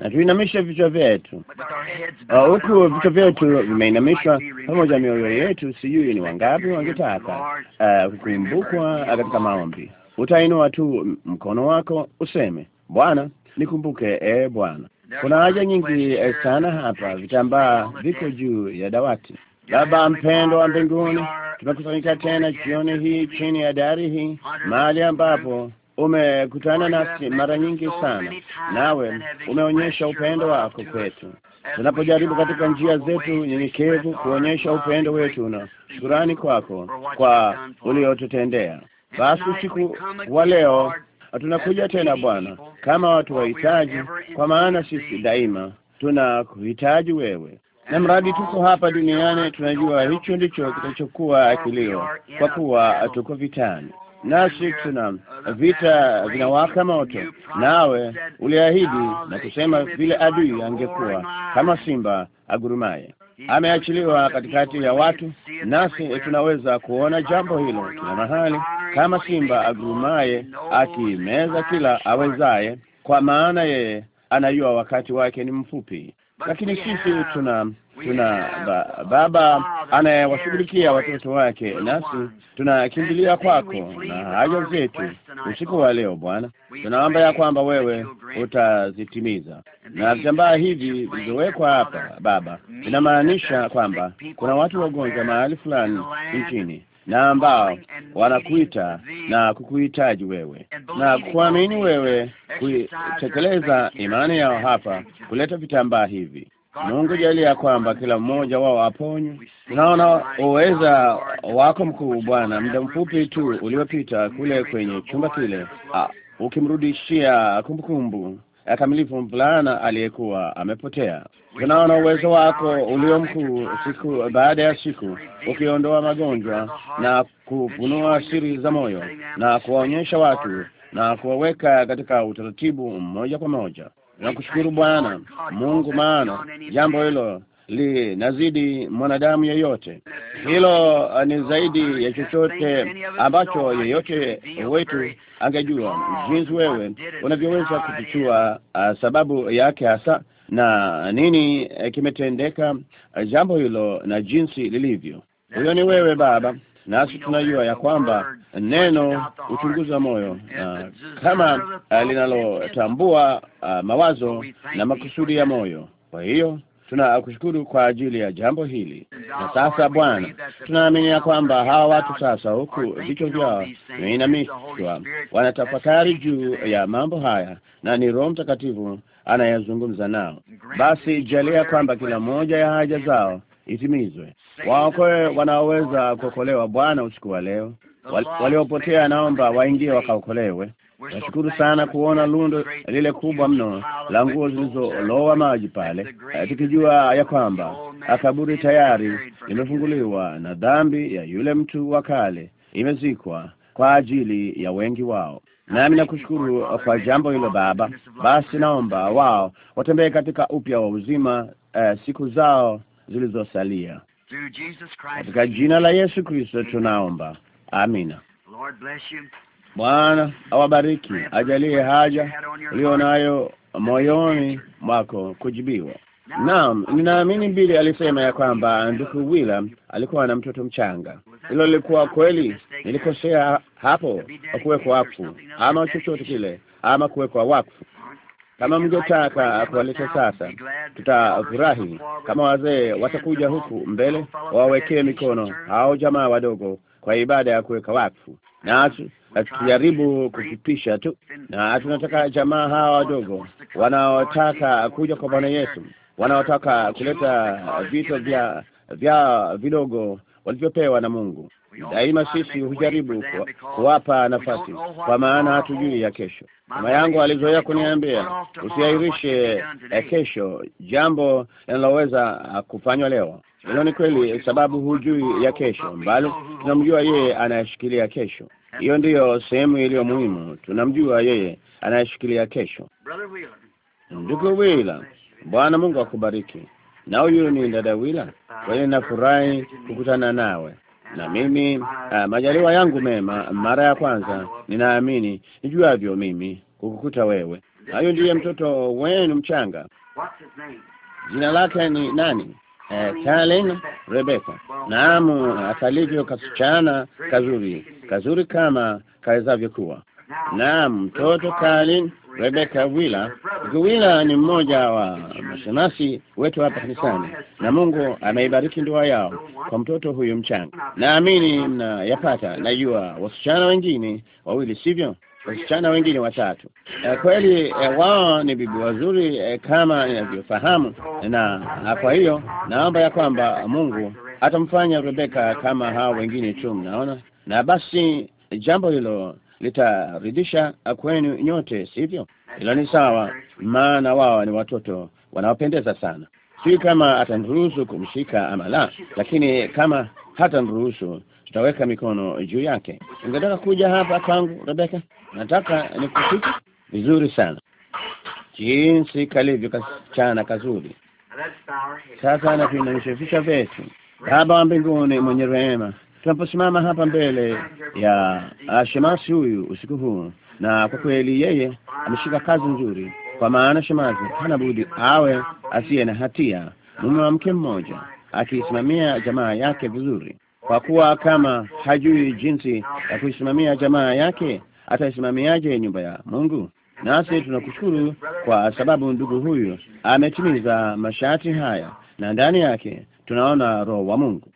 na tuinamishe vichwa vyetu huku, vichwa vyetu vimeinamishwa pamoja, mioyo yetu. Sijui ni wangapi wangetaka eh, kukumbukwa katika maombi. Utainua tu mkono wako useme, Bwana nikumbuke, e Bwana. Kuna haja nyingi eh, sana hapa, vitambaa viko juu ya dawati. Baba mpendo wa mbinguni, tumekusanyika tena jioni hii chini ya dari hii, mahali ambapo umekutana nasi mara nyingi sana, nawe umeonyesha upendo wako kwetu tunapojaribu katika njia zetu nyenyekevu kuonyesha upendo wetu na shukurani kwako kwa uliotutendea. Basi usiku wa leo tunakuja tena Bwana, kama watu wahitaji, kwa maana sisi daima tunakuhitaji wewe, na mradi tuko hapa duniani, tunajua hicho ndicho kitachokuwa kilio, kwa kuwa tuko vitani nasi tuna vita vinawaka moto, nawe uliahidi na kusema vile adui angekuwa kama simba agurumaye ameachiliwa katikati ya watu, nasi tunaweza kuona jambo hilo kila mahali, kama simba agurumaye akimeza kila awezaye, kwa maana yeye anajua wakati wake ni mfupi. Lakini sisi tuna tuna ba, baba anayewashughulikia watoto wake, nasi tunakimbilia kwako na hayo zetu usiku wa leo. Bwana, tunaomba ya kwamba wewe utazitimiza, na vitambaa hivi vilivyowekwa hapa Baba vinamaanisha kwamba kuna watu wagonjwa mahali fulani nchini na ambao wanakuita na kukuhitaji wewe na kuamini wewe, kutekeleza imani yao hapa, kuleta vitambaa hivi Mungu jali ya kwamba kila mmoja wao aponywe. Tunaona uweza wako mkuu, Bwana. Muda mfupi tu uliopita kule kwenye chumba kile, ah, ukimrudishia kumbukumbu ya kamilifu mvulana aliyekuwa amepotea. Tunaona uwezo wako ulio mkuu, siku baada ya siku, ukiondoa magonjwa na kufunua siri za moyo na kuwaonyesha watu na kuwaweka katika utaratibu mmoja kwa moja na kushukuru Bwana Mungu, maana jambo hilo linazidi mwanadamu yeyote. Hilo ni zaidi ya chochote ambacho yeyote wetu angejua, jinsi wewe unavyoweza kufichua ah, sababu yake hasa na nini eh, kimetendeka jambo hilo na jinsi lilivyo. Huyo ni wewe Baba, nasi tunajua ya kwamba neno uchunguza moyo, na kama uh, linalotambua uh, mawazo na makusudi ya moyo. Kwa hiyo tunakushukuru kwa ajili ya jambo hili. Na sasa Bwana, tunaamini ya kwamba hawa watu sasa, huku vichwa vyao vimeinamishwa, wanatafakari juu ya mambo haya, na ni Roho Mtakatifu anayezungumza nao. Basi jalia kwamba kila moja ya haja zao itimizwe. Waokoe wanaoweza kuokolewa, Bwana, usiku wa leo. Waliopotea naomba waingie wakaokolewe. Nashukuru sana kuona lundo lile kubwa mno la nguo zilizolowa maji pale, eh, tukijua ya kwamba kaburi tayari limefunguliwa na dhambi ya yule mtu wa kale imezikwa kwa ajili ya wengi wao. Nami nakushukuru kwa jambo hilo Baba. Basi naomba wao watembee katika upya wa uzima, uh, siku zao zilizosalia. Katika jina la Yesu Kristo tunaomba, amina. Bwana awabariki, ajalie haja ulio nayo moyoni mwako kujibiwa. Naam, ninaamini Bili alisema ya kwamba ndugu Wila alikuwa na mtoto mchanga. Hilo lilikuwa kweli, nilikosea hapo, kuwekwa wakfu ama chochote kile ama kuwekwa wakfu. Kama mngetaka kuwaleta sasa, tutafurahi kama wazee watakuja huku mbele wawekee mikono hao jamaa wadogo kwa ibada ya kuweka wakfu, na tujaribu kukipisha tu, na tunataka jamaa hawa wadogo wanaotaka kuja kwa Bwana Yesu, wanaotaka kuleta vito vya vya vidogo walivyopewa na Mungu. Daima sisi hujaribu kuwapa nafasi, kwa maana hatujui ya kesho mama yangu alizoea kuniambia usiahirishe eh, kesho jambo linaloweza ah, kufanywa leo. Hilo ni kweli, sababu hujui ya kesho, mbali tunamjua yeye anayeshikilia kesho. Hiyo ndiyo sehemu iliyo muhimu, tunamjua yeye anayeshikilia kesho. Ndugu Wila, Bwana Mungu akubariki. Na huyu ni dada Wila, kweli nafurahi kukutana nawe na mimi uh, majaliwa yangu mema, mara ya kwanza ninaamini nijuavyo mimi kukukuta wewe. Hayo ndiye mtoto wenu mchanga, jina lake ni nani? Eh, Karen Rebecca. Naam, atalivyo kasichana kazuri, kazuri kama kawezavyo kuwa. Naam, mtoto Karen rebeka gwila gwila ni mmoja wa mashemasi wetu hapa kanisani, na Mungu ameibariki ndoa yao kwa mtoto huyu mchanga. Naamini mnayapata, najua wasichana wengine wawili, sivyo? Wasichana wengine watatu. Eh, kweli eh, wao ni bibi wazuri eh, kama ninavyofahamu, na ah, kwa hiyo naomba ya kwamba Mungu atamfanya Rebeka kama hao wengine tu, mnaona. Na basi jambo hilo litaridhisha kwenu nyote, sivyo? Ila ni sawa, maana wao ni watoto wanaopendeza sana. Si kama ataniruhusu kumshika ama la, lakini kama hataniruhusu tutaweka mikono juu yake. Ungetaka kuja hapa kwangu, Rebeka? Nataka nikushike vizuri sana, jinsi kalivyo kasichana kazuri. Sasa natuinamisha vichwa vyetu. Baba wa mbinguni mwenye rehema tunaposimama hapa mbele ya shemasi huyu usiku huu, na kwa kweli yeye ameshika kazi nzuri, kwa maana shemasi hana budi awe asiye na hatia, mume wa mke mmoja, akiisimamia jamaa yake vizuri, kwa kuwa kama hajui jinsi ya kuisimamia jamaa yake, ataisimamiaje nyumba ya Mungu? Nasi tunakushukuru kwa sababu ndugu huyu ametimiza masharti haya, na ndani yake tunaona roho wa Mungu.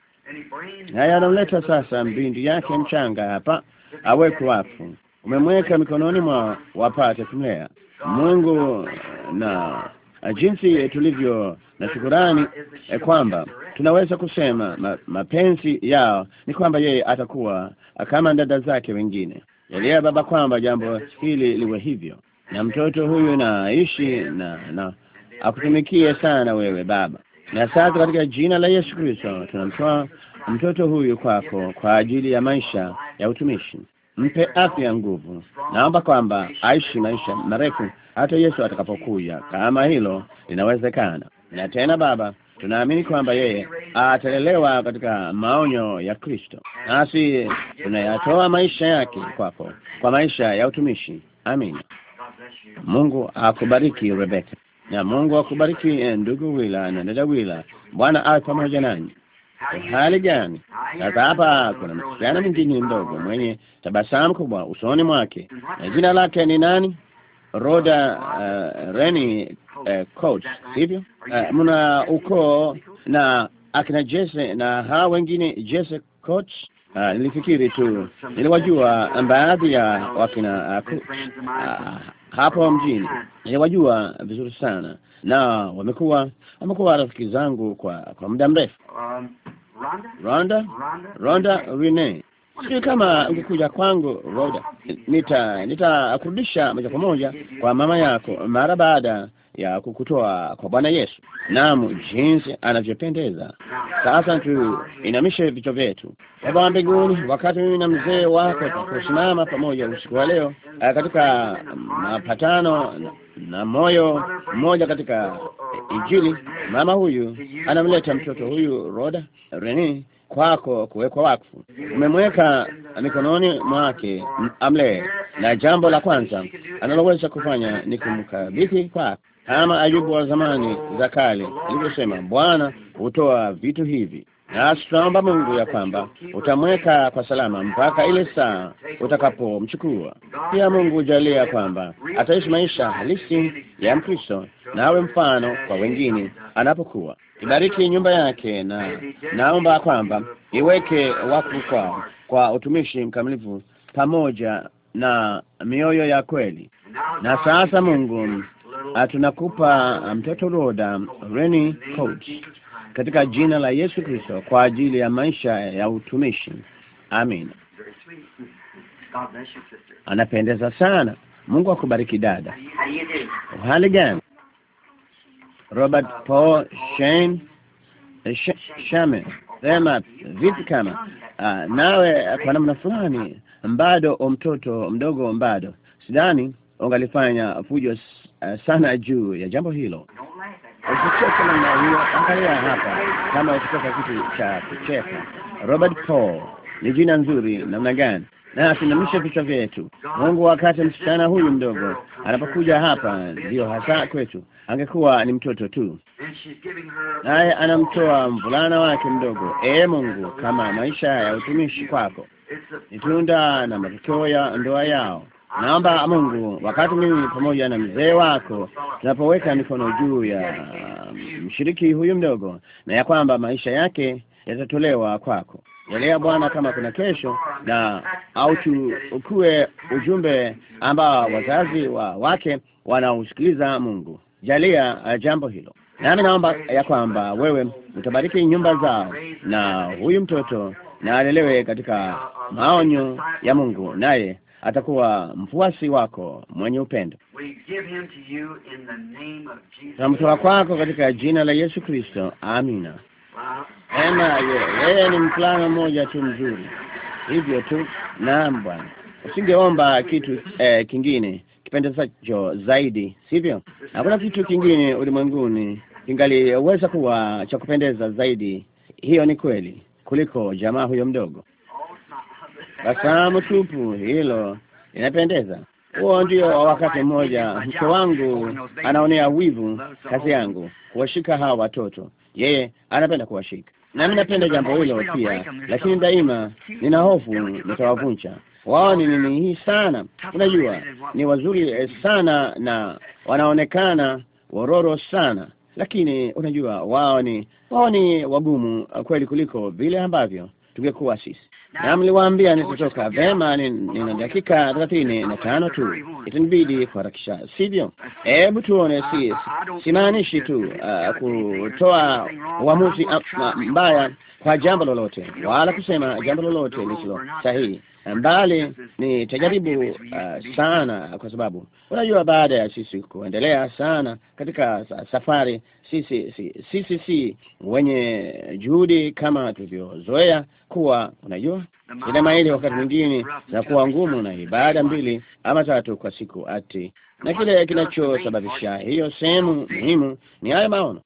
Haya, anamleta sasa mbindi yake mchanga hapa, awekwe wafu, umemweka mikononi mwa wapate kumlea Mungu eh, na eh, jinsi tulivyo na shukurani eh, kwamba tunaweza kusema ma, mapenzi yao ni kwamba yeye atakuwa kama dada zake wengine. Elia Baba kwamba jambo hili liwe hivyo, na mtoto huyu naishi na, na akutumikie sana wewe Baba. Na sasa katika jina la Yesu Kristo tunamtoa mtoto huyu kwako kwa ajili ya maisha ya utumishi. Mpe afya, nguvu. Naomba kwamba aishi maisha marefu hata Yesu atakapokuja, kama hilo linawezekana. Na tena Baba, tunaamini kwamba yeye atalelewa katika maonyo ya Kristo, nasi tunayatoa maisha yake kwako kwa maisha ya utumishi. Amina. Mungu akubariki Rebeka na Mungu akubariki eh, ndugu Wila na dada Wila. Bwana awe pamoja nanyi. Hali gani sasa? Hapa kuna msichana mwingine mdogo mwenye tabasamu kubwa usoni mwake, na jina lake ni nani? roda uh, eh, Reni uh, Coach, sivyo? Uh, mna ukoo na akina Jesse na hawa wengine Jesse Coach. Uh, nilifikiri tu niliwajua baadhi ya wakina uh, hapo mjini. Ah. Niliwajua vizuri sana na wamekuwa wamekuwa rafiki zangu kwa kwa muda mrefu. Um, Ronda Ronda Rene, sijui kama ungekuja kwangu Ronda, nita nitakurudisha moja kwa moja kwa mama yako mara baada ya kukutoa kwa Bwana Yesu. Naam, jinsi anavyopendeza. Sasa tuinamishe vichwa vyetu. Baba wa mbinguni, wakati mimi na mzee wako tukusimama pamoja usiku wa leo eh, katika mapatano na, na moyo mmoja katika Injili, mama huyu anamleta mtoto huyu Roda Reni kwako kuwekwa wakfu. Umemweka mikononi mwake amlee, na jambo la kwanza analoweza kufanya ni kumkabidhi kwako kama Ayubu wa zamani za kale alivyosema, Bwana hutoa vitu hivi, nasi tunaomba Mungu ya kwamba utamweka kwa salama mpaka ile saa utakapomchukua. Pia Mungu hujalia kwamba ataishi maisha halisi ya Mkristo na awe mfano kwa wengine anapokuwa. Ibariki nyumba yake, na naomba kwamba iweke wakfu kwa kwa utumishi mkamilifu pamoja na mioyo ya kweli. Na sasa Mungu Ah, tunakupa ah, mtoto Roda Reni Coach katika jina la Yesu Kristo kwa ajili ya maisha ya utumishi. Amin. Anapendeza sana. Mungu akubariki dada. Hali gani? Robert Paul Shane eh, Shame, sema vipi kama ah, nawe kwa namna fulani bado mtoto mdogo bado sidhani ungalifanya fujo Eh, sana juu ya jambo hilo. Usicheke namna hiyo, angalia hapa, kama ukitaka kitu cha kucheka. Robert Paul ni jina nzuri namna gani? na tuinamishe vichwa vyetu. Mungu, wakati msichana huyu mdogo anapokuja hapa, ndiyo hasa kwetu, angekuwa ni mtoto tu, naye anamtoa mvulana wake mdogo. Ee Mungu, kama maisha ya utumishi kwako ni tunda na matokeo ya ndoa yao, Naomba Mungu, wakati mimi pamoja na mzee wako tunapoweka mikono juu ya um, mshiriki huyu mdogo, na ya kwamba maisha yake yatatolewa kwako yalea Bwana, kama kuna kesho na au ukue ujumbe ambao wazazi wa wake wanausikiliza. Mungu jalia uh, jambo hilo, nami naomba ya kwamba wewe utabariki nyumba zao na huyu mtoto na alelewe katika maonyo ya Mungu, naye atakuwa mfuasi wako mwenye upendo. Tunamtoa kwako katika jina la Yesu Kristo, amina. Ema, yeye ni mfulano mmoja tu mzuri, hivyo tu. Naam Bwana, usingeomba kitu eh, kingine kipendezacho zaidi, sivyo? Hakuna kitu kingine ulimwenguni kingaliweza kuwa cha kupendeza zaidi, hiyo ni kweli, kuliko jamaa huyo mdogo basamu tupu, hilo inapendeza. Huo ndio wakati mmoja mke wangu anaonea wivu kazi yangu kuwashika hawa watoto, yeye anapenda kuwashika mimi napenda jambo hilo pia, lakini daima nina hofu nitawavunja wao. Ni nini hii sana? Unajua, ni wazuri eh, sana na wanaonekana wororo sana, lakini unajua, wao ni wao ni wagumu eh, kweli kuliko vile ambavyo tungekuwa sisi na mliwaambia nitatoka vema, nina dakika thelathini na tano tu, itanibidi kuharakisha, sivyo? Hebu tuone, si simaanishi tu uh, kutoa uamuzi uh, mbaya kwa jambo lolote, wala kusema jambo lolote lisilo sahihi, mbali ni tajaribu uh, sana, kwa sababu unajua, baada ya sisi kuendelea sana katika safari sisi si, si, si, si wenye juhudi kama tulivyozoea kuwa. Unajua, sinema maili wakati mwingine zinakuwa ngumu na ibada mbili ama tatu kwa siku ati, na kile kinachosababisha hiyo sehemu muhimu ni haya maono.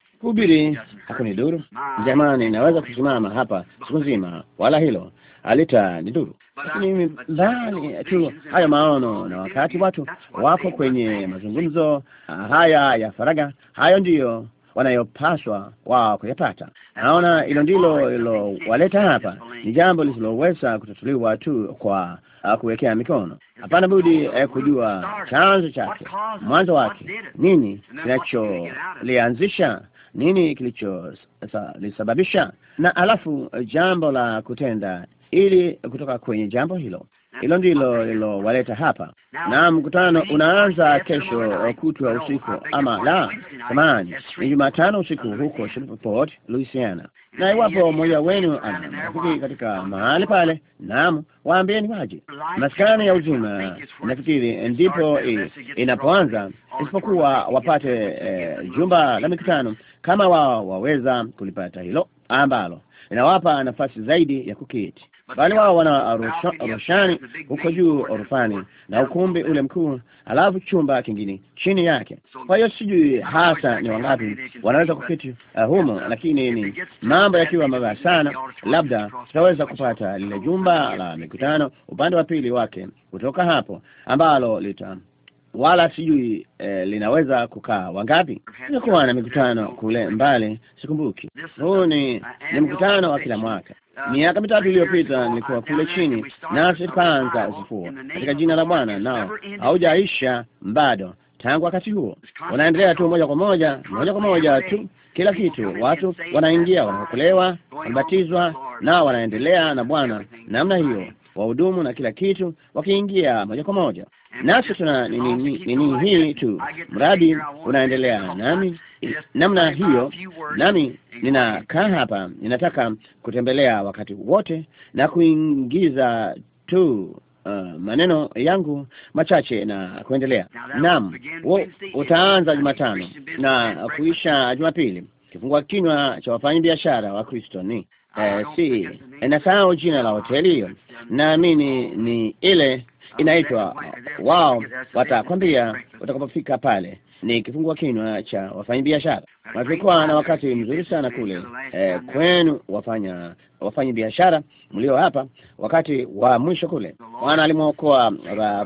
hakuni duru jamani, naweza kusimama hapa siku nzima, wala hilo alita ni duru lakini mbali tu haya maono, na wakati watu wako kwenye mazungumzo haya ya faraga hayo ndiyo wanayopaswa wao kuyapata. Naona hilo ndilo lilowaleta hapa, ni jambo lisiloweza kutatuliwa tu kwa uh, kuwekea mikono. Hapana budi eh, kujua chanzo chake, mwanzo wake, nini kinacholianzisha, nini kilicholisababisha, na alafu eh, jambo la kutenda ili kutoka kwenye jambo hilo. Hilo ndilo lilowaleta hapa, na mkutano unaanza kesho uh, kutwa usiku, ama la, samani ni Jumatano usiku huko Shreveport, Louisiana. Na iwapo mmoja wenu ana uh, marafiki katika mahali pale, naam, waambieni waje. Maskani ya uzima, nafikiri ndipo uh, inapoanza, isipokuwa wapate eh, jumba la mikutano kama wao waweza kulipata hilo, ambalo inawapa nafasi zaidi ya kuketi bali wao wana arusha, arushani huko juu orufani na ukumbi ule mkuu, alafu chumba kingine chini yake. Kwa hiyo sijui hasa ni wangapi wanaweza kuketi uh, humo, lakini ni mambo yakiwa mabaya sana, labda tutaweza kupata lile jumba la mikutano upande wa pili wake kutoka hapo, ambalo lita wala sijui eh, linaweza kukaa wangapi. Tumekuwa na mikutano kule mbali, sikumbuki. Huu ni ni mkutano wa kila mwaka Miaka mitatu iliyopita nilikuwa kule chini, nasi panza ufufuo katika jina la Bwana, nao haujaisha bado. Tangu wakati huo unaendelea tu moja kwa moja, moja kwa moja tu, kila kitu. Watu wanaingia, wanaokolewa, wanabatizwa, nao wanaendelea na Bwana namna hiyo wahudumu na kila kitu, wakiingia moja kwa moja. Nasi tuna nini, nini hii tu, mradi unaendelea nami namna hiyo. Nami ninakaa hapa, ninataka kutembelea wakati wote na kuingiza tu Uh, maneno yangu machache na kuendelea. Naam, utaanza Jumatano na kuisha Jumapili. Kifungua kinywa cha wafanyabiashara wa Kristo ni uh, si eh, nasahau jina la hoteli hiyo, naamini ni ile inaitwa wao watakwambia utakapofika pale. Ni kifungua kinywa cha wafanyabiashara. Tulikuwa na wakati mzuri sana kule eh, kwenu wafanya wafanya biashara mlio hapa, wakati wa mwisho kule, Bwana alimwokoa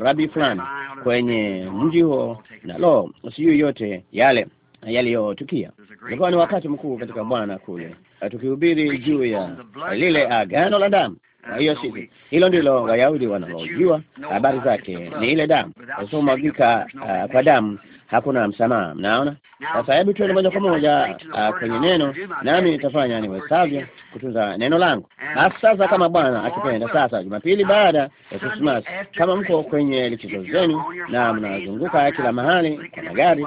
rabi fulani kwenye mji huo, na lo, sijui yote yale yaliyotukia. Ulikuwa ni wakati mkuu katika Bwana kule, tukihubiri juu ya lile agano la damu na hiyo siku, hilo ndilo Wayahudi wanaojua habari zake, ni ile damu asomwagika uh, kwa damu hakuna msamaha. Mnaona? Sasa hebu tuende moja kwa moja ah, kwenye neno, nami nitafanya niwezavyo kutunza neno langu. Basi sasa, kama Bwana akipenda, sasa Jumapili uh, baada ya Krismasi, kama mko kwenye likizo zenu na mnazunguka uh, kila mahali kwa magari,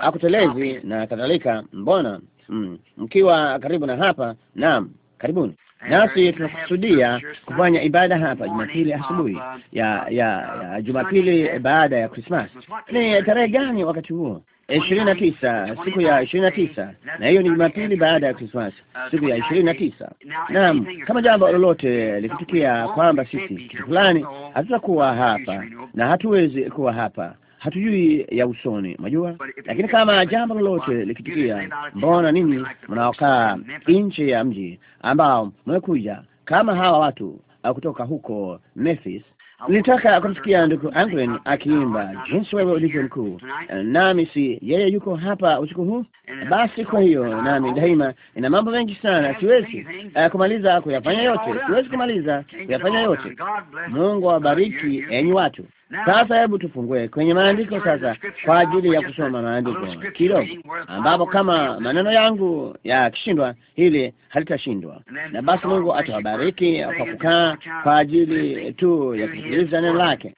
akutelezi na kadhalika, mbona hmm. mkiwa karibu na hapa, naam, karibuni nasi tunakusudia kufanya ibada hapa Jumapili asubuhi ya ya, ya Jumapili baada ya krismas Ni tarehe gani wakati huo? ishirini na tisa, siku ya ishirini na tisa, na hiyo ni Jumapili baada ya krismas siku ya ishirini na tisa. Naam, kama jambo lolote likitukia kwamba sisi kitu fulani hatutakuwa hapa na hatuwezi kuwa hapa hatujui ya usoni, unajua. Lakini kama jambo lolote likitukia, mbona ninyi mnaokaa nje ya mji ambao mmekuja kama hawa watu kutoka huko Memphis. Nilitaka kumsikia ndugu Anglin akiimba jinsi wewe ulivyo mkuu, eh, nami si yeye yuko hapa usiku huu. Basi kwa hiyo nami daima ina mambo mengi sana, siwezi uh, kumaliza kuyafanya yote, siwezi kumaliza kuyafanya yote. Mungu awabariki enyi watu. Sasa hebu tufungue kwenye maandiko sasa kwa ajili ya kusoma maandiko kidogo, ambapo kama maneno yangu yakishindwa, hili halitashindwa. Na basi Mungu atawabariki kwa kukaa kwa ajili tu ya kusikiliza neno lake.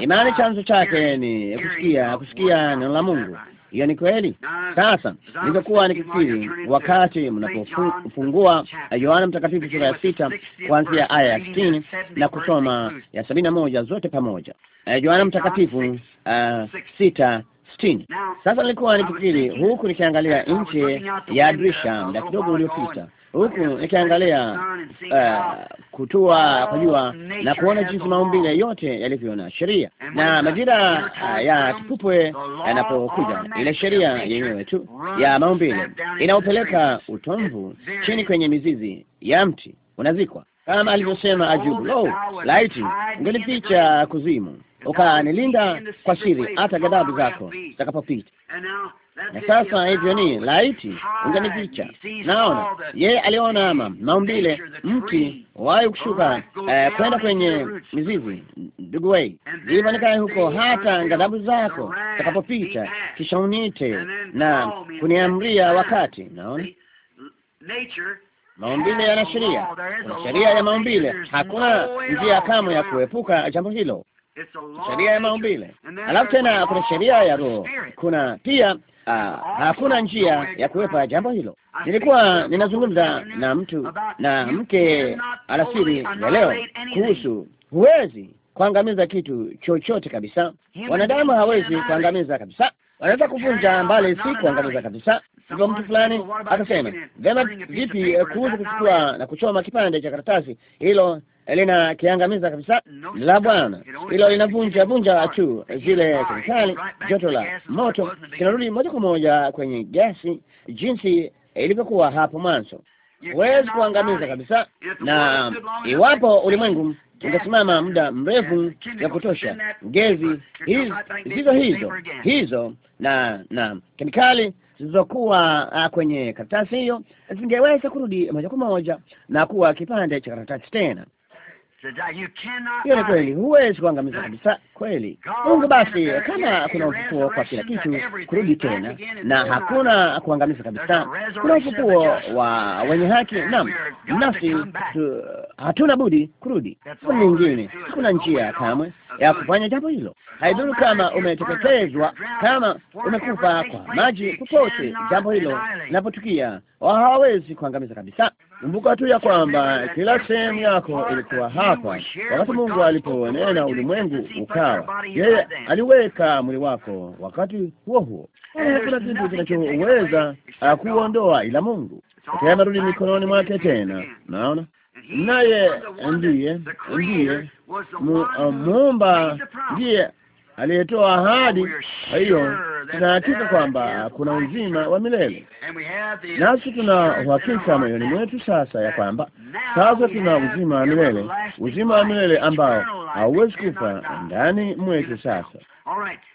Imani chanzo chake ni kusikia, kusikia neno la Mungu hiyo yaani ni kweli. Sasa nilivyokuwa nikifikiri wakati mnapofungua Yohana Mtakatifu sura ya sita kuanzia aya ya sitini na kusoma ya sabini na moja zote pamoja, eh, Yohana Mtakatifu uh, sita sitini. Sasa nilikuwa nikifikiri huku nikiangalia nje ya dirisha muda kidogo uliopita huku nikiangalia uh, kutua kwa jua na kuona jinsi maumbile yote yalivyo na sheria na majira eh, ya kipupwe yanapokuja, ile sheria yenyewe tu ya maumbile inaopeleka utomvu chini kwenye mizizi ya mti unazikwa, kama alivyosema Ajubu, lo, laiti ungelificha kuzimu ukanilinda kwa siri, hata ghadhabu zako zitakapopita. Na sasa hivyo ni laiti unganificha. Naona yeye aliona maumbile, mti wai kushuka eh, kwenda kwenye mizizi. Ndugu wei, hivyo nikae huko hata ghadhabu zako takapopita, kisha unite na kuniamria wakati. Naona maumbile yana sheria, kuna sheria ya maumbile. Hakuna njia kamwe ya kuepuka jambo hilo, sheria ya maumbile. Alafu tena kuna sheria ya roho, kuna pia Ah, hakuna njia ya kuwepa jambo hilo. Nilikuwa ninazungumza na mtu na mke alasiri ya leo kuhusu, huwezi kuangamiza kitu chochote kabisa. Wanadamu hawezi kuangamiza kabisa wanaweza kuvunja mbali, si kuangamiza kabisa. Ikiwa mtu fulani akasema vyema, vipi eh, kuhusu kuchukua na kuchoma kipande cha karatasi hilo eh, lina kiangamiza kabisa. La bwana, hilo linavunja vunja tu eh, zile kemikali. Joto la moto kinarudi moja kwa moja kwenye gesi jinsi ilivyokuwa hapo mwanzo. Huwezi kuangamiza kabisa, na iwapo ulimwengu ingesimama muda mrefu ya kutosha. Ngezi hizo hizo hizo na na kemikali zilizokuwa ah, kwenye karatasi hiyo zingeweza kurudi moja kwa moja na kuwa kipande cha karatasi tena. Hiyo ni kweli, huwezi kuangamiza kabisa. Kweli Mungu, basi kama kuna ufufuo kwa kila kitu, kurudi tena na hakuna kuangamiza kabisa, kuna ufufuo wa wenye haki. Naam, nasi hatuna budi kurudi. Kuna nyingine, hakuna njia kamwe ya kufanya jambo hilo. Haidhuru kama umeteketezwa, kama umekufa kwa maji, popote jambo hilo linapotukia, hawawezi kuangamiza kabisa. Kumbuka tu ya kwamba kila sehemu yako ilikuwa hapa wakati Mungu aliponena ulimwengu ukawa. Yeye aliweka mwili wako wakati huo huo. Yaani hakuna kitu kinachoweza uh, kuondoa ila Mungu. Tena narudi mikononi mwake tena, naona naye ndiye ndiye uh, muumba, ndiye aliyetoa ahadi. Kwa hiyo tuna hakika kwamba kuna uzima wa milele, nasi tuna uhakika moyoni mwetu sasa ya kwamba sasa tuna uzima wa milele, uzima wa milele ambao hauwezi kufa ndani mwetu sasa.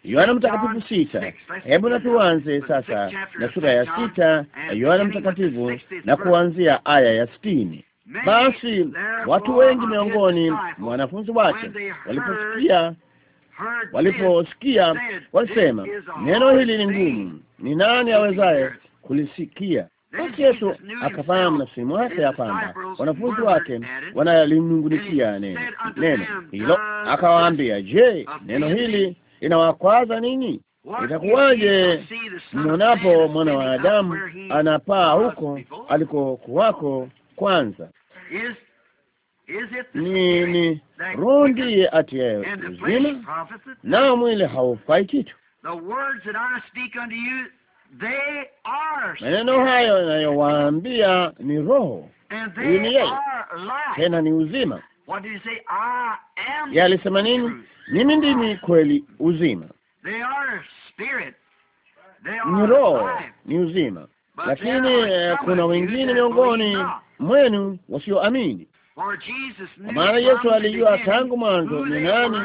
Yohana Mtakatifu sita. Hebu na tuanze sasa na sura ya sita ya Yohana Mtakatifu na kuanzia aya ya sitini. Basi watu wengi miongoni mwa wanafunzi wake waliposikia Waliposikia walisema, neno hili ni ngumu, ni nani awezaye kulisikia? Basi Yesu akafanya nafsi wake ya kwamba wanafunzi wake wanalinungunikia neno neno hilo. Akawaambia, je, neno hili linawakwaza ninyi? Itakuwaje mwonapo mwana wa Adamu anapaa huko alikokuwako kwanza? ni ni roho ndiye atiaye uzima, na mwili haufai kitu. Maneno hayo inayowaambia ni roho, huyu ni yeye, tena ni uzima. Yeye alisema nini? Mimi ndimi kweli uzima. Ni roho, ni uzima, lakini eh, kuna wengine miongoni mwenu wasioamini maana Yesu alijua tangu mwanzo ni nani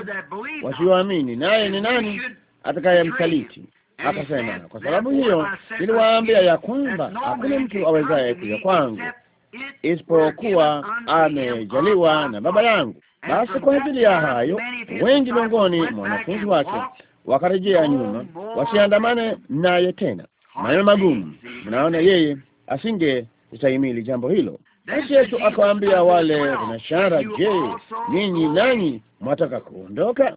wasioamini naye ni nani atakayemsaliti. Akasema, kwa sababu hiyo niliwaambia ya kwamba hakuna mtu awezaye kuja kwangu isipokuwa amejaliwa na Baba yangu. Basi kwa ajili ya hayo wengi miongoni mwa wanafunzi wake wakarejea nyuma, wasiandamane naye tena. Maneno magumu, mnaona, yeye asinge stahimili jambo hilo. Basi Yesu akawaambia wale wanashara je, ninyi nanyi mwataka kuondoka?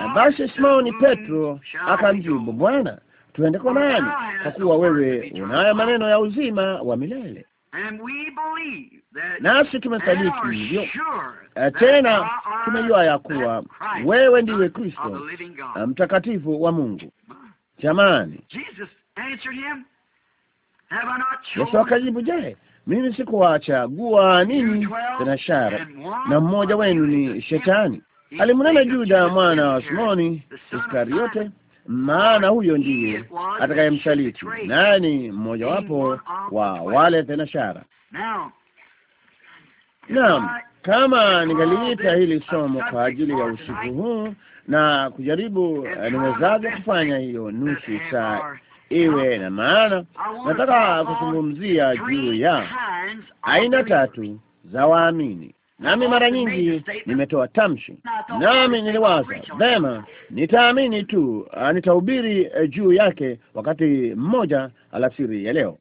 Na basi Simoni Petro akamjibu, Bwana, tuende kwa nani? Kwa kuwa wewe unayo maneno ya uzima wa milele, nasi tumesadiki hivyo, eh, tena tumejua ya kuwa wewe ndiwe Kristo mtakatifu wa Mungu. Jamani, Yesu akajibu, je, mimi sikuwachagua ninyi shara, na mmoja wenu ni Shetani? Alimnena Juda mwana wa Simoni Iskariote, maana huyo ndiye atakayemsaliti, naye ni mmojawapo wa wale thenashara. Naam, kama ningaliita hili somo kwa ajili ya usiku huu na kujaribu eh, niwezaje kufanya hiyo nusu saa iwe na maana. Nataka kuzungumzia juu ya aina tatu za waamini, nami mara nyingi nimetoa tamshi, nami niliwaza vema, nitaamini tu, ah, nitahubiri eh, juu yake wakati mmoja alasiri ya leo.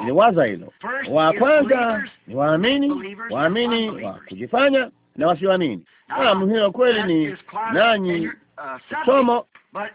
Niliwaza hilo. Wa kwanza ni waamini, waamini wa kujifanya na wasioamini. Naam, hiyo kweli ni nanyi Uh, somo, uh,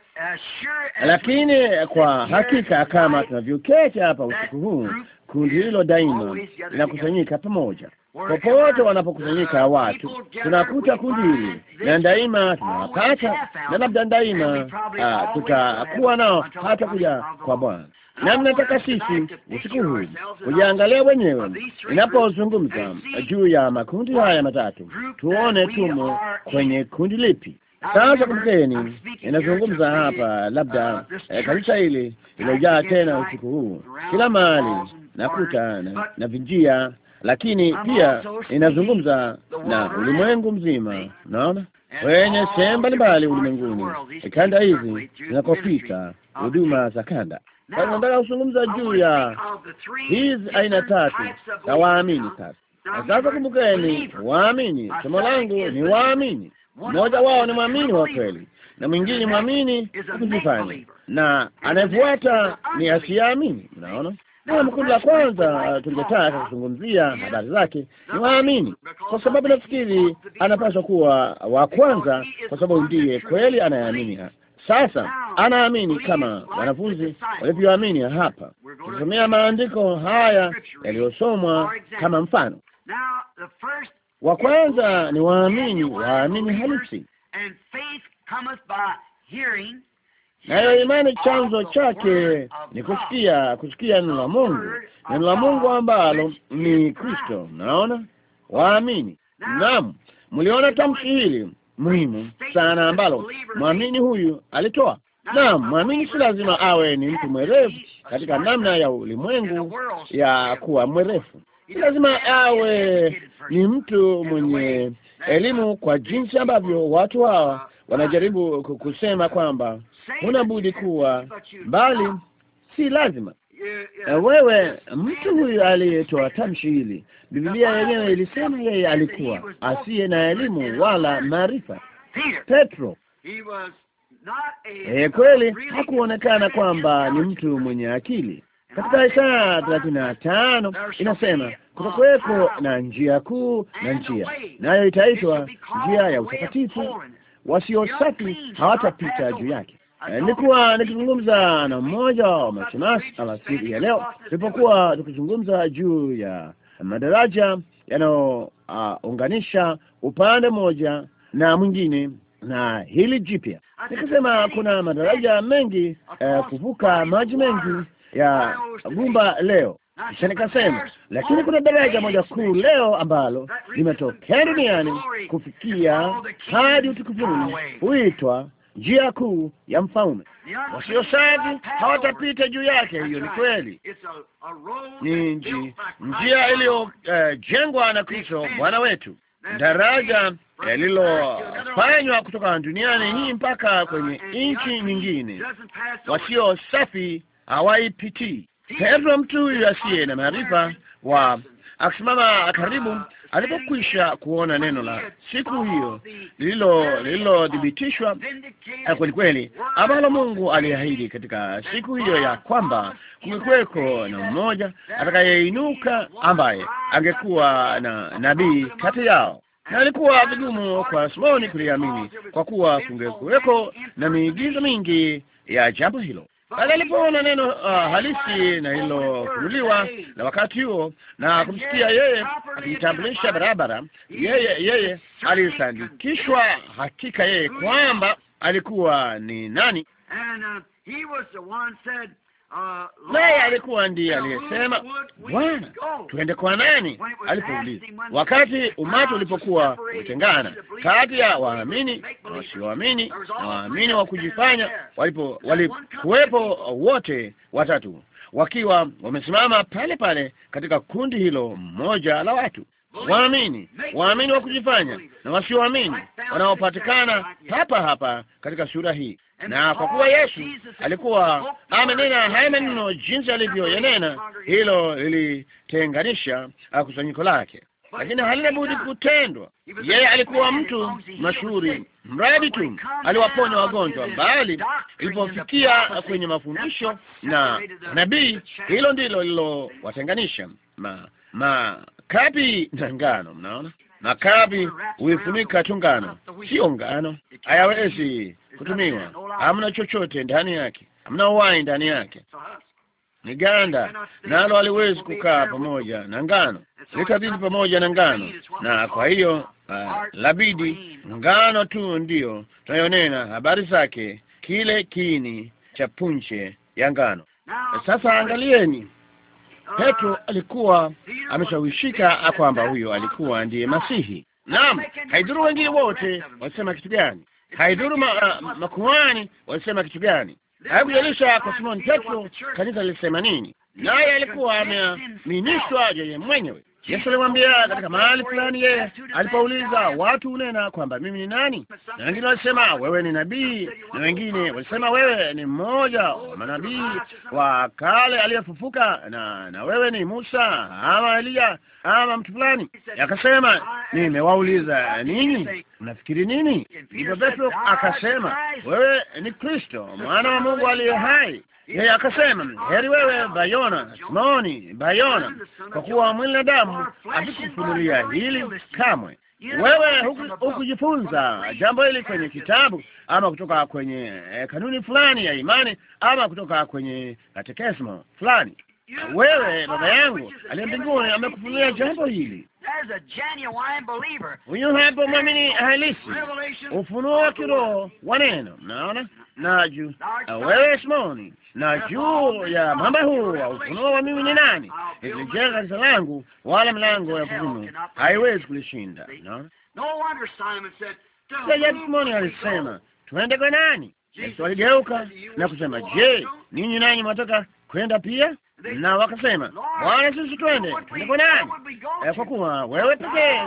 lakini kwa hakika kama tunavyoketi hapa usiku huu, kundi hilo daima linakusanyika pamoja. Popote wanapokusanyika watu, tunakuta kundi hili na daima tunawapata, na labda daima ah, tutakuwa nao hata kuja kwa Bwana na mnataka sisi usiku huu kujiangalia wenyewe, inapozungumza juu ya makundi haya matatu, tuone tumo kwenye kundi lipi. Sasa kumbukeni, inazungumza hapa labda eh, kanisa hili lilojaa tena usiku huu kila mahali nakuta na, na vinjia, lakini pia inazungumza na ulimwengu mzima, naona wenye sehemu mbalimbali ulimwenguni, kanda hizi zinakopita huduma za kanda. Nataka kuzungumza juu ya hizi aina tatu za waamini. Sasa sasa kumbukeni, waamini, somo langu ni waamini mmoja wao ni mwamini wa kweli na mwingine ni mwamini kujifanya, na anayefuata ni asiyeamini. Mnaona, na kundi la kwanza tungetaka kuzungumzia habari zake ni waamini, kwa sababu nafikiri anapaswa kuwa wa kwanza, kwa sababu ndiye kweli anayeamini. Sasa anaamini kama wanafunzi walivyoamini. Hapa kusomea maandiko haya yaliyosomwa kama mfano. Wa kwanza ni waamini, waamini halisi, nayo imani chanzo chake ni kusikia, kusikia neno la Mungu, neno la Mungu ambalo ni Kristo. Naona waamini. Naam, mliona tamshi hili muhimu sana ambalo mwamini huyu alitoa. Naam, mwamini si lazima awe ni mtu mwerevu katika namna ya ulimwengu ya kuwa mwerevu lazima awe ni mtu mwenye elimu kwa jinsi ambavyo watu hawa wanajaribu kusema kwamba huna budi kuwa mbali, si lazima wewe. Mtu huyu aliyetoa tamshi hili, Biblia yenyewe ilisema yeye alikuwa asiye na elimu wala maarifa. Petro E, kweli hakuonekana kwamba ni mtu mwenye akili, katika Isaya thelathini na tano inasema kutakuwepo na njia kuu na njia nayo itaitwa njia ya utakatifu, wasio safi hawatapita juu yake. Nilikuwa nikizungumza na mmoja wa mashemasi alasiri ya leo, tulipokuwa tukizungumza juu ya madaraja yanayounganisha uh, upande mmoja na mwingine na hili jipya, nikasema kuna madaraja mengi uh, kuvuka maji mengi ya gumba leo, kisha nikasema, lakini kuna daraja moja kuu leo ambalo limetokea duniani kufikia hadi utukufuni, huitwa njia kuu ya mfalme. Wasio safi hawatapita juu yake. Hiyo ni kweli, ni njia iliyojengwa eh, uh, na Kristo Bwana wetu, daraja lililofanywa eh, kutoka duniani hii uh, mpaka kwenye nchi nyingine. Wasio safi hawaipitii. Petro, mtu huyo asiye na maarifa wa akisimama karibu, alipokwisha kuona neno la siku hiyo lililo lililothibitishwa eh, kweli kweli, ambalo Mungu aliahidi katika siku hiyo ya kwamba kungekuweko na mmoja atakayeinuka ambaye angekuwa na nabii kati yao, na alikuwa vigumu kwa Simoni kuliamini, kwa kuwa kungekuweko na miigizo mingi ya jambo hilo. Sasa alipoona neno uh, halisi na ililofunuliwa na wakati huo na kumsikia yeye akijitambulisha barabara, yeye yeye alisandikishwa hakika yeye kwamba alikuwa ni nani uh, naye alikuwa ndiye aliyesema, Bwana, tuende kwa nani? Alipouliza wakati umati ulipokuwa umetengana kati ya waamini na wasioamini na waamini wa kujifanya, walipo walikuwepo wote watatu wakiwa wamesimama pale pale katika kundi hilo moja la watu waamini, waamini wa kujifanya na wasioamini, wanaopatikana hapa hapa katika sura hii na kwa kuwa Yesu alikuwa amenena haya maneno jinsi alivyoyanena, hilo lilitenganisha kusanyiko lake, lakini halina budi kutendwa. Yeye alikuwa mtu mashuhuri, mradi tu aliwaponya wagonjwa, bali ilipofikia kwenye mafundisho na nabii, hilo ndilo lilowatenganisha ma makapi na ngano. Mnaona makabi huifunika tu ngano, sio ngano, hayawezi kutumiwa. Hamna chochote ndani yake, hamna wai ndani yake, ni ganda, nalo haliwezi kukaa pamoja na ngano, likabidi pamoja na ngano. Na kwa hiyo uh, labidi ngano tu ndiyo tunayonena habari zake, kile kini cha punje ya ngano. Sasa angalieni Petro alikuwa ameshawishika kwamba huyo alikuwa ndiye Masihi. Naam, haidhuru wengine wote walisema kitu gani, haidhuru ma, uh, makuhani walisema kitu gani, hakujalisha kwa Simon Petro kanisa lilisema nini, naye alikuwa ameaminishwa yeye mwenyewe. Yesu alimwambia katika mahali fulani, yeye alipouliza watu unena kwamba mimi ni nani, na wengine walisema wewe ni nabii, na wengine walisema wewe ni mmoja wa manabii wa kale aliyefufuka, na na wewe ni Musa ama Eliya ama mtu fulani, akasema nimewauliza nini, unafikiri nini? Ndipo Petro akasema wewe ni Kristo mwana wa Mungu aliye hai. Yeye akasema heri wewe Bayona, Simoni Bayona, kwa kuwa mwili na damu havikufunulia hili kamwe wewe hukujifunza jambo hili kwenye kitabu ama kutoka kwenye eh, kanuni fulani ya imani ama kutoka kwenye katekesmo fulani, wewe baba yangu aliye mbinguni amekufunulia jambo hili. Huyu hapo mwamini halisi, ufunuo wa kiroho wa neno. Naona na wewe Simoni, na juu ya mwamba huu wa ufunuo wa mimi ni nani, ilijenga kanisa langu, wala mlango ya kuzimu haiwezi kulishinda. Naona ajabu, Simoni alisema tuende kwa nani? Yesu aligeuka na kusema, je, ninyi nanyi mwataka kwenda pia? na wakasema, Bwana, sisi twende. ndipo nani? Eh, kwa kuwa wewe pekee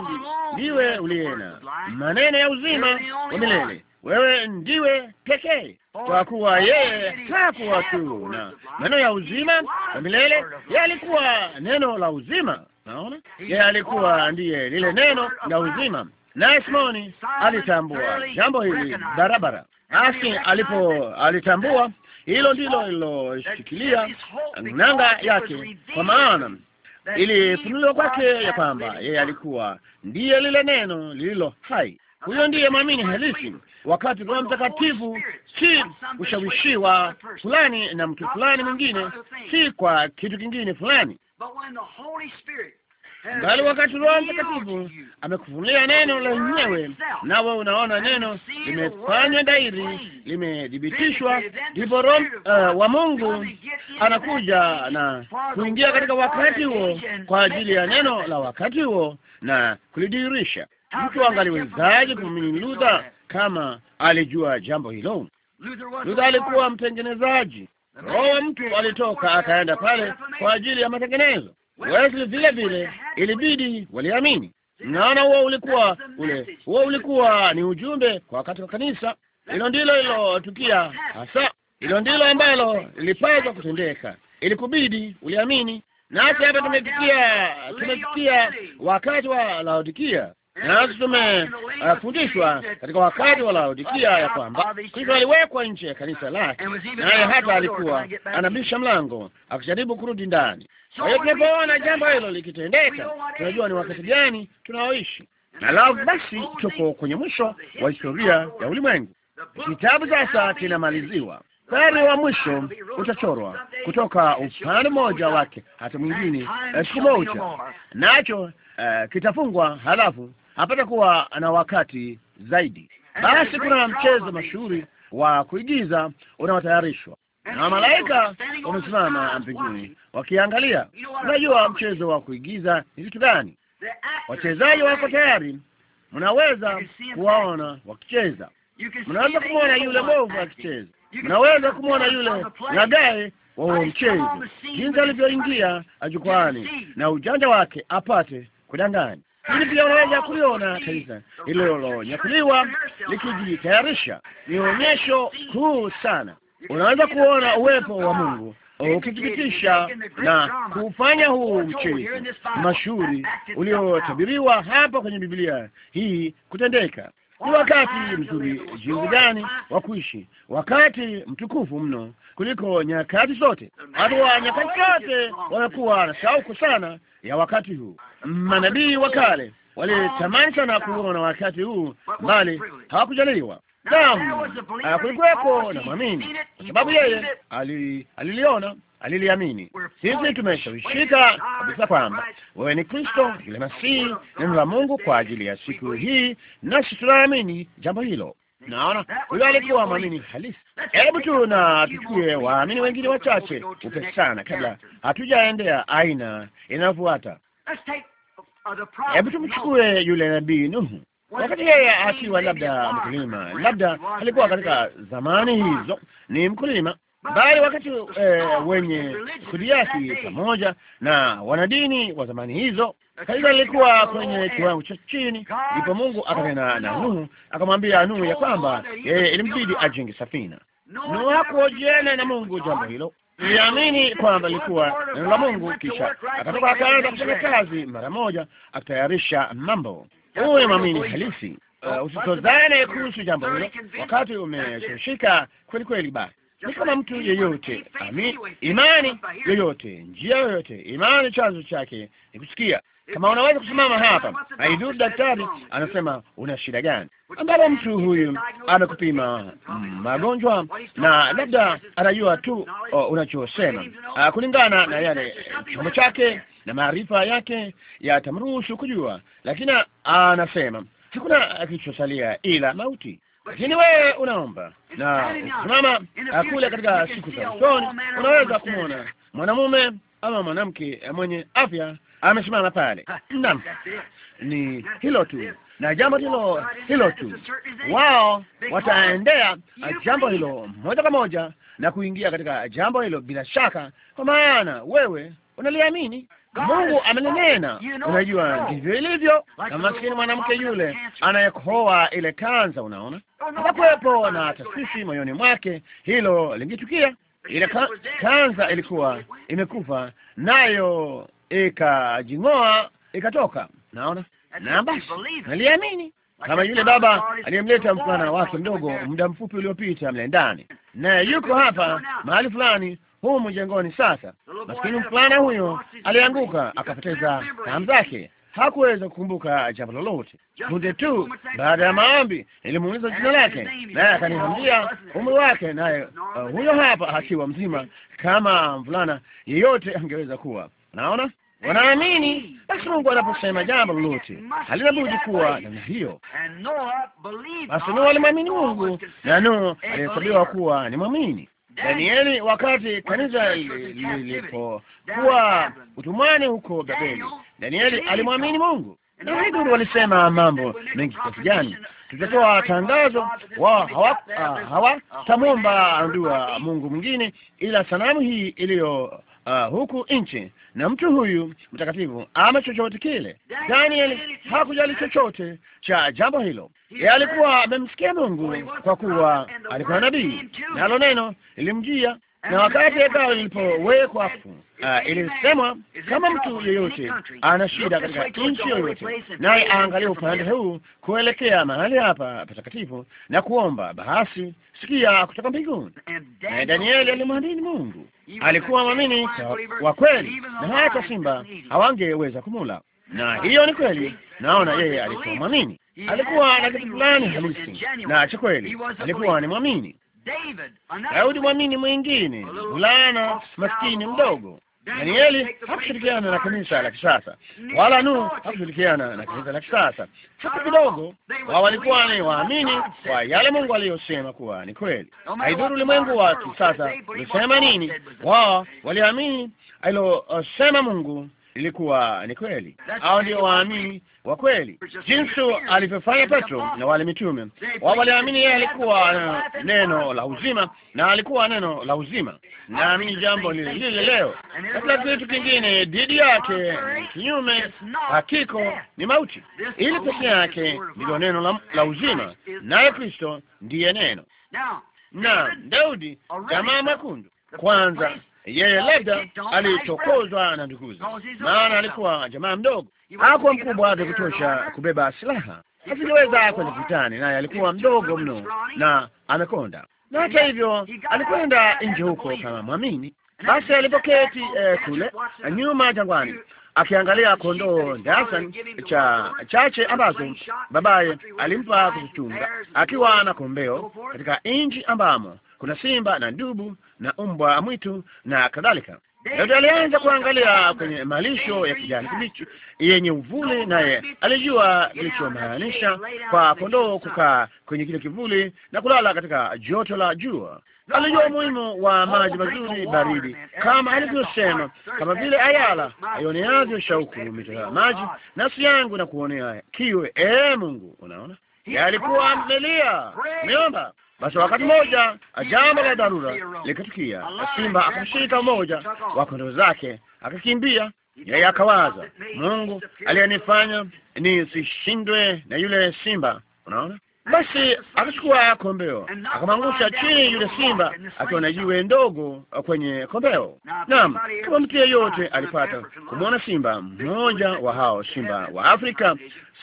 ndiwe na maneno ya uzima wa milele, wewe ndiwe pekee. Kwa kuwa yeye hakuwa tu na maneno ya uzima wa milele, yeye alikuwa neno la uzima. Naona yeye alikuwa ndiye lile neno la uzima, naye Simoni alitambua jambo hili barabara. Basi alipo alitambua hilo ndilo lililoshikilia nanga yake, kwa maana ilifunuliwa kwake ya kwamba yeye alikuwa ndiye lile neno lililo hai. Huyo ndiye mwamini halisi. Wakati Roho Mtakatifu si kushawishiwa fulani na mtu fulani mwingine, si kwa kitu kingine fulani bali wakati Roho Mtakatifu amekufunulia neno lenyewe, nawe unaona neno limefanywa dairi, limedhibitishwa ndipo Roho uh, wa Mungu anakuja na kuingia katika wakati huo kwa ajili ya neno la wakati huo na kulidirisha. Mtu angaliwezaje kumwamini Luther kama alijua jambo hilo? Luther alikuwa mtengenezaji. Roho wa mtu alitoka akaenda pale kwa ajili ya matengenezo. Wesley vile vile ilibidi waliamini. Naona huo ulikuwa ule, huo ulikuwa ni ujumbe kwa wakati wa kanisa. Hilo ndilo lilotukia hasa, hilo ndilo ambalo lilipaswa kutendeka. Ilikubidi uliamini, nasi hapa tumefikia, tumefikia wakati wa Laodikia nasi tumefundishwa uh, katika wakati wa Laodikia ya kwamba Kristo aliwekwa nje ya kanisa lake, naye hata alikuwa anabisha mlango akijaribu kurudi ndani. Kwa hiyo tunapoona jambo hilo likitendeka, tunajua ni wakati gani tunaoishi. alafu basi tuko kwenye mwisho wa historia ya ulimwengu. Kitabu sasa kinamaliziwa, mstari wa mwisho utachorwa kutoka upande mmoja wake hata mwingine eh, siku moja, nacho uh, kitafungwa halafu kuwa na wakati zaidi. Basi kuna mchezo mashuhuri wa kuigiza unaotayarishwa na malaika wamesimama mbinguni wakiangalia. Unajua mchezo wa kuigiza ni kitu gani? Wachezaji wako tayari, mnaweza kuwaona wakicheza, mnaweza kumwona yule bovu akicheza, mnaweza kumwona yule nagae wa huo mchezo, jinsi alivyoingia ajukwani na ujanja wake apate kudanganya ili pia unaweza kuliona kanisa ililonyakuliwa likijitayarisha. Ni onyesho kuu sana. Unaweza kuona uwepo wa Mungu ukithibitisha na kufanya huu mchezo mashuhuri uliotabiriwa hapa kwenye Biblia hii kutendeka. Ni wakati mzuri jinsi gani wa kuishi, wakati mtukufu mno kuliko nyakati zote. Watu wa nyakati zote wamekuwa na shauku sana ya wakati huu. Manabii wa kale walitamani sana kuona wakati huu, bali hawakujaliwa. Naam, kulikuwepo na mwamini, kwa sababu yeye aliliona, aliliamini. Sisi tumeshawishika kabisa kwamba wewe ni Kristo, yule Masihi, neno la Mungu kwa ajili ya siku hii, nasi tunaamini jambo hilo. Naona huyo alikuwa mwamini halisi. Hebu tu na tuchukue waamini wengine wachache upesi sana, kabla hatujaendea aina inayofuata. Uh, Hebu tumchukue yule nabii Nuhu, wakati yeye akiwa labda mkulima, labda alikuwa katika zamani hizo ni mkulima bali wakati eh, wenye kuriasi pamoja na wanadini wa zamani hizo, kanisa lilikuwa kwenye kiwango cha chini. Ndipo Mungu akanena na Nuhu akamwambia Nuhu ya kwamba yeye eh, ilimbidi ajenge safina. Nuhu hakuojiana na Mungu jambo hilo, iliamini kwamba ilikuwa neno la Mungu, kisha akatoka akaenda kufanya kazi mara moja, akatayarisha mambo. Huyo mwamini halisi, uh, usitozane kuhusu jambo hilo wakati umeshirishika kweli kweli. Basi ni kama mtu yeyote, amin, imani yoyote, njia yoyote, imani chanzo chake ni kusikia. Kama unaweza kusimama hapa, haidhuru daktari anasema una shida gani, ambapo mtu huyu amekupima magonjwa na labda anajua tu unachosema kulingana na yale chombo chake na maarifa yake yatamruhusu kujua, lakini anasema hakuna kilichosalia ila mauti lakini wewe unaomba na simama kule, katika siku za usoni unaweza kumwona mwanamume ama mwanamke mwenye afya amesimama pale. Ah, Naam, ni hilo tu, na jambo hilo hilo tu, wao wataendea jambo hilo moja kwa moja na kuingia katika jambo hilo bila shaka, kwa maana wewe unaliamini. Mungu amenenena. Unajua ndivyo ilivyo, na maskini mwanamke yule anayekohoa ile kanza, unaona hapakuwepo oh, na taasisi moyoni mwake, hilo lingetukia. Ile kanza ilikuwa imekufa nayo ikajing'oa ikatoka, naona na basi, naliamini kama yule baba aliyemleta mvulana wake mdogo muda mfupi uliopita mle ndani, naye yuko hapa mahali fulani humu jengoni. Sasa maskini mfulana huyo alianguka akapoteza fahamu zake, hakuweza kukumbuka jambo lolote. Punde tu baada ya maombi, nilimuuliza jina lake, naye akaniambia umri wake, naye uh, huyo hapa akiwa mzima kama mvulana yeyote angeweza kuwa. Naona wanaamini basi, Mungu anaposema jambo lolote halina budi kuwa namna hiyo. Basi Noa alimwamini Mungu na Noa alihesabiwa kuwa ni mwamini. Danieli, wakati kanisa lilipokuwa utumwani huko Babeli, Danieli alimwamini Mungu. Na Wahubiri walisema mambo mengi kiasi gani, tutatoa tangazo, hawa ah, hawatamwomba uh, ndua mungu mwingine ila sanamu hii iliyo Uh, huku nchi na mtu huyu mtakatifu ama chochote kile. Daniel hakujali chochote cha jambo hilo yeye alikuwa amemsikia Mungu kwa kuwa alikuwa nabii, nalo neno ilimjia na wakati hekalu lilipowekwa uh, ilisemwa kama mtu yeyote ana shida katika nchi yoyote, naye aangalie upande huu kuelekea mahali hapa patakatifu na kuomba, basi sikia kutoka mbinguni. Na Danieli alimwamini Mungu, alikuwa mwamini wa kweli, na hata simba hawangeweza kumula. Na hiyo ni kweli, naona yeye alikuwa mwamini alikuwa na kitu fulani halisi, na cha kweli alikuwa ni mwamini. Daudi mwamini mwingine, vulana maskini mdogo. Danieli hakushirikiana na kanisa la kisasa, wala nu hakushirikiana na kanisa la kisasa hata kidogo. Wao walikuwa ni waamini kwa yale Mungu aliyosema kuwa ni kweli. Haidhuru ulimwengu wa kisasa ulisema nini, wao waliamini alilosema Mungu ilikuwa ni kweli, au ndio waamini wa kweli, jinsi alivyofanya Petro na wale mitume wao. Waliamini yeye alikuwa neno la uzima, na alikuwa neno la uzima. Naamini jambo lile lile leo, na kila kitu kingine dhidi yake kinyume hakiko ni mauti. Ili peke yake ndilo neno la, la uzima, naye Kristo ndiye neno. Na Daudi jamaa makundu kwanza yeye labda alitokozwa na nduguzi maana alikuwa jamaa mdogo, hakuwa mkubwa hata kutosha kubeba silaha, asingeweza kwenda vitani, naye alikuwa mdogo mno na amekonda. Na hata hivyo alikwenda nje huko kama mwamini. Basi alipoketi eh, kule nyuma jangwani akiangalia kondoo ndasan cha chache ambazo babaye alimpa kuzichunga, akiwa na kombeo katika nchi ambamo kuna simba na dubu na umbwa mwitu na kadhalika. Daudi alianza kuangalia kwenye malisho ya kijani kibichi yenye uvuli, naye alijua kilichomaanisha kwa kondoo kukaa kwenye kile kivuli na kulala katika joto la jua. Alijua umuhimu wa maji mazuri baridi, kama alivyosema, kama vile ayala aioneavyo shauku mito ya maji, nafsi yangu na kuonea kiwe. Ee Mungu, unaona, yalikuwa amelia meomba basi wakati mmoja jambo la dharura likatukia, simba akamshika mmoja wa kondoo zake akakimbia. Yeye akawaza, Mungu aliyenifanya nisishindwe na yule simba. Unaona, basi akachukua kombeo akamwangusha chini yule simba akiwa na jiwe ndogo kwenye kombeo. Naam, kama mtu yeyote alipata kumwona simba, mmoja wa hao simba wa Afrika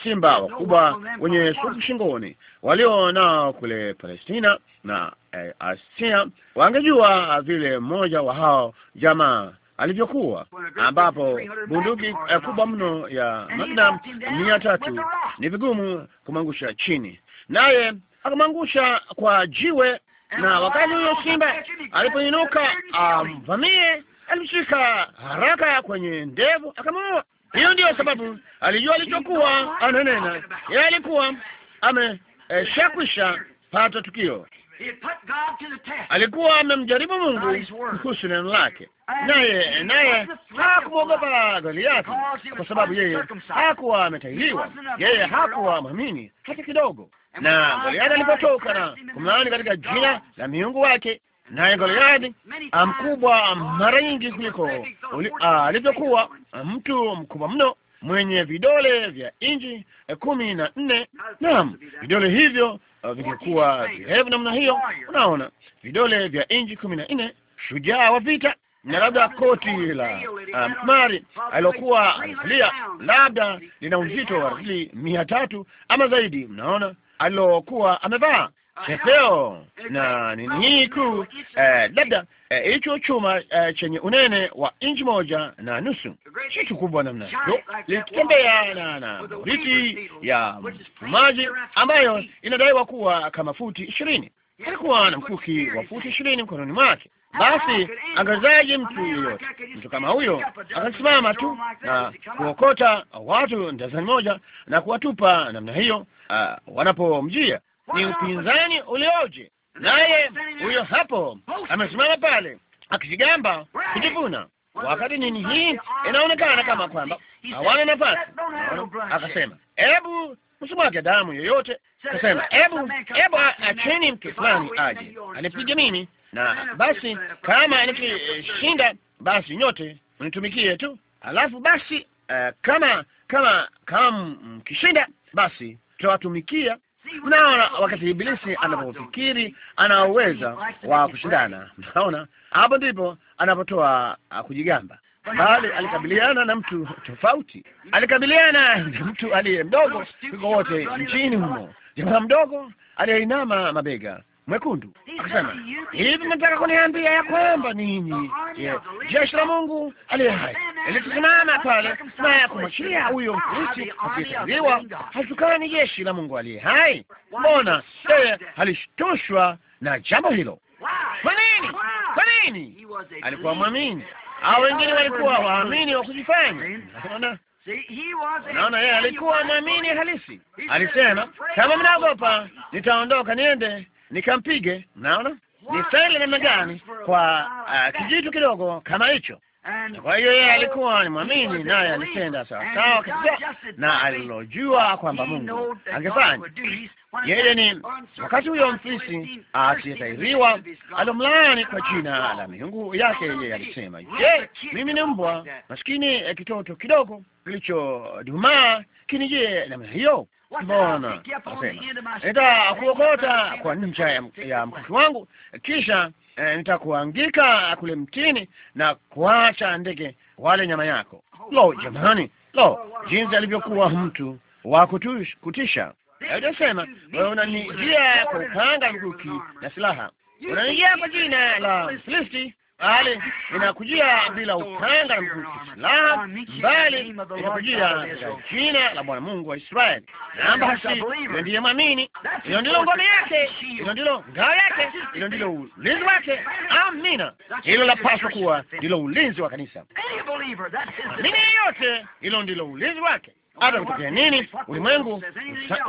simba wakubwa wenye suku shingoni walio nao kule Palestina na eh, Asia wangejua vile mmoja wa hao jamaa alivyokuwa ambapo bunduki eh, kubwa mno ya Magnum mia tatu ni vigumu kumwangusha chini, naye akamwangusha kwa jiwe. Na wakati huyo simba alipoinuka amvamie, alimshika haraka kwenye ndevu akamuua. Hiyo ndiyo sababu alijua alichokuwa ananena. Yeye alikuwa ameshakwisha eh, pata tukio. Alikuwa amemjaribu Mungu kuhusu neno lake, naye naye hakumwogopa Goliathi kwa sababu yeye hakuwa ametahiriwa, yeye hakuwa mwamini hata kidogo. Na Goliathi alipotoka na kumlaani katika jina la miungu wake naye Goliathi ah, mkubwa ah, mara nyingi kuliko ah, alivyokuwa mtu mkubwa mno mwenye vidole vya inji eh, kumi na nne. Naam, vidole hivyo vingekuwa virefu namna hiyo. Unaona, vidole vya inji kumi na nne, shujaa wa vita, na labda koti la msumari alilokuwa alivalia labda lina uzito wa ratili mia tatu ama zaidi, mnaona alilokuwa amevaa Teo eh, na hii kuu labda hicho chuma eh, chenye unene wa inchi moja na nusu, chitu kubwa namna hiyo, likitembea na na boriti ya mfumaji ambayo inadaiwa kuwa kama futi ishirini. Alikuwa na mkuki wa futi ishirini mkononi mwake. Basi angazaji mtu yeyote, mtu kama huyo akasimama tu na kuokota watu ndazani moja na kuwatupa namna hiyo eh, wanapomjia ni upinzani ulioje! Naye huyo hapo amesimama pale akijigamba kujivuna, wakati nini hii inaonekana kama kwamba hawana nafasi. Akasema, hebu msimwage damu yoyote. Akasema, hebu hebu acheni mke fulani aje anipige mimi, na basi kama nikishinda, basi nyote mnitumikie tu, alafu basi uh, kama kama kama mkishinda, basi tutawatumikia Mnaona, wakati Ibilisi anapofikiri ana uwezo wa kushindana, mnaona, hapo ndipo anapotoa ah, kujigamba. Bali alikabiliana na mtu tofauti, alikabiliana na mtu aliye mdogo kuliko wote nchini humo, jamaa mdogo aliyeinama mabega mwekundu akasema, hivi mnataka kuniambia ya kwamba ninyi jeshi la Mungu aliye hai ilitusimama pale na kumwachilia huyo Mfilisti akitaliwa, hatukani jeshi la Mungu aliye hai? Mbona yeye alishtushwa na jambo hilo? Kwa nini? Kwa nini? Alikuwa mwamini au wengine walikuwa waamini wa kujifanya. Naona yeye alikuwa mwamini halisi. Alisema, kama mnaogopa, nitaondoka niende nikampige. Mnaona ni staili namna gani kwa uh, kijitu kidogo kama hicho. Kwa hiyo yeye alikuwa ni mwamini, naye alitenda sawasawa kabisa na alilojua kwamba Mungu angefanya. Yeye ni wakati huyo mfisi asiyetairiwa alomlaani kwa jina la miungu yake, yeye alisema je, mimi ni mbwa maskini, eh, kitoto kidogo kilichodumaa kinijie namna hiyo? mbona nitakuokota kwa ncha ya, mkuki wangu, kisha eh, nitakuangika kule mtini na kuacha ndege wale nyama yako. Lo, jamani, lo, jinsi alivyokuwa mtu wa kutisha! Ajasema wewe unanijia kwa upanga, mkuki na silaha, unanijia kwa jina la Filisti bali inakujia bila upanga na silaha, bali inakujia katika jina la Bwana Mungu wa Israeli. Namba hasi ndiye mwamini, hiyo ndilo ngome yake, hiyo ndilo ngao yake, hilo ndilo ulinzi wake. Amina, hilo lapaswa kuwa ndilo ulinzi wa kanisa. Amini yeyote, hilo ndilo ulinzi wake. Hata kutokea nini, ulimwengu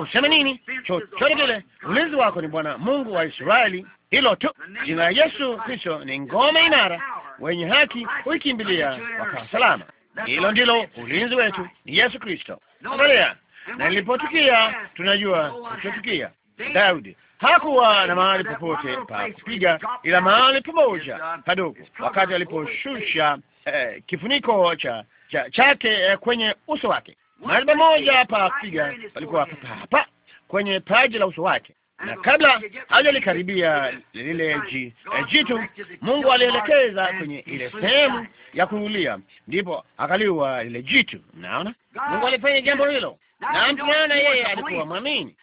useme nini, chochote kile, ulinzi wako ni Bwana Mungu wa Israeli hilo tu. Jina la Yesu Kristo ni ngome imara, wenye haki huikimbilia wakawa salama. Hilo ndilo ulinzi wetu, ni Yesu Kristo. Angalia, na ilipotukia, tunajua kilichotukia. Daudi hakuwa na mahali popote pa kupiga ila mahali pamoja padogo, wakati aliposhusha eh, kifuniko cha chake eh, kwenye uso wake. Mahali pamoja pa kupiga palikuwa hapa hapa kwenye paji la uso wake na kabla hajalikaribia lile ji, eh, jitu Mungu alielekeza kwenye ile sehemu ya kuulia, ndipo akaliwa lile jitu. Naona Mungu alifanya jambo hilo, na tunaona yeye alikuwa mwamini.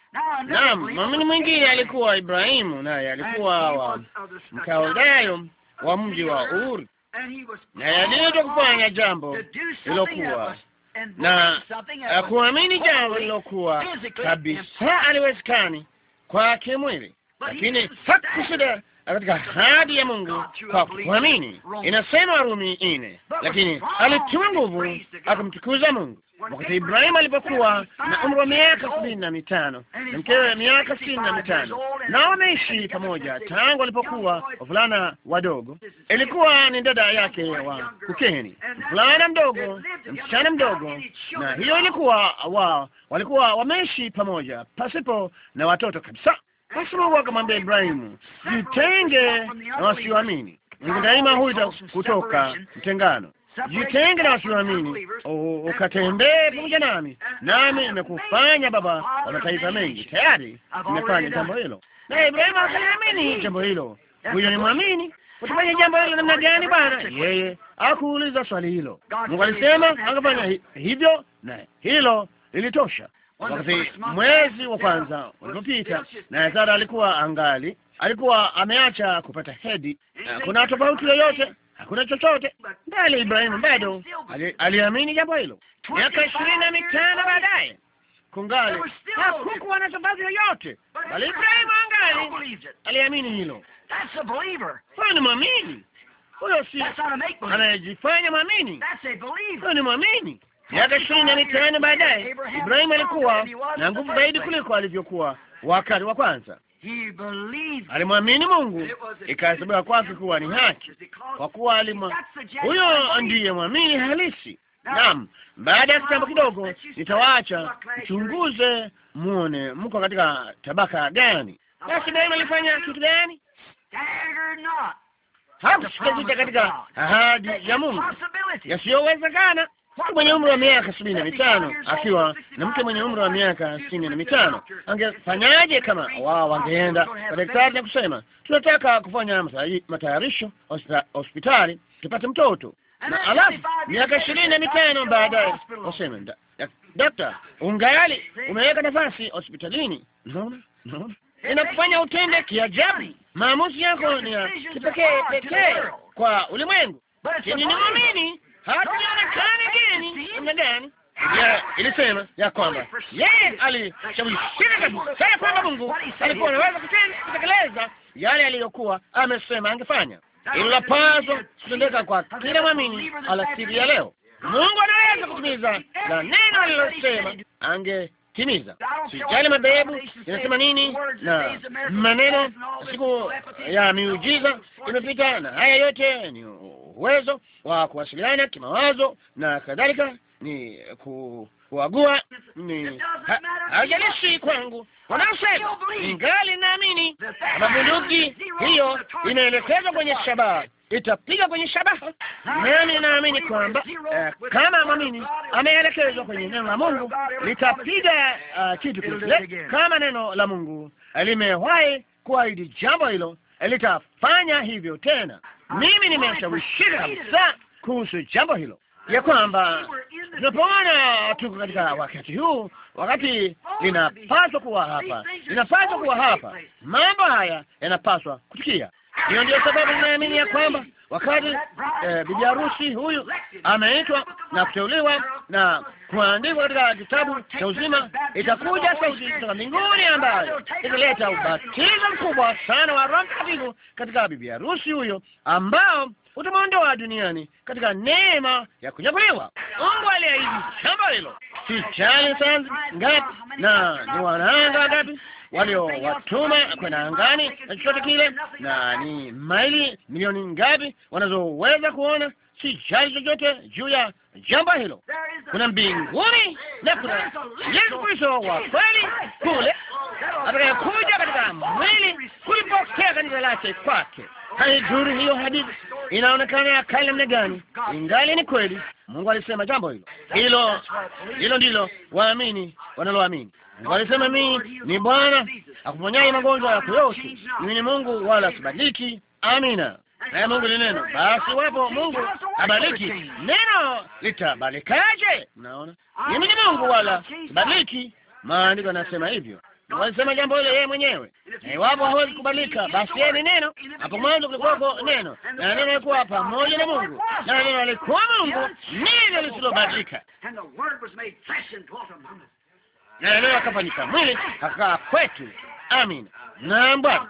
Naam, mwamini mwingine alikuwa Ibrahimu, naye alikuwa wa Mkaldayo wa mji wa Uri, naye aliweza kufanya jambo lilokuwa na eh, kuamini jambo lilokuwa kabisa aliwezekani kwa kimwili, lakini hakushinda katika hadi ya Mungu kwa kuamini. Inasema Warumi ine lakini alitiwa nguvu akamtukuza Mungu. Wakati Ibrahimu alipokuwa na umri wa miaka sabini na mitano na mkewe miaka sitini na mitano na wameishi pamoja tangu alipokuwa wavulana wadogo. Ilikuwa ni dada yake wa kukeni, mvulana mdogo na msichana mdogo, na hiyo ilikuwa wao walikuwa wameishi pamoja pasipo na watoto kabisa. Basi Mungu akamwambia Ibrahimu, jitenge na wasioamini. Mungu daima huita kutoka mtengano. Jitenge na wasioamini, ukatembee pamoja nami, nami nimekufanya baba wa mataifa mengi. Tayari nimefanya jambo hilo, na Ibrahimu akaliamini jambo hilo. Huyo ni mwamini. Utafanya jambo hilo namna gani bwana? Yeye akuuliza swali hilo. Mungu alisema angefanya hivyo, na hilo lilitosha wakati mwezi wa kwanza ulipopita, na Lazaro alikuwa angali, alikuwa ameacha kupata hedhi. Kuna tofauti yoyote? Hakuna chochote, bali Ibrahimu bado aliamini jambo hilo. Miaka ishirini na mitano baadaye kungali hakukuwa na sababu yoyote, bali Ibrahimu angali aliamini hilo. Huyo ni mwamini, huyo si anayejifanya mwamini, huyo ni mwamini. Miaka ishirini na mitano baadaye, Ibrahimu alikuwa na nguvu zaidi kuliko alivyokuwa wakati wa kwanza. Alimwamini Mungu, ikahesabiwa kwake kuwa ni haki, kwa kuwa Huyo ndiye mwamini halisi. Naam, baada ya kitambo kidogo nitawaacha mchunguze, muone mko katika tabaka gani. Basi Ibrahimu alifanya kitu gani? Hakushika katika ahadi ya Mungu yasiyowezekana mwenye umri wa miaka sabini na mitano akiwa na mke mwenye umri wa miaka sitini na mitano angefanyaje kama wao wangeenda kwa daktari na kusema tunataka kufanya matayarisho hospitali tupate mtoto, na alafu miaka ishirini na mitano baadaye waseme dakta, ungali umeweka nafasi hospitalini. Naona, naona inakufanya utende kiajabu. Maamuzi yako ni ya kipekee pekee kwa ulimwengu. Ni muumini hata lionekane geni namna gani ya ilisema ya kwamba yeye alishawishika kabisa ya kwamba Mungu alikuwa anaweza kutekeleza yale aliyokuwa amesema angefanya. Inapaswa kutendeka kwa kila mwamini alasiri ya leo. Mungu anaweza kutimiza na neno alilosema angetimiza. Sijali madhehebu inasema nini na maneno, siku ya miujiza imepita, na haya yote ni uwezo wa kuwasiliana kimawazo na kadhalika, ni kuagua ni hajalishi kwangu wanaosema, ingali naamini kama bunduki hiyo inaelekezwa kwenye shabaha itapiga kwenye shabaha. Nami naamini kwamba eh, kama mwamini ameelekezwa kwenye neno la Mungu litapiga uh, kitu kile. Kama neno la Mungu limewahi kuahidi jambo hilo, litafanya hivyo tena. Mimi nimeshawishika kabisa kuhusu jambo hilo ya kwamba tunapoona tuko katika wakati huu, wakati linapaswa kuwa hapa, linapaswa kuwa hapa, mambo haya yanapaswa kutukia. Hiyo ndio sababu ninaamini ya kwamba wakati eh, bibi harusi huyu ameitwa na kuteuliwa na kuandikwa katika kitabu cha uzima, itakuja sauti kutoka mbinguni ambayo italeta ubatizo mkubwa sana wa Roho Mtakatifu katika bibi harusi huyo ambao utamwondoa duniani katika neema ya kunyakuliwa. Mungu aliahidi jambo hilo. Sijali sana ngapi na ni wanaanga ngapi waliowatuma kwenda angani na chochote kile, na ni maili milioni ngapi wanazoweza kuona, si jali chochote juu ya jambo hilo. Kuna mbinguni na kuna Yesu Kristo wa kweli kule atakayekuja katika mwili kulipokea kanisa lake kwake. Haidhuru hiyo hadithi inaonekana ya kale namna gani, ingali ni kweli. Mungu alisema jambo hilo hilo hilo, ndilo waamini wanaloamini. Walisema mimi ni Bwana akuponyaye magonjwa yako yote, mimi ni Mungu wala sibadiliki. Amina. Naye Mungu ni neno. Basi wapo Mungu abaliki neno litabalikaje? Mnaona, mimi ni Mungu wala sibadiliki. Maandiko yanasema hivyo. Walisema jambo hilo yeye mwenyewe, na iwapo hawezi kubadilika, basi yeye ni neno. Hapo mwanzo kulikuwako neno, na neno alikuwa pamoja na Mungu, na neno alikuwa Mungu, neno lisilobadilika na neno akafanyika mwili akakaa kwetu. Amin. Naam Bwana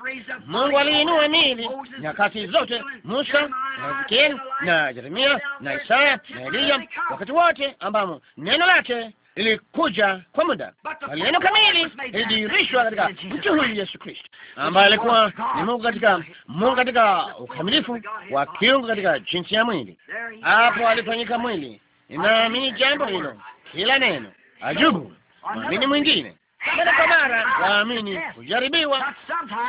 Mungu aliinua mili nyakati zote, Musa na Ezekieli na Yeremia na Isaya na Eliya, wakati wote ambamo neno lake ilikuja kwa muda, bali neno kamili ilidirishwa katika mtu huyu Yesu Kristo, ambaye alikuwa ni Mungu katika Mungu katika ukamilifu wa kiungu katika jinsi ya mwili. Hapo alifanyika mwili. Inaamini jambo hilo, kila neno ajubu mwamini mwingine mara kwa mara waamini kujaribiwa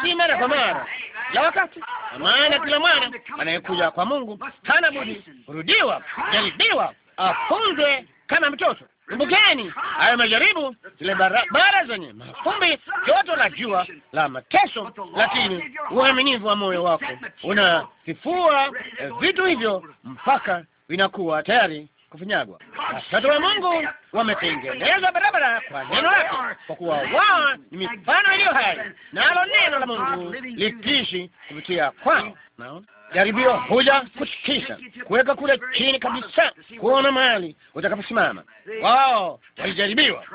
si mara kwa mara la wakati, maana kila mwana anayekuja kwa Mungu hana budi kurudiwa, jaribiwa, afunze kama mtoto. Kumbukeni hayo majaribu, zile barabara zenye mafumbi, joto la jua la mateso, lakini uaminivu wa moyo wako unasifua vitu hivyo mpaka vinakuwa tayari kufinyagwa. Watoto wa Mungu wametengeneza barabara kwa neno lake kwa kuwa wao ni mifano iliyo hai, nalo neno la Mungu likiishi kupitia kwao. Jaribio huja kutikisa, kuweka kule chini kabisa, kuona mahali utakaposimama. Wao walijaribiwa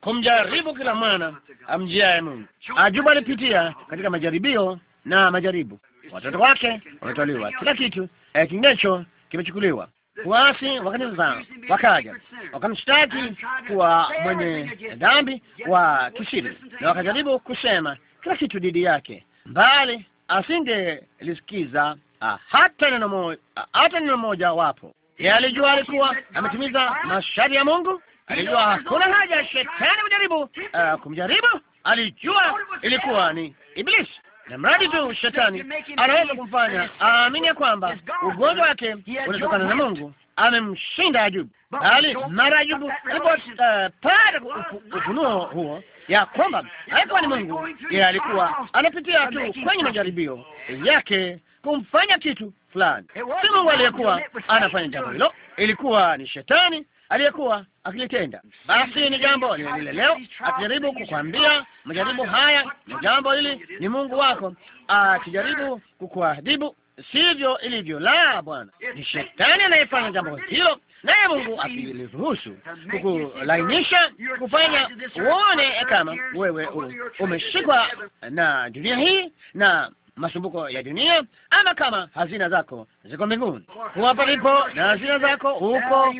kumjaribu kila mwana amjiaye Mungu. Ajuba alipitia katika majaribio na majaribu, watoto wake wametwaliwa, kila kitu eh, kingecho kimechukuliwa waasi wakanivaa, wakaja wakamshtaki kuwa mwenye dhambi wa kisiri, na wakajaribu kusema kila kitu dhidi yake, mbali asingelisikiza ah, hata neno moja, hata neno moja wapo. Ye alijua alikuwa ametimiza masharti ya Mungu. Alijua hakuna haja shetani kujaribu uh, kumjaribu. Alijua ilikuwa ni Iblisi na mradi tu shetani anaweza kumfanya aamini ya kwamba ugonjwa wake unatokana na Mungu. Amemshinda ajubu bali mara Ayubu alipopata ufunuo huo ya kwamba haikuwa ni Mungu, yeye alikuwa anapitia tu kwenye majaribio yake kumfanya kitu fulani. Si Mungu aliyekuwa anafanya jambo hilo, ilikuwa ni shetani aliyekuwa akilitenda. Basi ni jambo lile lile leo, akijaribu kukwambia majaribu haya ni jambo hili, ni Mungu wako akijaribu kukuadhibu. Sivyo ilivyo, la bwana, ni shetani anayefanya jambo hilo, naye Mungu akiliruhusu kukulainisha, kufanya uone kama wewe umeshikwa na dunia hii na masumbuko ya dunia, ama kama hazina zako ziko mbinguni. huwa palipo na hazina zako huko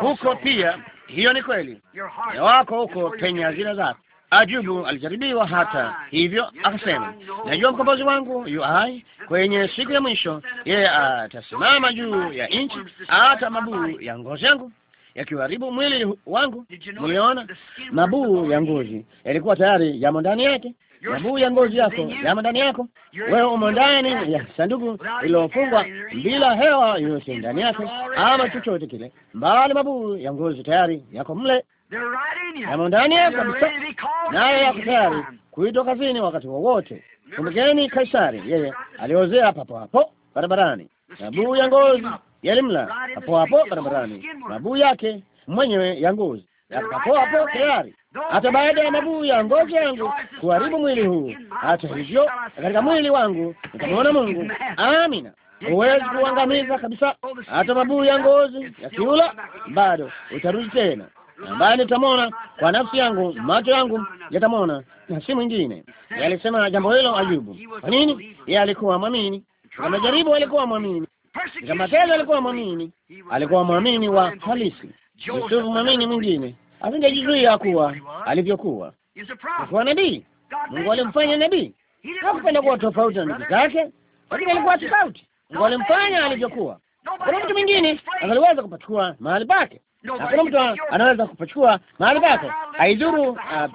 huko pia. Hiyo ni kweli, moyo wako huko penye hazina zako. Ajubu alijaribiwa hata hivyo, akasema najua mkombozi wangu yu hai, kwenye siku ya mwisho yeye atasimama juu ya nchi, hata mabuu ya ngozi yangu yakiharibu mwili wangu. Mliona mabuu ya ngozi yalikuwa tayari yamo ndani yake damu ya ngozi yako yamo ndani yako, wewe umo ndani ya sanduku iliyofungwa bila hewa yoyote ndani yake, ama chochote kile, mbali mabuu ya ngozi tayari yako mle, yamo ndani yako kabisa, naye yako tayari kuitwa kazini wakati wowote. Kumbukeni Kaisari, yeye aliozea papo hapo barabarani, mabuu ya ngozi yalimla papo hapo barabarani, mabuu yake mwenyewe ya ngozi yatakapoa hapo tayari, hata baada ya mabuu ya ngozi yangu kuharibu mwili huu, hata hivyo katika mwili wangu nitamwona Mungu. Amina. Huwezi kuangamiza kabisa, hata mabuu ya ngozi yakiula, bado utarudi tena, ambaye nitamwona kwa nafsi yangu, macho yangu yatamwona na si mwingine. Yalisema jambo hilo Ayubu. Kwa nini? ye alikuwa mwamini, majaribu alikuwa mwamini, katika mateso alikuwa mwamini, alikuwa mwamini wa halisi. Yusufu mwamini mwingine asingejizuia kuwa alivyokuwa, alikuwa nabii. Mungu alimfanya nabii, hakupenda kuwa tofauti na ndugu zake, lakini alikuwa tofauti. Mungu alimfanya alivyokuwa. Kuna mtu mwingine angaliweza kupachukua mahali pake, na kuna mtu anaweza kupachukua mahali pake, haidhuru ah,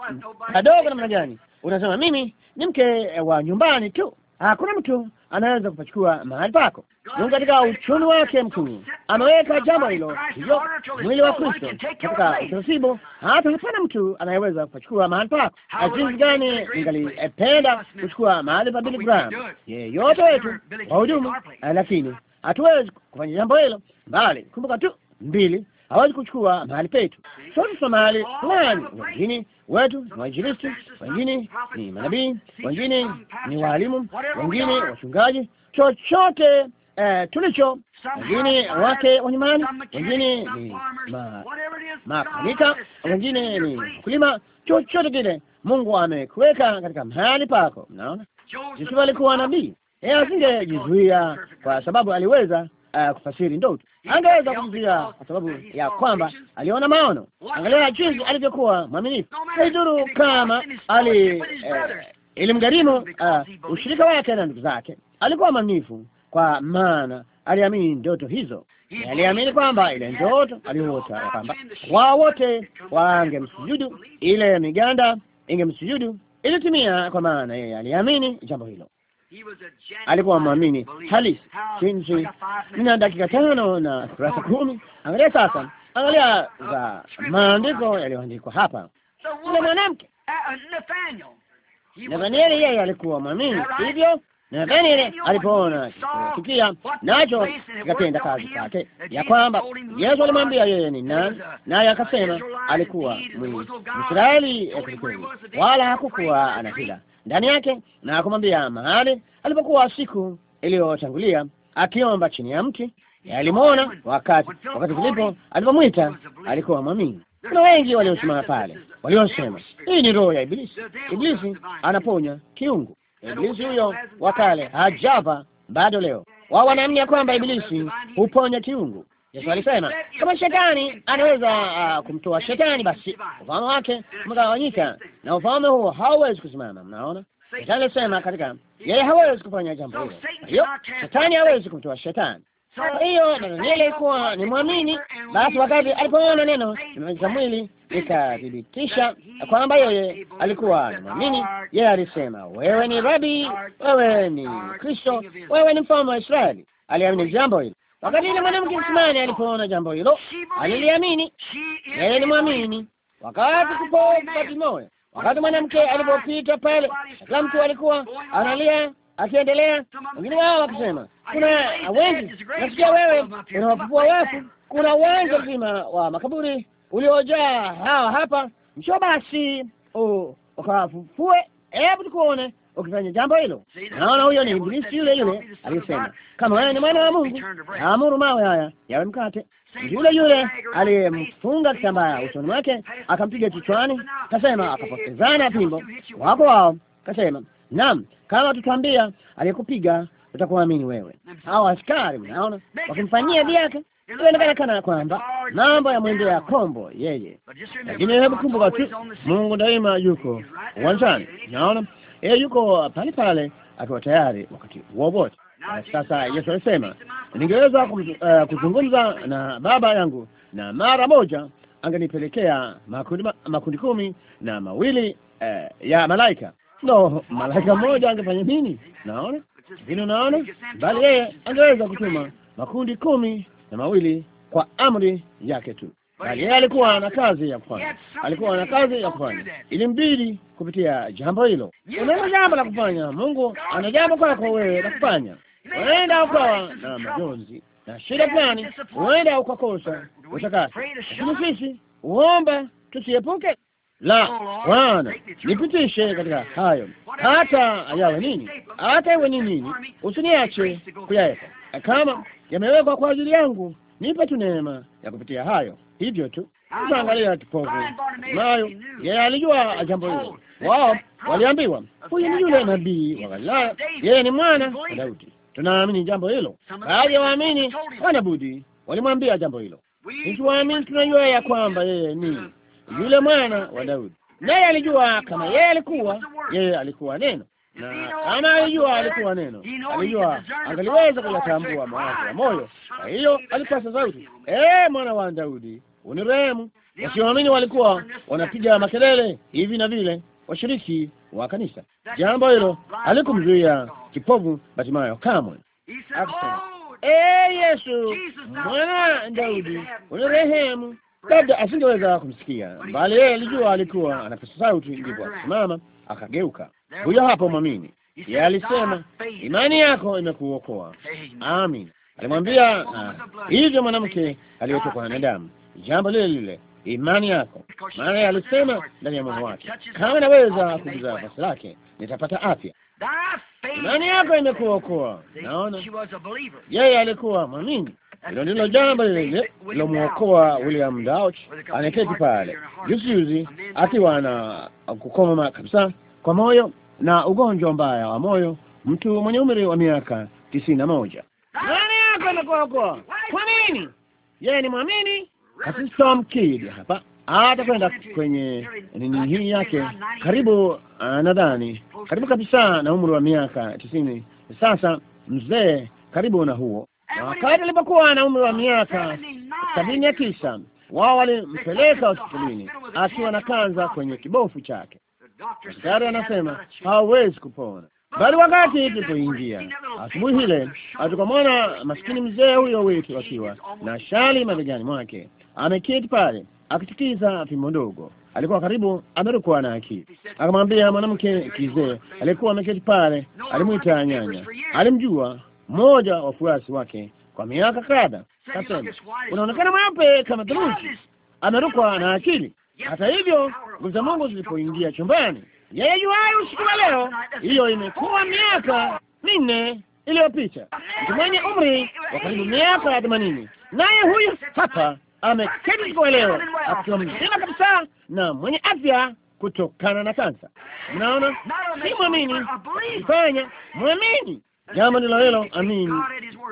kadogo namna gani. Unasema mimi ni mke wa nyumbani tu, hakuna mtu anaweza kupachukua mahali pako. Mungu katika uchumi wake mkuu ameweka jambo hilo hivyo, mwili wa Kristo katika utaratibu, hata hapana mtu anayeweza kupachukua mahali pako. Jinsi gani ningalipenda kuchukua mahali pa Billy Graham, yeyote wetu wahudumu, lakini hatuwezi kufanya jambo hilo, bali kumbuka tu mbili hawezi kuchukua mahali petu. Sote tuna mahali fulani. Wengine wetu ni wainjilisti, wengine ni manabii, wengine ni waalimu, wengine wachungaji, chochote eh, tulicho wengine wake wa nyumbani, wengine ni makanika, wengine ni wakulima chochote kile Mungu amekuweka katika mahali pako. Mnaona, Yusufu alikuwa nabii, yeye asingejizuia kwa sababu aliweza uh, kufasiri ndoto angeweza kumzuia kwa sababu ya kwamba aliona maono. Angalia jinsi alivyokuwa mwaminifu, haidhuru kama ali eh, ilimgharimu uh, ushirika wake na ndugu zake. Alikuwa mwaminifu kwa maana aliamini ndoto hizo, aliamini kwamba ile ndoto aliota kwamba wao wote wangemsujudu, ile miganda ingemsujudu ilitimia, kwa maana yeye aliamini jambo hilo alikuwa mwamini halisi jinsi. Nina dakika tano na kurasa kumi. Angalia sasa, angalia za maandiko yaliyoandikwa hapa. Ule mwanamke uh, uh, Nathanieli, yeye alikuwa mwamini hivyo. Nathanieli alipoona tukia nacho ikatenda kazi zake, ya kwamba Yesu alimwambia yeye ni nani, naye akasema alikuwa Mwisraeli, wala hakukuwa anahila ndani yake na kumwambia mahali alipokuwa siku iliyotangulia akiomba chini ya mti. Alimwona wakati wakati kulipo alipomwita, alikuwa mwamini. Kuna wengi waliosimama pale waliosema hii ni roho ya Ibilisi. Ibilisi anaponya kiungu. Ibilisi huyo wa kale hajava bado leo. Wao wanaamini kwamba Ibilisi huponya kiungu. Yesu alisema kama shetani anaweza uh, kumtoa shetani, basi ufahamu wake mgawanyika na ufalme huo hauwezi kusimama. Mnaona, shetani alisema katika yeye hawezi kufanya jambo hilo, hiyo shetani hawezi kumtoa shetani. Kwa hiyo na Danieli alikuwa ni mwamini, basi wakati alipoona neno limeingiza mwili likathibitisha kwamba yeye alikuwa ni mwamini, yeye alisema, wewe ni rabi, wewe ni Kristo, wewe ni mfalme wa Israeli. Aliamini jambo hilo. Wakati ile mwanamke msimani alipoona jambo hilo, aliliamini. Yeye ni mwamini. Wakati kupokati moyo, wakati mwanamke alipopita pale, kila mtu alikuwa analia akiendelea, wengine wao wakisema, kuna wengi nasikia wewe unawafufua wafu. Kuna uwanja mzima wa makaburi uliojaa hawa hapa, msio basi ukawafufue, hebu tukuone ukifanya jambo hilo. Naona huyo ni Ibilisi yule yule aliyesema, kama wewe ni mwana wa Mungu, naamuru mawe haya yawe mkate. Yule yule aliyemfunga kitambaa usoni mwake akampiga kichwani, kasema akapotezana fimbo wako wao, kasema naam, kama tutambia aliyekupiga utakuamini wewe. Hao askari mnaona wakimfanyia viaka Inaonekana kana kwamba mambo ya mwende ya kombo yeye, lakini hebu kumbuka tu, Mungu daima yuko uwanjani. Naona yeye eh, yuko pale pale akiwa tayari wakati wowote. sasa Yesu alisema, ningeweza eh, kuzungumza na Baba yangu na mara moja angenipelekea makundi, makundi kumi na mawili eh, ya malaika. No, malaika mmoja angefanya nini? Naona lakini, unaona, bali yeye angeweza kutuma makundi kumi na mawili kwa amri yake tu bali yeye alikuwa na kazi ya kufanya, alikuwa na kazi ya kufanya, ilimbidi kupitia jambo hilo. Unaenda jambo la kufanya, Mungu ana jambo kwako wewe la kufanya. Unaenda ukawa na majonzi na shida fulani, unaenda ukakosa utakasi, lakini sisi uomba tusiepuke la Bwana, nipitishe katika hayo, hata yawe nini, hata iwe ni nini, usiniache kuyaweka kama yamewekwa kwa ajili yangu, nipe tu neema ya kupitia hayo hivyo tu ah, tunaangalia kipofu nayo. Yeye alijua jambo hilo, wao waliambiwa huyu ni yule nabii wa Galilaya, yeye ni mwana wa Daudi. Tunaamini jambo hilo. Baadhi ya waamini wanabudi walimwambia jambo hilo, waamini tunajua ya kwamba yeye ni yule mwana wa Daudi, naye alijua kama yeye alikuwa, yeye alikuwa neno na ana alikuwa neno, alijua angaliweza kuyatambua mawazo ya moyo. Kwa hiyo alipasa sauti, eh, mwana wa Daudi unirehemu. Wasioamini walikuwa wanapiga makelele hivi na vile, washiriki wa kanisa. Jambo hilo alikumzuia kipovu Batimayo kamwe. Akasema, eh, Yesu mwana wa Daudi unirehemu. Labda asingeweza kumsikia, bali yeye alijua alikuwa anapasa sauti, ndipo akasimama akageuka. Huyo hapo mwamini, yeye alisema imani yako imekuokoa, amin. Alimwambia ah, hivyo mwanamke aliyetokwa na damu, jambo lile lile, imani yako. Maana alisema ndani ya moyo wake, kama naweza kuguza vazi lake nitapata afya. Imani yako imekuokoa. Naona yeye alikuwa mwamini. Hilo ndilo jambo lile lilomwokoa William Dauch, anaketi pale juzi juzi akiwa na kukoma kabisa kwa moyo na ugonjwa mbaya wa moyo, mtu mwenye umri wa miaka tisini na moja. Nani yako amekuokoa? Kwa nini? Yeye ni mwamini. Kasisi Tom Kidd hapa kwenda kwenye nini hii yake karibu, uh, nadhani karibu kabisa na umri wa miaka tisini sasa, mzee karibu na huo Eh, na wakati alipokuwa na umri wa ah, miaka sabini na tisa, wao walimpeleka hospitalini akiwa na kanza kwenye kibofu chake. Daktari anasema hawezi kupona, bali wakati tulipoingia asubuhi ile atukamwona maskini mzee huyo wetu akiwa na shali mabegani mwake, ameketi pale akitikiza fimbo ndogo. Alikuwa karibu amerukwa na akili. Akamwambia mwanamke kizee aliyekuwa ameketi pale, alimwita nyanya, alimjua mmoja wa wafuasi wake kwa miaka kadha. Kasema, unaonekana mweupe kama theluji, amerukwa na akili. Hata hivyo, nguvu za Mungu zilipoingia chumbani, yeye yuayo usiku wa leo, hiyo imekuwa miaka minne iliyopita, mtu mwenye umri wa karibu miaka ya themanini, naye huyu hapa ameketi usiku wa leo akiwa mzima kabisa na mwenye afya kutokana na kansa. Mnaona, si mwamini fanya mwamini Jambo ndilo hilo, amini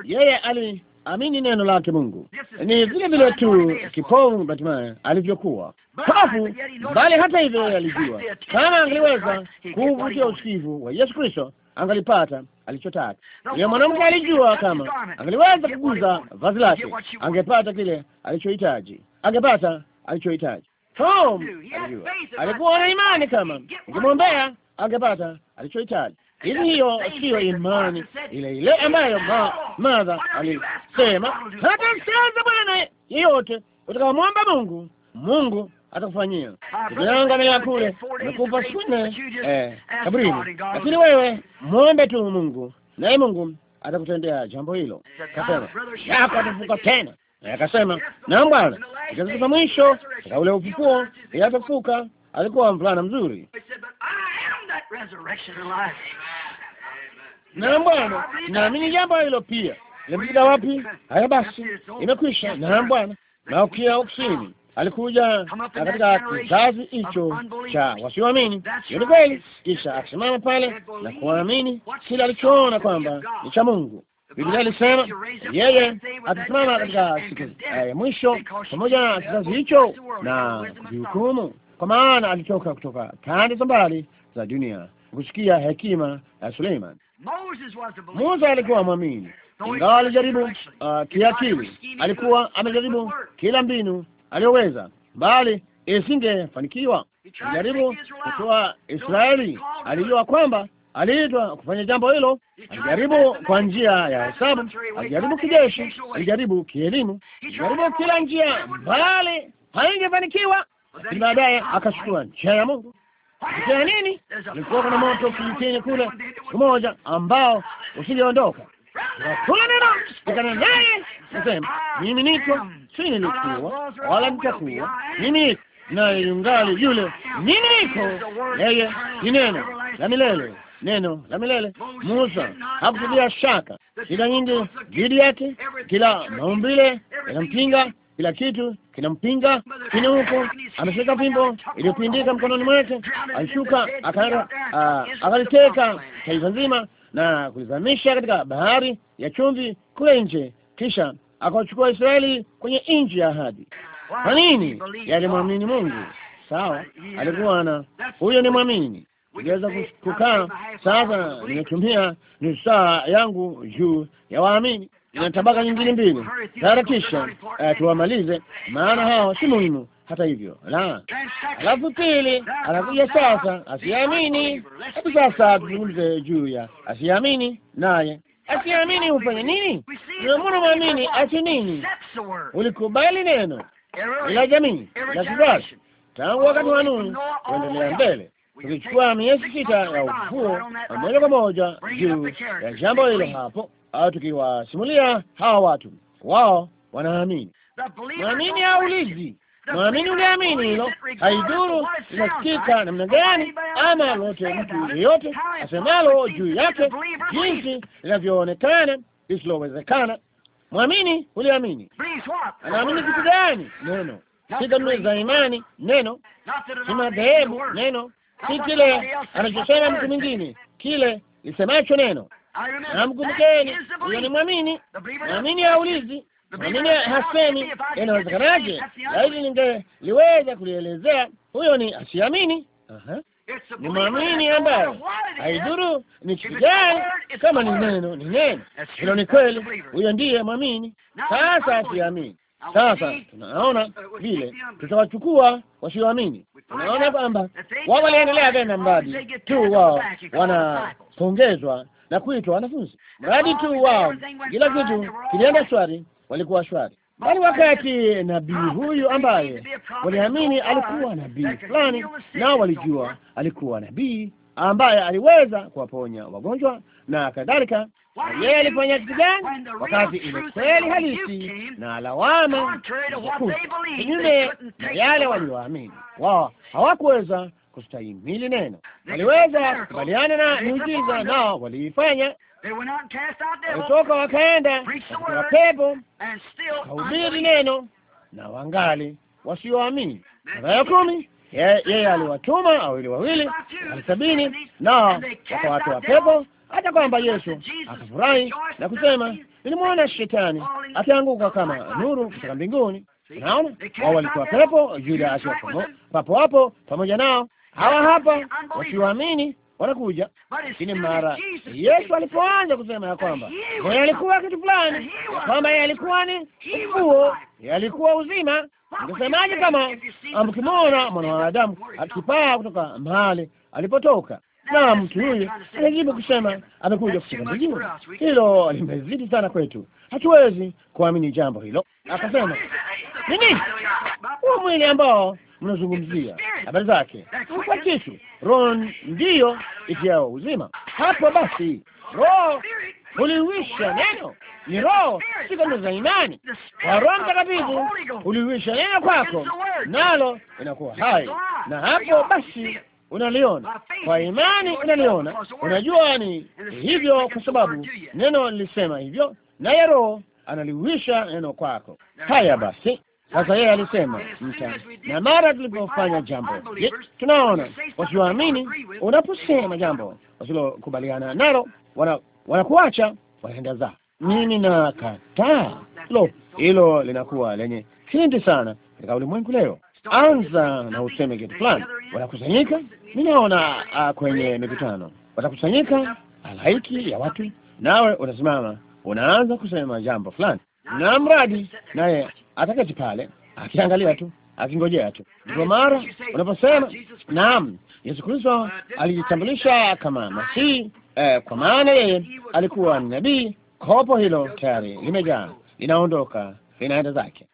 Yeye ali amini neno lake Mungu, ni vile vile tu kipofu batimaya alivyokuwa kafu, bali hata hivyo alijua kama angaliweza kuvutia usikivu wa Yesu Kristo angalipata alichotaka. Yule mwanamke alijua kama angeliweza kuguza vazi lake angepata kile alichohitaji, angepata alichohitaji. Tom alijua, alikuwa na imani kama angemwombea angepata alichohitaji lakini hiyo siyo imani ile ile ambayo madha alisema, hata mseza Bwana yeyote utakamwomba Mungu, Mungu atakufanyia. Angalia kule amekupa siku nne eh, kaburini, lakini wewe mwombe tu Mungu, naye Mungu atakutendea jambo hilo. Kasema yako atafuka tena, eh, akasema naam Bwana, katika mwisho, katika ule ufufuo, ili atafuka. Alikuwa mvulana mzuri nambwana Bwana, naamini jambo hilo pia. Limfika wapi? Haya basi, imekwisha. Na Bwana, Malkia wa Kusini alikuja katika kizazi hicho cha wasioamini, ni kweli. Kisha akisimama pale na kuamini kile alichoona kwamba ni cha Mungu. Biblia ilisema yeye atasimama katika siku eh, ya mwisho pamoja na kizazi hicho na kuvihukumu, kwa maana alitoka kutoka pande za mbali za dunia, kusikia hekima ya Suleiman. Musa alikuwa mwamini, ingawa alijaribu uh, kiakili, alikuwa amejaribu kila mbinu aliyoweza, bali isingefanikiwa. Alijaribu kutoa Israeli, alijua kwamba aliitwa kufanya jambo hilo. Alijaribu kwa njia ya hesabu, alijaribu kijeshi, alijaribu kielimu, alijaribu kila njia, bali haingefanikiwa. Lakini baadaye akachukua njia ya Mungu. Ikia nini? Kulikuwa kuna moto kijijini kule siku moja ambao usiliondoka. Kula neno nikana naye nasema, mimi niko si nilikuwa wala nitakuwa mimi niko naye yungali yule, mimi niko yeye. Ni neno la milele, neno la milele. Musa hakutulia shaka, shida nyingi dhidi yake, kila maumbile yanampinga kila kitu kinampinga chini huko, ameshika fimbo iliyopindika mkononi mwake, alishuka ah, akaliteka taifa nzima na kulizamisha katika bahari ya chumvi kule nje, kisha akawachukua Israeli kwenye nchi ya ahadi. Kwa nini? Yalimwamini Mungu. Sawa, alikuwa na huyo ni mwamini. Ningeweza kukaa sasa, nimetumia saa yangu juu ya waamini ina tabaka nyingine mbili. tarakisha uh, eh, tuwamalize, maana hao si muhimu hata hivyo la. Alafu pili anakuja sasa, asiamini. Hebu sasa tuzungumze juu ya asiamini, naye asiamini hufanya nini? Mbona mwamini ache nini? Ulikubali neno la jamii la kizazi tangu wakati wa Nuhu kuendelea mbele, tukichukua miezi sita ya ufufuo moja kwa moja juu ya jambo hilo hapo au tukiwasimulia hawa watu, wao wanaamini. Mwamini haulizi, mwamini uliamini hilo, haidhuru linasikika namna gani, ama lote mtu yeyote asemalo juu yake, jinsi linavyoonekana lisilowezekana. Mwamini uliamini, anaamini kitu gani? Neno si kanuni za imani, neno si madhehebu, neno si kile anachosema mtu mwingine, kile lisemacho neno na mkumbukeni, huyo ni mwamini. Mwamini haulizi, mwamini hasemi, inawezekanaje? Laiti ningeliweza kulielezea, huyo ni asiamini. Ni mwamini ambaye haidhuru ni kitu gani, kama ni neno ni neno hilo, ni kweli, huyo ndiye mwamini. Sasa asiamini sasa tunaona uh, vile tutawachukua wasioamini. Tunaona kwamba wao waliendelea tena, mradi tu wao wanapongezwa na kuitwa wanafunzi, mradi tu wao, kila kitu kilienda shwari, walikuwa shwari. Bali wakati nabii huyu ambaye waliamini alikuwa nabii fulani, nao walijua alikuwa nabii ambaye aliweza kuwaponya wagonjwa na kadhalika. Yeye alifanya kitu gani? Wakati ile kweli halisi na lawama kinyume na yale walioamini, wao hawakuweza kustahimili neno. Waliweza kubaliana na miujiza, nao waliifanya. Walitoka wakaenda katika pepo, wakahubiri neno, na wangali wasioamini. Mara ya kumi, yeye aliwatuma wawili wawili, hali sabini, nao wakawatoa pepo, hata kwamba Yesu akafurahi na kusema, nilimwona shetani akianguka kama nuru kutoka mbinguni. Naona wao walitoa pepo, Yuda akiwa papo hapo pamoja nao, hawa hapa wasioamini wanakuja. Lakini mara Yesu alipoanza kusema ya kwamba yeye alikuwa kitu fulani, kwamba yeye alikuwa ni ufufuo, yeye alikuwa uzima, ungesemaje kama mkimwona mwana wa Adamu akipaa kutoka mahali alipotoka? Na mtu huyu anajibu kusema amekuja kutukomboa. Hilo limezidi sana kwetu, hatuwezi kuamini jambo hilo. Akasema nini? Huo mwili ambao mnazungumzia habari zake kwa kitu roho ndiyo itiao uzima. Hapo basi roho huliwisha neno, ni roho, sika za imani. Kwa Roho Mtakatifu huliwisha neno kwako, nalo inakuwa hai, na hapo basi unaliona kwa imani, unaliona unajua ni hivyo, kwa sababu neno lilisema hivyo, naye roho analiwisha neno kwako. Haya basi sasa yeye alisema mta, na mara tulipofanya jambo, tunaona wasioamini, unaposema jambo wasilokubaliana nalo, wana wanakuacha wanaenda zao. Mimi kataa lo, hilo linakuwa lenye kindi sana katika ulimwengu leo. Anza na useme kitu fulani, wanakusanyika. Ninaona ah, kwenye mikutano watakusanyika halaiki ya watu, nawe unasimama unaanza kusema jambo fulani, na mradi naye ataketi pale akiangalia tu akingojea tu. Ndipo mara unaposema naam, Yesu Kristo alijitambulisha kama Masihi eh, kwa maana yeye alikuwa ni nabii. Kopo hilo tayari limejaa, linaondoka, linaenda zake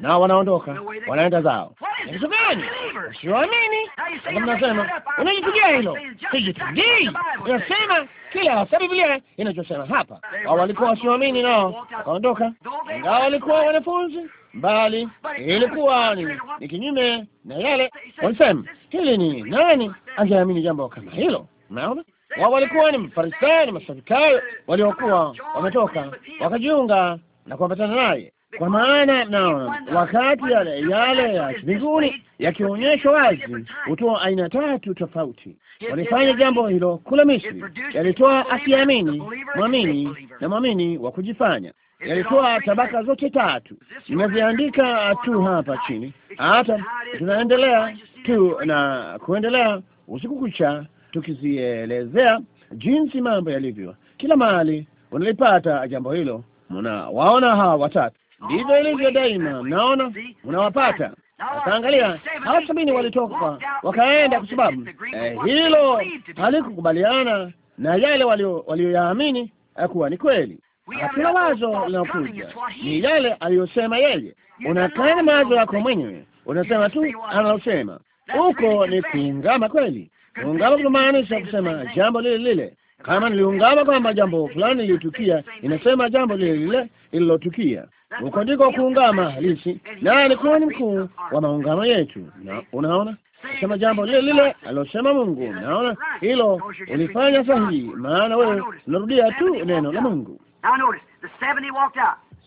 nao wanaondoka, wanaenda zao. Ni kitu gani? Usiwaamini. Kama mnasema unajipigia hilo, sijipigii. Unasema kile hasa Biblia inachosema hapa. Wao walikuwa wasioamini, nao wakaondoka, ingawa walikuwa wanafunzi mbali. Ilikuwa ni, ni kinyume na yale walisema. Hili ni nani angeamini jambo kama hilo? Unaona, wao walikuwa ni Mafarisayo na Masadukayo waliokuwa wametoka wakajiunga na kuambatana naye kwa maana naona wakati yale yale ya mbinguni yakionyeshwa wazi hutoa aina tatu tofauti. Walifanya jambo hilo kule Misri, yalitoa asiamini, mwamini na mwamini wa kujifanya, yalitoa tabaka zote tatu. Nimeziandika tu hapa chini, hata tunaendelea tu na kuendelea usiku kucha tukizielezea jinsi mambo yalivyo kila mahali. Unalipata jambo hilo, mnawaona hawa watatu Ndivyo ilivyo daima, naona unawapata Akaangalia hao sabini walitoka wakaenda, kwa sababu eh, hilo halikukubaliana na yale walioyaamini walio eh, kuwa ni kweli. Hakuna wazo linakuja, ni yale aliyosema yeye. Unakana mawazo yako mwenyewe, unasema tu anaosema huko. Ni kuungama kweli. Kuungama kunamaanisha kusema jambo lile lile. Kama niliungama kwamba jambo fulani lilitukia, inasema jambo lile lile lililotukia huko ndiko kuungama halisi, naye ni ni mkuu wa maungamo yetu. Na unaona, sema jambo lile lile alilosema Mungu. Naona hilo ulifanya sahihi, maana wewe unarudia tu neno la Mungu.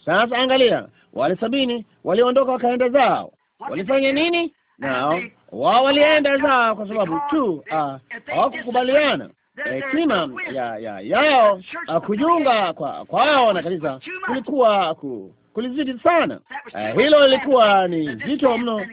Sasa angalia, wale sabini waliondoka wakaenda zao, walifanya nini? Nao wao walienda zao kwa sababu tu ah, hawakukubaliana hekima ya, ya, yao ah, kujiunga kwao na kanisa kulikuwa ku, kulizidi sana. Uh, hilo lilikuwa ni zito mno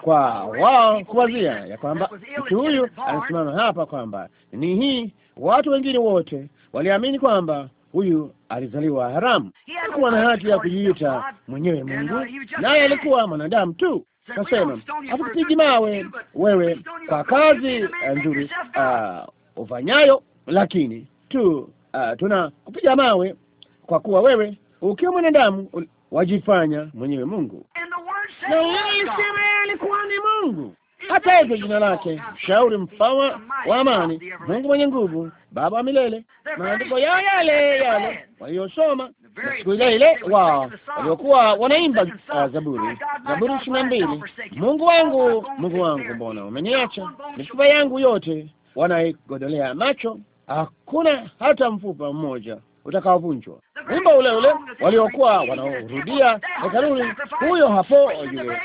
kwa wao kuwazia ya kwamba mtu huyu anasimama hapa, kwamba ni hii. Watu wengine wote waliamini kwamba huyu alizaliwa haramu, alikuwa na haki ya kujiita mwenyewe uh, Mungu, naye alikuwa mwanadamu tu. Kasema hatukupigi mawe wewe kwa kazi nzuri uh, ufanyayo, lakini tu uh, tuna kupiga mawe kwa kuwa wewe ukiwa mwanadamu wajifanya mwenyewe Mungu, na yeye alikuwa ni Mungu. Hata hivyo jina lake shauri mfawa wa amani, Mungu mwenye nguvu, Baba wa milele, maandiko yao yale yale waliosoma siku ile ile wao waliokuwa wanaimba uh, Zaburi, Zaburi ishirini na mbili, Mungu wangu, Mungu wangu, mbona umeniacha? Mifupa yangu yote wanaigodolea macho, hakuna hata mfupa mmoja utakaovunjwa wimbo ule ule waliokuwa wanaurudia hekaluni. Huyo hapo yule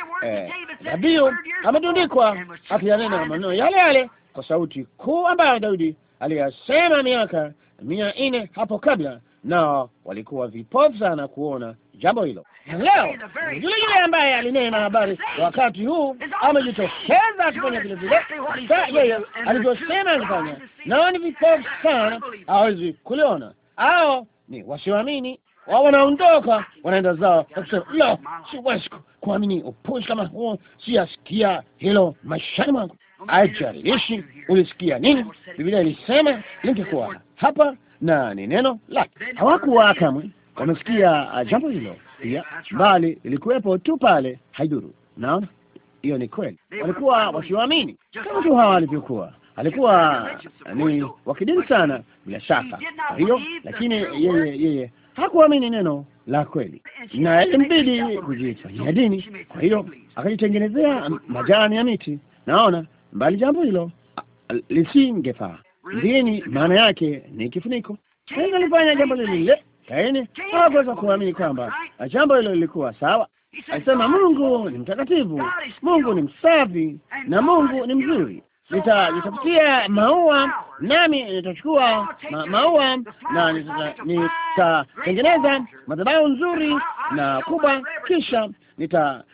dhabihu eh, ametundikwa akiyanena maneno yale yale kwa sauti kuu ambayo Daudi aliyasema miaka mia nne hapo kabla, nao walikuwa vipofu sana kuona jambo hilo. Leo yule yule ambaye alinena habari wakati huu amejitokeza akifanya vile vile yeye alivyosema alifanya, nao ni vipofu sana, hawezi kuliona au ni wasioamini wao wanaondoka wanaenda zao na kusema siwezi kuamini upuzi kama huo, siyasikia hilo maishani mwangu. Haijalishi ulisikia nini, Biblia ilisema lingekuwa hapa na ni neno lake. Hawakuwa kamwe wamesikia jambo hilo pia, bali ilikuwepo tu pale, haidhuru. Naona hiyo ni kweli, walikuwa wasioamini kama tu hawa walivyokuwa alikuwa ni wa kidini sana bila shaka. Kwa hiyo lakini yeye yeye hakuamini neno la kweli, na ilimbidi kujifanyia dini. Kwa hiyo akajitengenezea majani ya miti. Naona mbali jambo hilo lisingefaa. Dini maana yake ni kifuniko. Kaini alifanya jambo lile lile. Kaini hakuweza kuamini kwamba jambo hilo lilikuwa sawa. Alisema Mungu ni mtakatifu, Mungu ni msafi na Mungu ni mzuri nitajitafutia maua nami nitachukua ma, maua na nitatengeneza nita madhabahu nzuri na kubwa, kisha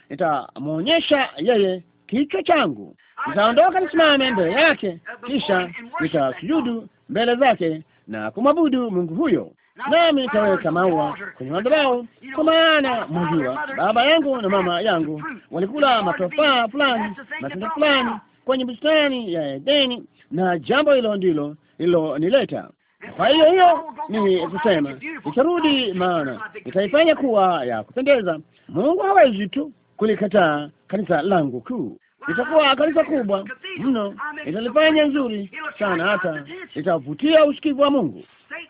nitamwonyesha yeye kichwa changu. Nitaondoka nisimame mbele yake, kisha nitasujudu mbele zake na kumwabudu Mungu huyo, nami nitaweka maua kwenye madhabahu, kwa maana mwajua, baba yangu na mama yangu walikula matofaa fulani, matunda fulani kwenye bustani ya Edeni, na jambo hilo ndilo lililonileta. Kwa hiyo hiyo ni kusema nitarudi, maana nitaifanya kuwa ya kupendeza. Mungu hawezi tu kulikataa kanisa langu kuu. Itakuwa kanisa kubwa mno, italifanya nzuri sana, hata itavutia usikivu wa Mungu.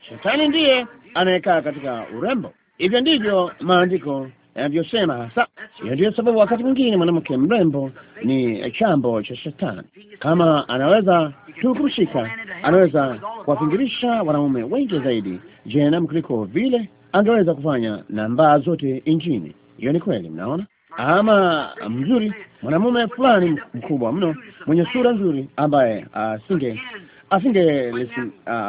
Shetani ndiye anayekaa katika urembo. Hivyo ndivyo maandiko anavyosema hasa. Hiyo ndio sababu wakati mwingine mwanamke mrembo ni chambo cha shetani. Kama anaweza tu kurushika, anaweza kuwafingirisha wanaume wengi zaidi jehanamu kuliko vile angeweza kufanya namba zote nchini. Hiyo ni kweli, mnaona. Ama mzuri mwanamume fulani mkubwa mno mwenye sura nzuri ambaye asinge asinge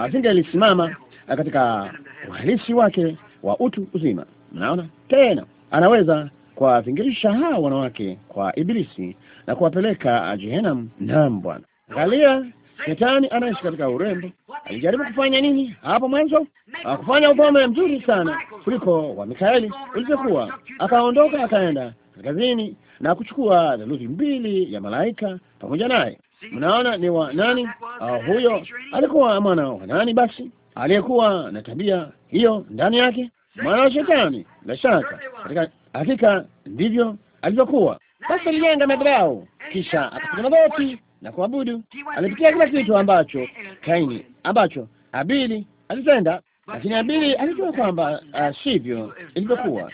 asingelisimama katika uhalisi wake wa utu uzima. Mnaona tena anaweza kuwavingirisha hawa wanawake kwa Ibilisi na kuwapeleka Jehenam. Naam Bwana, angalia Shetani anaishi katika urembo. Alijaribu kufanya nini hapo mwanzo? Akufanya upome mzuri sana kuliko wa Mikaeli ulivyokuwa. Akaondoka akaenda kaskazini na kuchukua theluthi mbili ya malaika pamoja naye. Mnaona ni wa nani? Uh, huyo alikuwa mwana wa nani basi aliyekuwa na tabia hiyo ndani yake? mwana wa Shetani, bila shaka. Katika hakika ndivyo alivyokuwa. Basi alijenga madhabahu, kisha akapiga magoti na kuabudu. Alipitia kila kitu ambacho Kaini, ambacho Abili alitenda, lakini Abili alijua kwamba ah, sivyo ilivyokuwa.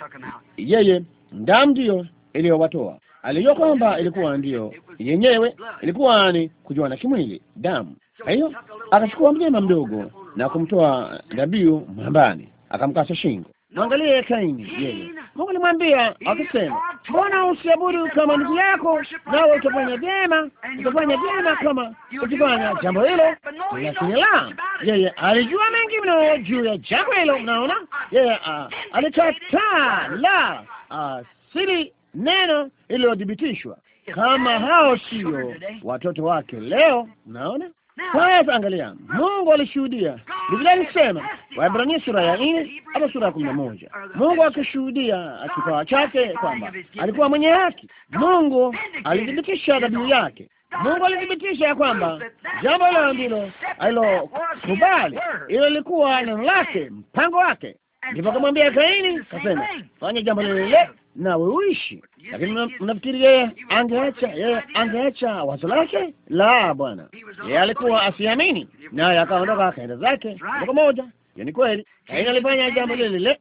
Yeye damu ndiyo iliyowatoa, alijua kwamba ilikuwa ndiyo yenyewe, ilikuwa ni na kimwili, damu. Kwa hiyo akachukua mnyama mdogo na kumtoa dhabihu mwambani akamkata shingo. Mwangalie Kaini yeye, Mungu alimwambia akisema, mbona usiabudu kama ndugu yako, nawe utafanya vyema, utafanya vyema kama ukifanya jambo hilo. Lakini la yeye alijua mengi mno juu ya jambo hilo. Mnaona, yeye ah, alikataa la asili ah, neno iliyodhibitishwa kama hao sio watoto wake leo. Naona sasa angalia, Mungu alishuhudia. Biblia inasema Waebrania sura ya nne ama sura ya kumi na moja Mungu akishuhudia kipawa chake kwamba alikuwa mwenye haki. Mungu alithibitisha dhabihu yake. Mungu alithibitisha ya kwamba jambo la ndilo alilokubali, ilo lilikuwa neno lake, mpango wake. Ndipo akamwambia Kaini, kasema fanya jambo lile lile nawe uishi. Lakini mnafikiri yeye angeacha yeye angeacha wazo lake? La, bwana, yeye alikuwa asiamini, naye akaondoka akaenda zake moja moja. Hiyo ni kweli. Kaini alifanya jambo lile lile,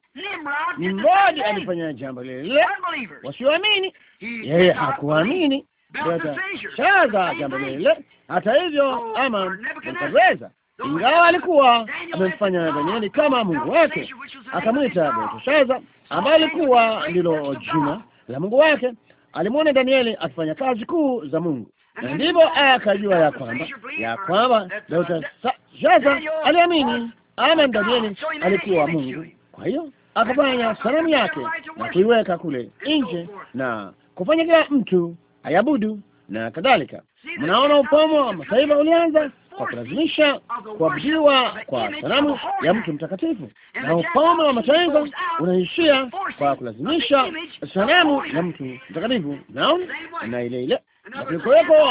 Nimrodi alifanya jambo lile lile, wasioamini. Yeye hakuamini Belteshaza jambo lile lile. Hata hivyo, oh, ama Nebukadreza ingawa alikuwa amemfanya Danieli kama mungu wake, akamwita Belteshaza ambaye alikuwa ndilo jina la Mungu wake, alimwona Danieli akifanya kazi kuu za Mungu, na ndipo akajua ya kwamba ya kwamba Belteshaza aliamini, ama Danieli alikuwa Mungu. Kwa hiyo akafanya sanamu yake na kuiweka kule nje na kufanya kila mtu ayabudu na kadhalika. Mnaona upomo wa mataifa ulianza kwa kulazimisha kuabudiwa kwa sanamu ya mtu mtakatifu, na ufalme wa mataifa unaishia kwa kulazimisha sanamu ya mtu mtakatifu. Naona na ile ile na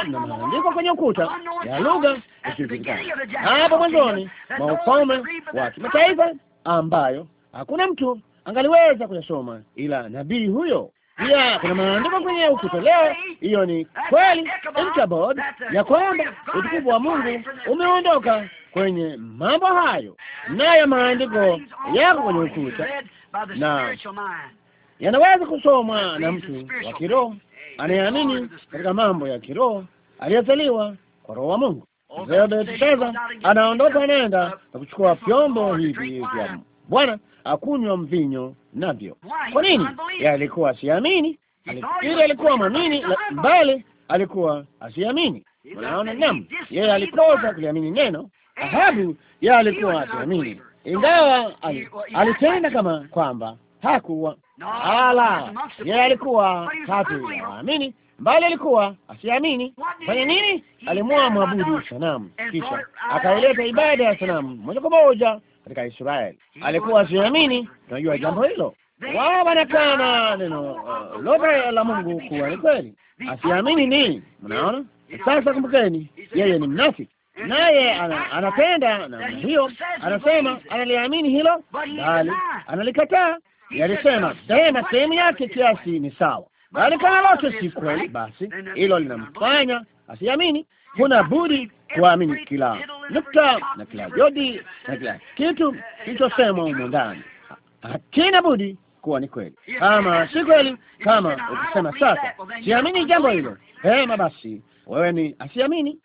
na maandiko kwenye ukuta ya lugha isiyojulikana hapo mwanzoni mwa ufalme wa kimataifa ambayo hakuna mtu angaliweza kuyasoma ila nabii huyo pia kuna maandiko kwenye ukuta leo, hiyo ni kweli Ichabod, ya kwamba utukufu wa Mungu umeondoka kwenye mambo hayo, nayo maandiko yako kwenye ukuta na yanaweza kusomwa na mtu wa kiroho anayeamini katika mambo ya kiroho aliyezaliwa kwa roho wa Mungu. Sasa anaondoka, anaenda na kuchukua vyombo hivi vya Bwana akunywa mvinyo navyo. Kwa nini? Alikuwa asiamini, ili alikuwa mwamini, bali alikuwa asiamini. Unaona, naam, yeye alikosa kuliamini neno. Ahabu ye alikuwa asiamini, ingawa alitenda kama kwamba hakuwa ala. Yeye alikuwa hatuamini mbali alikuwa asiamini. Fanya nini? Alimwamwabudu sanamu, kisha akaileta ibada ya sanamu moja kwa moja katika Israeli. Mm. Alikuwa asiamini, unajua jambo hilo. Wao wanakana neno uh, lote la Mungu kuwa ni kweli, asiamini ni Mnaona sasa, kumbukeni, yeye ni mnafiki naye anapenda namna hiyo, anasema analiamini hilo, bali analikataa. Yalisema sema sehemu yake kiasi ni sawa, bali kama lote si kweli, basi hilo linamfanya asiamini huna budi kuamini kila nukta na kila jodi na kila kitu kilichosemwa humo ndani, hakina budi kuwa ni kweli. Kama si kweli, kama ukisema sasa siamini jambo hilo, hema basi wewe ni asiamini.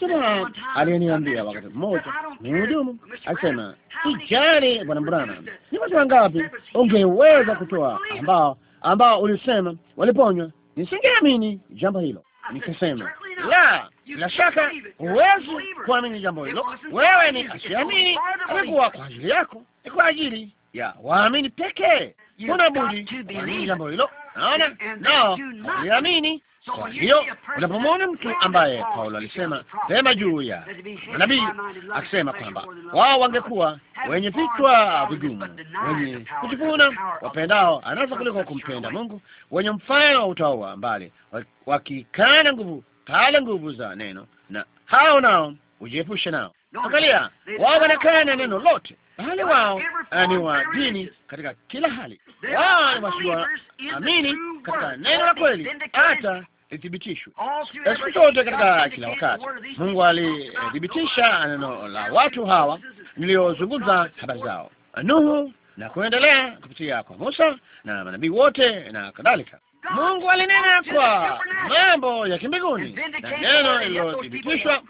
sema, aliyeniambia wakati mmoja mhudumu alisema, sijali bwana Brana, ni watu wangapi ungeweza kutoa ambao ambao ulisema waliponywa? Nisingeamini jambo hilo. Nikasema la, bila shaka huwezi kuamini jambo hilo, wewe ni asiamini. Amekuwa kwa ajili yako, ni kwa ajili ya waamini pekee. Kuna budi kuamini jambo hilo, naona nao aliamini. Kwa hiyo unapomwona mtu ambaye Paulo alisema sema juu ya manabii, akisema kwamba wao wangekuwa wenye vichwa vigumu, wenye kujivuna, wapendao anasa kuliko kumpenda Mungu, wenye mfano wa utaua mbali, wakikana nguvu kala nguvu za neno, na hao nao ujiepushe nao. Angalia, wao wanakana neno lote, hali wao ni wa dini katika kila hali, wao wasiwa amini katika neno la kweli hata lithibitishwe siku zote katika kila wakati. Mungu alithibitisha neno la watu hawa niliozungumza habari zao, Nuhu na kuendelea kupitia kwa Musa na manabii wote na kadhalika. Mungu alinena kwa mambo ya kimbinguni na neno lililothibitishwa.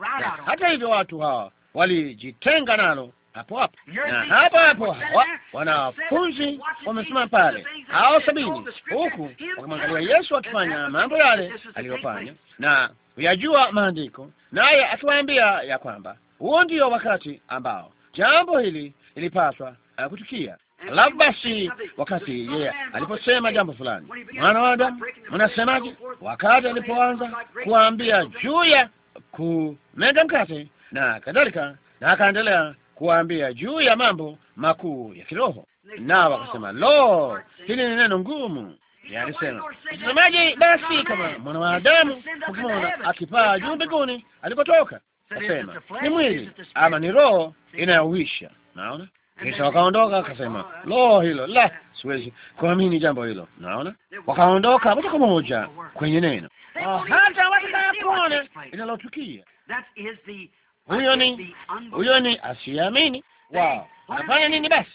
Hata hivyo watu hawa walijitenga nalo hapo hapo na hapo hapo hawa wanafunzi wamesimama pale, hao sabini, huku wakimwangalia Yesu akifanya mambo yale aliyofanya na kuyajua maandiko, naye akiwaambia ya kwamba huo ndio wakati ambao jambo hili ilipaswa eh, kutukia. Alafu basi, wakati yeye yeah, aliposema jambo fulani, mwana wa Adamu, mnasemaje? Wakati alipoanza kuambia juu ya kumega mkate na kadhalika, na akaendelea kuambia juu ya mambo makuu ya kiroho, na wakasema, lo, hili ni neno ngumu. Alisema semaje? Basi kama mwana wa Adamu ukimwona akipaa juu mbinguni alikotoka, asema ni mwili ama ni roho inayowisha. Naona kisha wakaondoka, akasema lo, hilo la siwezi kuamini jambo hilo. Naona wakaondoka moja kwa moja kwenye neno, ah, hata kuona inalotukia. Huyo ni huyo ni asiamini wao Nafanya nini basi?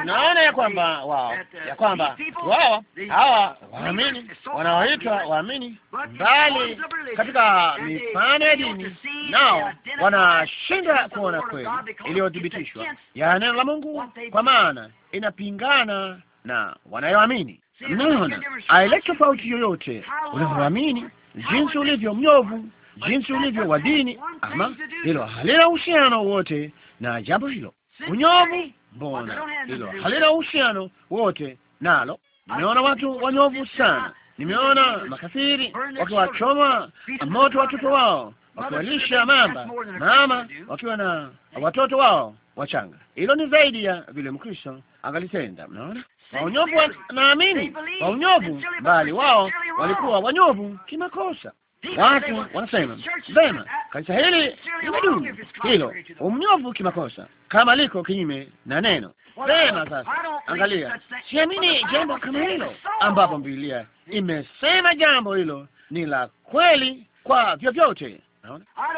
Tunaona uh, ya kwamba wao ya kwamba wao hawa waamini wanaoitwa waamini, bali katika mifano ya dini, nao wanashinda kuona kweli iliyothibitishwa ya neno la Mungu, kwa maana inapingana na wanayoamini. Mnaona, aileti tofauti yoyote unavyoamini, jinsi ulivyo mnyovu, jinsi ulivyo wa dini, ama hilo halina uhusiano wote na jambo hilo unyovu, mbona hilo halina uhusiano wote nalo. Nimeona watu wanyovu sana, nimeona makafiri wakiwachoma moto watoto wao, wakiwalisha mamba mama, wakiwa na watoto wao wachanga. Hilo ni zaidi ya vile Mkristo angalitenda. Mnaona waunyovu, naamini waunyovu, bali wao walikuwa wanyovu kimakosa. Watu wanasema vema, uh, kanisa hili limedumu hilo, umnyovu kimakosa, kama liko kinyume na neno. Vema, sasa angalia, siamini jambo kama hilo, ambapo Biblia imesema jambo hilo ni la kweli kwa vyovyote.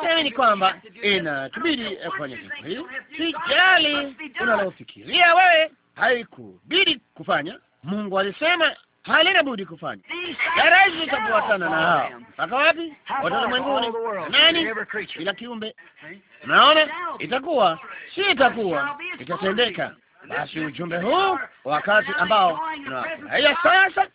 Siamini kwamba inatubidi kufanya jambo hili. Sijali unalofikiria wewe, haikubidi kufanya. Mungu alisema halina budi kufanya darasi. Tutafuatana na hao mpaka wapi? Watoto mwenguni, nani? Kila kiumbe. Naona itakuwa si itakuwa itatendeka. Basi ujumbe huu wakati ambao tunafurahia sasa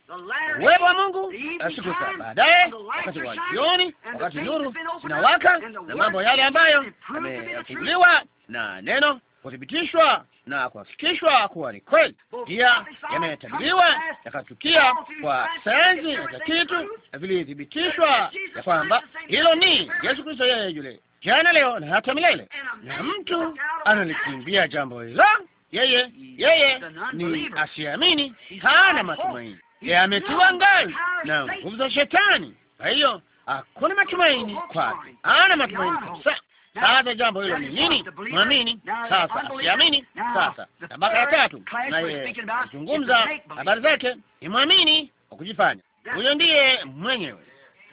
uwepo wa Mungu, siku za baadaye, wakati wa jioni, wakati nuru zinawaka na mambo yale ambayo yamefunguliwa na neno kuthibitishwa na kuhakikishwa kuwa ni kweli. Pia yametabiriwa yakatukia kwa sayansi na za kitu, na vilithibitishwa ya kwamba hilo ni Yesu Kristo, yeye yule jana, leo na hata milele. Na mtu analikimbia jambo hilo, yeye yeye ni asiamini, hana matumaini, yeye ametiwa ngai na nguvu za Shetani. Kwa hiyo hakuna matumaini kwake, hana matumaini kabisa. Sasa jambo hilo ni nini? Mwamini sasa, siamini sasa. Tabaka ya tatu nayezungumza habari zake ni mwamini wa kujifanya, huyo ndiye mwenyewe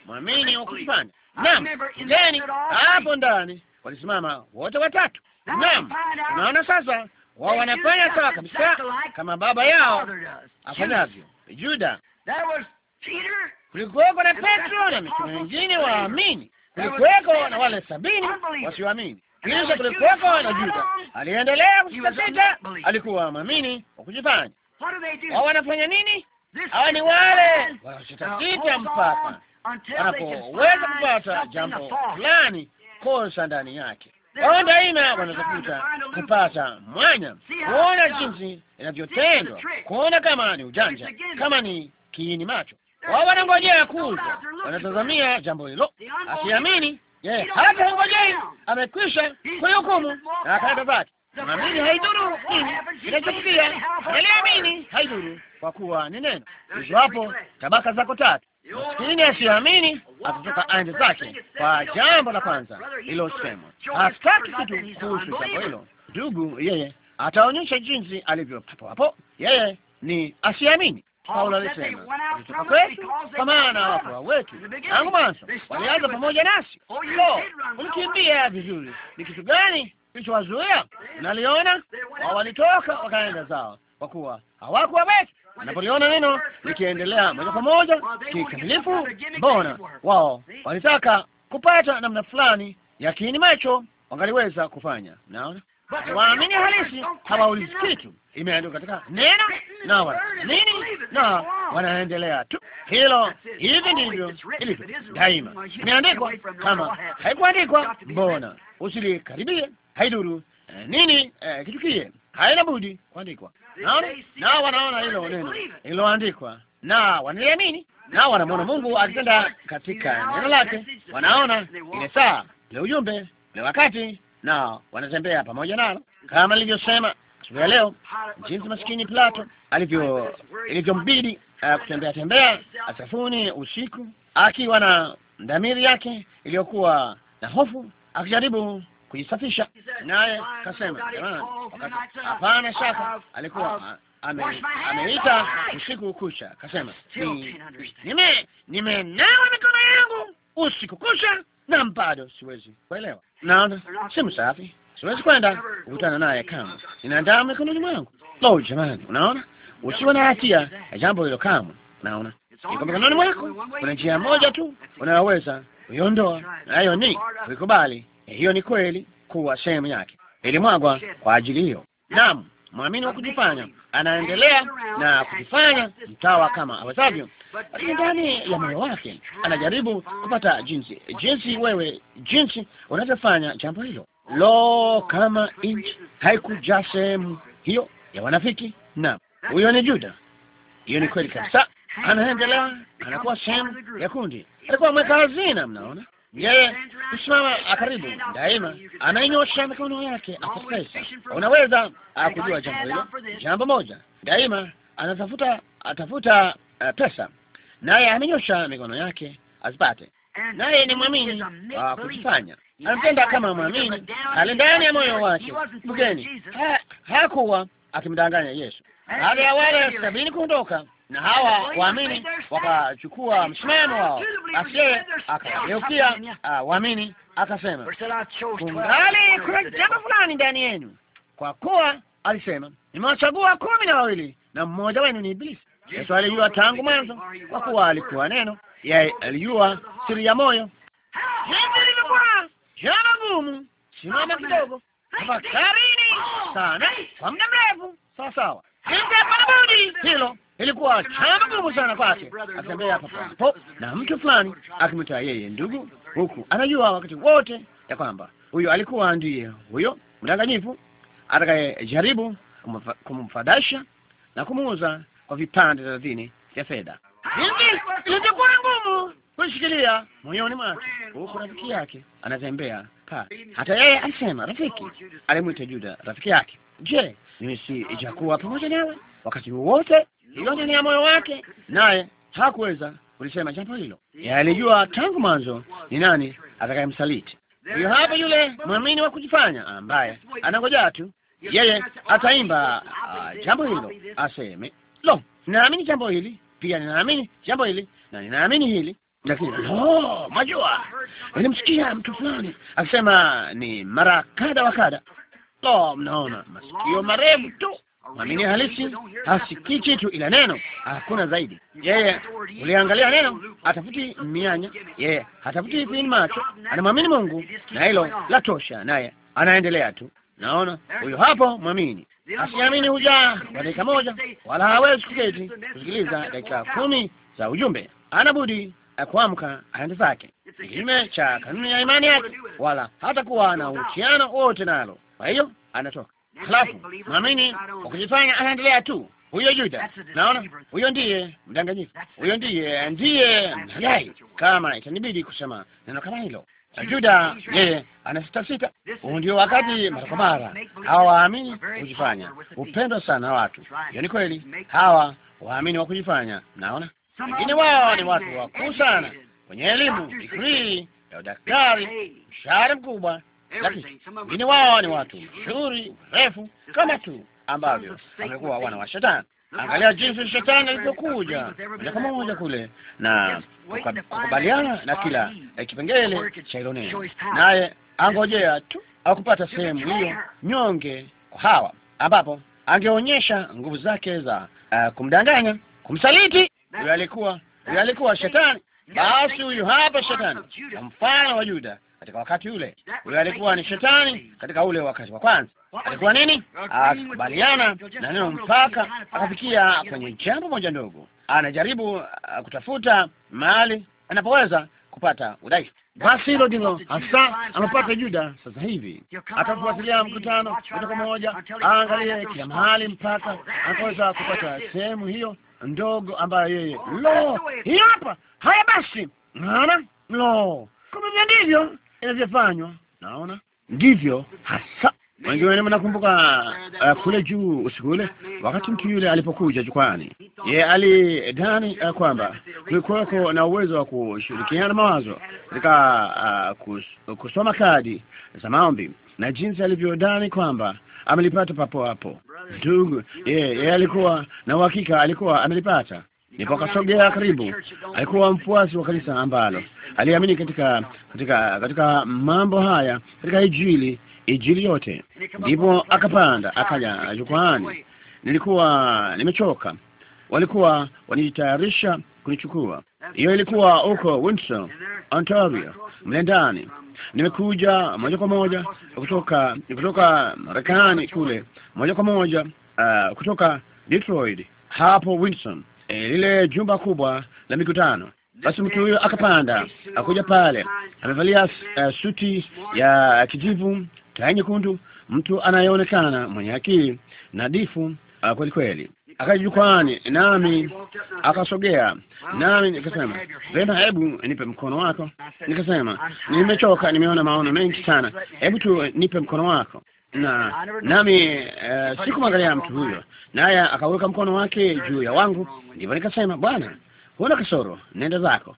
mwamini wa kujifanya. Naam, ndani hapo ndani walisimama wote watatu. Naam, unaona sasa, wao wanafanya sawa kabisa kama baba yao afanyavyo. Juda, kulikuwa na Petro na mitume wengine waamini kulikuweko na wale sabini wasioamini, kisha kulikuweko na Juda aliendelea kusikatiza, alikuwa mwamini wa kujifanya. Wao wanafanya nini? Hawa ni wale wanaositasita mpaka wanapoweza kupata jambo fulani kosa ndani yake wao daima wanatafuta kupata mwanya, kuona jinsi inavyotendwa, kuona kama ni ujanja, kama ni kiini macho wao wanangojea kuja, wanatazamia jambo hilo, akiamini ye hata ngojei, amekwisha kuihukumu na akaenda zake. Naamini haidhuru nini inachokutia, naliamini haidhuru, kwa kuwa ni neno hizo. Hapo tabaka zako tatu, maskini asiamini atatoka aende zake. Kwa jambo la kwanza ilosema, hataki kitu kuhusu jambo hilo. Ndugu, yeye ataonyesha jinsi alivyo papo hapo, yeye ni asiamini Paulo alisema kutoka kwetu, kwa maana wapwa wetu tangu mwanzo walianza pamoja nasi. Oh, Lo, ulikimbia vizuri. Ni kitu gani kilichowazuia? naliona wao walitoka wakaenda zao, kwa kuwa hawakuwa wetu. Napoliona neno likiendelea moja kwa moja kikamilifu, mbona wao walitaka kupata namna fulani yakini macho wangaliweza kufanya. Naona waamini halisi hawaulizi kitu, imeandikwa katika neno na nini na wanaendelea tu hilo. Hivi ndivyo ilivyo daima, imeandikwa. Kama haikuandikwa, mbona usilikaribie? Haiduru eh, nini eh, kitukie, haina budi kuandikwa. Naona na wanaona hilo neno iloandikwa na wanaliamini na wanamwona Mungu akitenda katika neno lake, wanaona ile saa ile ujumbe ile wakati na wanatembea pamoja nalo, kama nilivyosema siku ya leo, jinsi maskini Plato alivyo ilivyombidi uh, kutembea tembea asafuni usiku akiwa na dhamiri yake iliyokuwa na hofu, akijaribu kujisafisha. Naye kasema hapana shaka alikuwa ame- ameita usiku kucha, kasema nimenawa mikono yangu usiku kucha na bado siwezi kuelewa. Naona si msafi, siwezi kwenda kukutana naye kama nina damu mikononi mwangu. Lo, jamani, unaona, usiwe na hatia ya jambo hilo kamwe. Naona iko mikononi mwako. Kuna njia moja tu unayoweza kuiondoa, hiyo ni kuikubali. Eh, hiyo ni kweli kuwa sehemu yake, ilimwagwa kwa ajili hiyo. Naam, mwamini wa kujifanya anaendelea na kujifanya mtawa kama awezavyo, lakini ndani ya moyo wake anajaribu kupata jinsi jinsi wewe jinsi unavyofanya jambo hilo. Lo, oh, kama nchi haikuja sehemu hiyo ya wanafiki. na huyo ni Juda, hiyo ni kweli kabisa. Anaendelea, anakuwa sehemu ya kundi, alikuwa mweka hazina. Mnaona yeye kusimama ah, karibu daima, anainyosha mikono yake akipesa. Unaweza ah, kujua jambo hilo, jambo moja daima, anatafuta atafuta uh, pesa, naye amenyosha mikono yake azipate, naye ni mwamini wa kujifanya anatenda kama mwamini, hali ndani ya moyo wake. mgeni hakuwa akimdanganya Yesu. Baada ya wale sabini kuondoka na hawa waamini wakachukua msimamo wao. Asiye akageukia ah, waamini akasema, kungali kuna jambo fulani ndani yenu, kwa kuwa alisema, nimewachagua kumi na wawili na mmoja wenu ni Ibilisi. Yesu alijua tangu mwanzo, kwa kuwa alikuwa neno, yeye alijua siri ya moyo. Hivi ilivyokuwa jambo gumu, simama kidogo, tafakarini sana kwa muda mrefu, sawa hilo ilikuwa jambo gumu sana kwake, akitembea hapo hapo na mtu fulani akimwita yeye ndugu, huku anajua wakati wote ya kwamba huyo alikuwa ndiye huyo mdanganyifu atakayejaribu kumfadhaisha na kumuuza kwa vipande thelathini vya fedha. Ilikuwa ngumu kushikilia moyoni mwake, huku rafiki yake anatembea pa Hata yeye alisema, rafiki alimwita Juda rafiki yake, je, mimi ijakuwa pamoja nawe wakati wote hilo ndani ya moyo wake, naye hakuweza kulisema jambo hilo. Alijua tangu mwanzo ni nani atakayemsaliti. Huyo hapo yule mwamini wa kujifanya ambaye anangoja tu yeye ataimba ah, jambo hilo, aseme lo, ninaamini jambo hili pia, ninaamini jambo hili na ninaamini hili lakini lo, majua nilimsikia mtu fulani akisema ni mara kadha wa kadha. Lo, mnaona masikio marefu tu Mwamini halisi hasikii kitu, ila neno hakuna zaidi. Yeye uliangalia neno, hatafuti mianya, yeye hatafuti vipini macho, anamwamini Mungu na hilo la tosha, naye anaendelea tu. Naona huyo hapo mwamini asiamini hujaa kwa dakika moja, wala hawezi kuketi kusikiliza dakika kumi za ujumbe. Anabudi kuamka aende zake, ni kinyume cha kanuni ya imani yake, wala hatakuwa na uhusiano wote nalo. Kwa hiyo anatoka Halafu mwamini ukijifanya anaendelea tu. Huyo Yuda, naona huyo ndiye mdanganyifu, huyo ndiye ndiye mlaghai, kama itanibidi kusema neno kama hilo. Yuda yeye anasitasita. Huu ndio wakati mara kwa mara hawa waamini kujifanya upendwa sana watu. Hiyo ni kweli, hawa waamini wa kujifanya. Naona wengine wao ni watu wakuu sana kwenye elimu, digrii ya udaktari, mshahara mkubwa lakini wengine wao ni watu mashuhuri refu kama tu ambavyo wamekuwa wana wa shetani. Angalia jinsi shetani alivyokuja moja kwa moja kule na kukubaliana na kila eh, kipengele cha hilo neno, naye angojea tu akupata sehemu hiyo nyonge kwa Hawa, ambapo angeonyesha nguvu zake za uh, kumdanganya, kumsaliti. Huyo alikuwa huyo alikuwa shetani. Basi huyu hapa shetani, mfano wa juda katika wakati ule. Huyo alikuwa ni shetani katika ule wakati wa kwanza. Alikuwa nini? Akubaliana na neno mpaka akafikia kwenye jambo moja ndogo, anajaribu uh, kutafuta mahali anapoweza kupata udhaifu. Basi hilo ndilo hasa amepata juda Sasa hivi atafuatilia mkutano moja kwa moja, aangalie kila mahali mpaka oh, anaweza kupata sehemu hiyo ndogo ambayo yeye oh, lo, hii hapa. Haya basi, naona lo, kumbe ndivyo inavyofanywa. Naona ndivyo hasa. Wengi wenu mnakumbuka uh, kule juu usiku ule, wakati mtu yule alipokuja jukwani, ye alidhani uh, kwamba kulikuwako na uwezo wa kushirikiana mawazo katika uh, kus, kusoma kadi za maombi na jinsi alivyodhani kwamba amelipata papo hapo. Ndugu, ye, ye alikuwa na uhakika alikuwa amelipata, Ndipo akasogea karibu. Alikuwa mfuasi wa kanisa ambalo aliamini katika katika katika mambo haya, katika Injili, Injili yote. Ndipo akapanda akaja jukwaani. Nilikuwa nimechoka, walikuwa wanijitayarisha kunichukua. Hiyo ilikuwa huko Windsor, Ontario, mle ndani. Nimekuja moja kwa moja kutoka kutoka Marekani kule, moja kwa moja uh, kutoka Detroit hapo Windsor e, lile jumba kubwa la mikutano. Basi mtu huyo akapanda akuja pale, amevalia uh, suti ya kijivu, tai nyekundu, mtu anayeonekana mwenye akili nadifu ah, kweli kweli. Akaja jukwani, nami akasogea, nami nikasema, vema, hebu nipe mkono wako. Nikasema, nimechoka, nimeona maono mengi sana, hebu tu nipe mkono wako na nami uh, eh, sikumwangalia mtu huyo, naye akaweka mkono wake juu ya wangu. Ndivyo nikasema, Bwana, huna kasoro, nenda zako.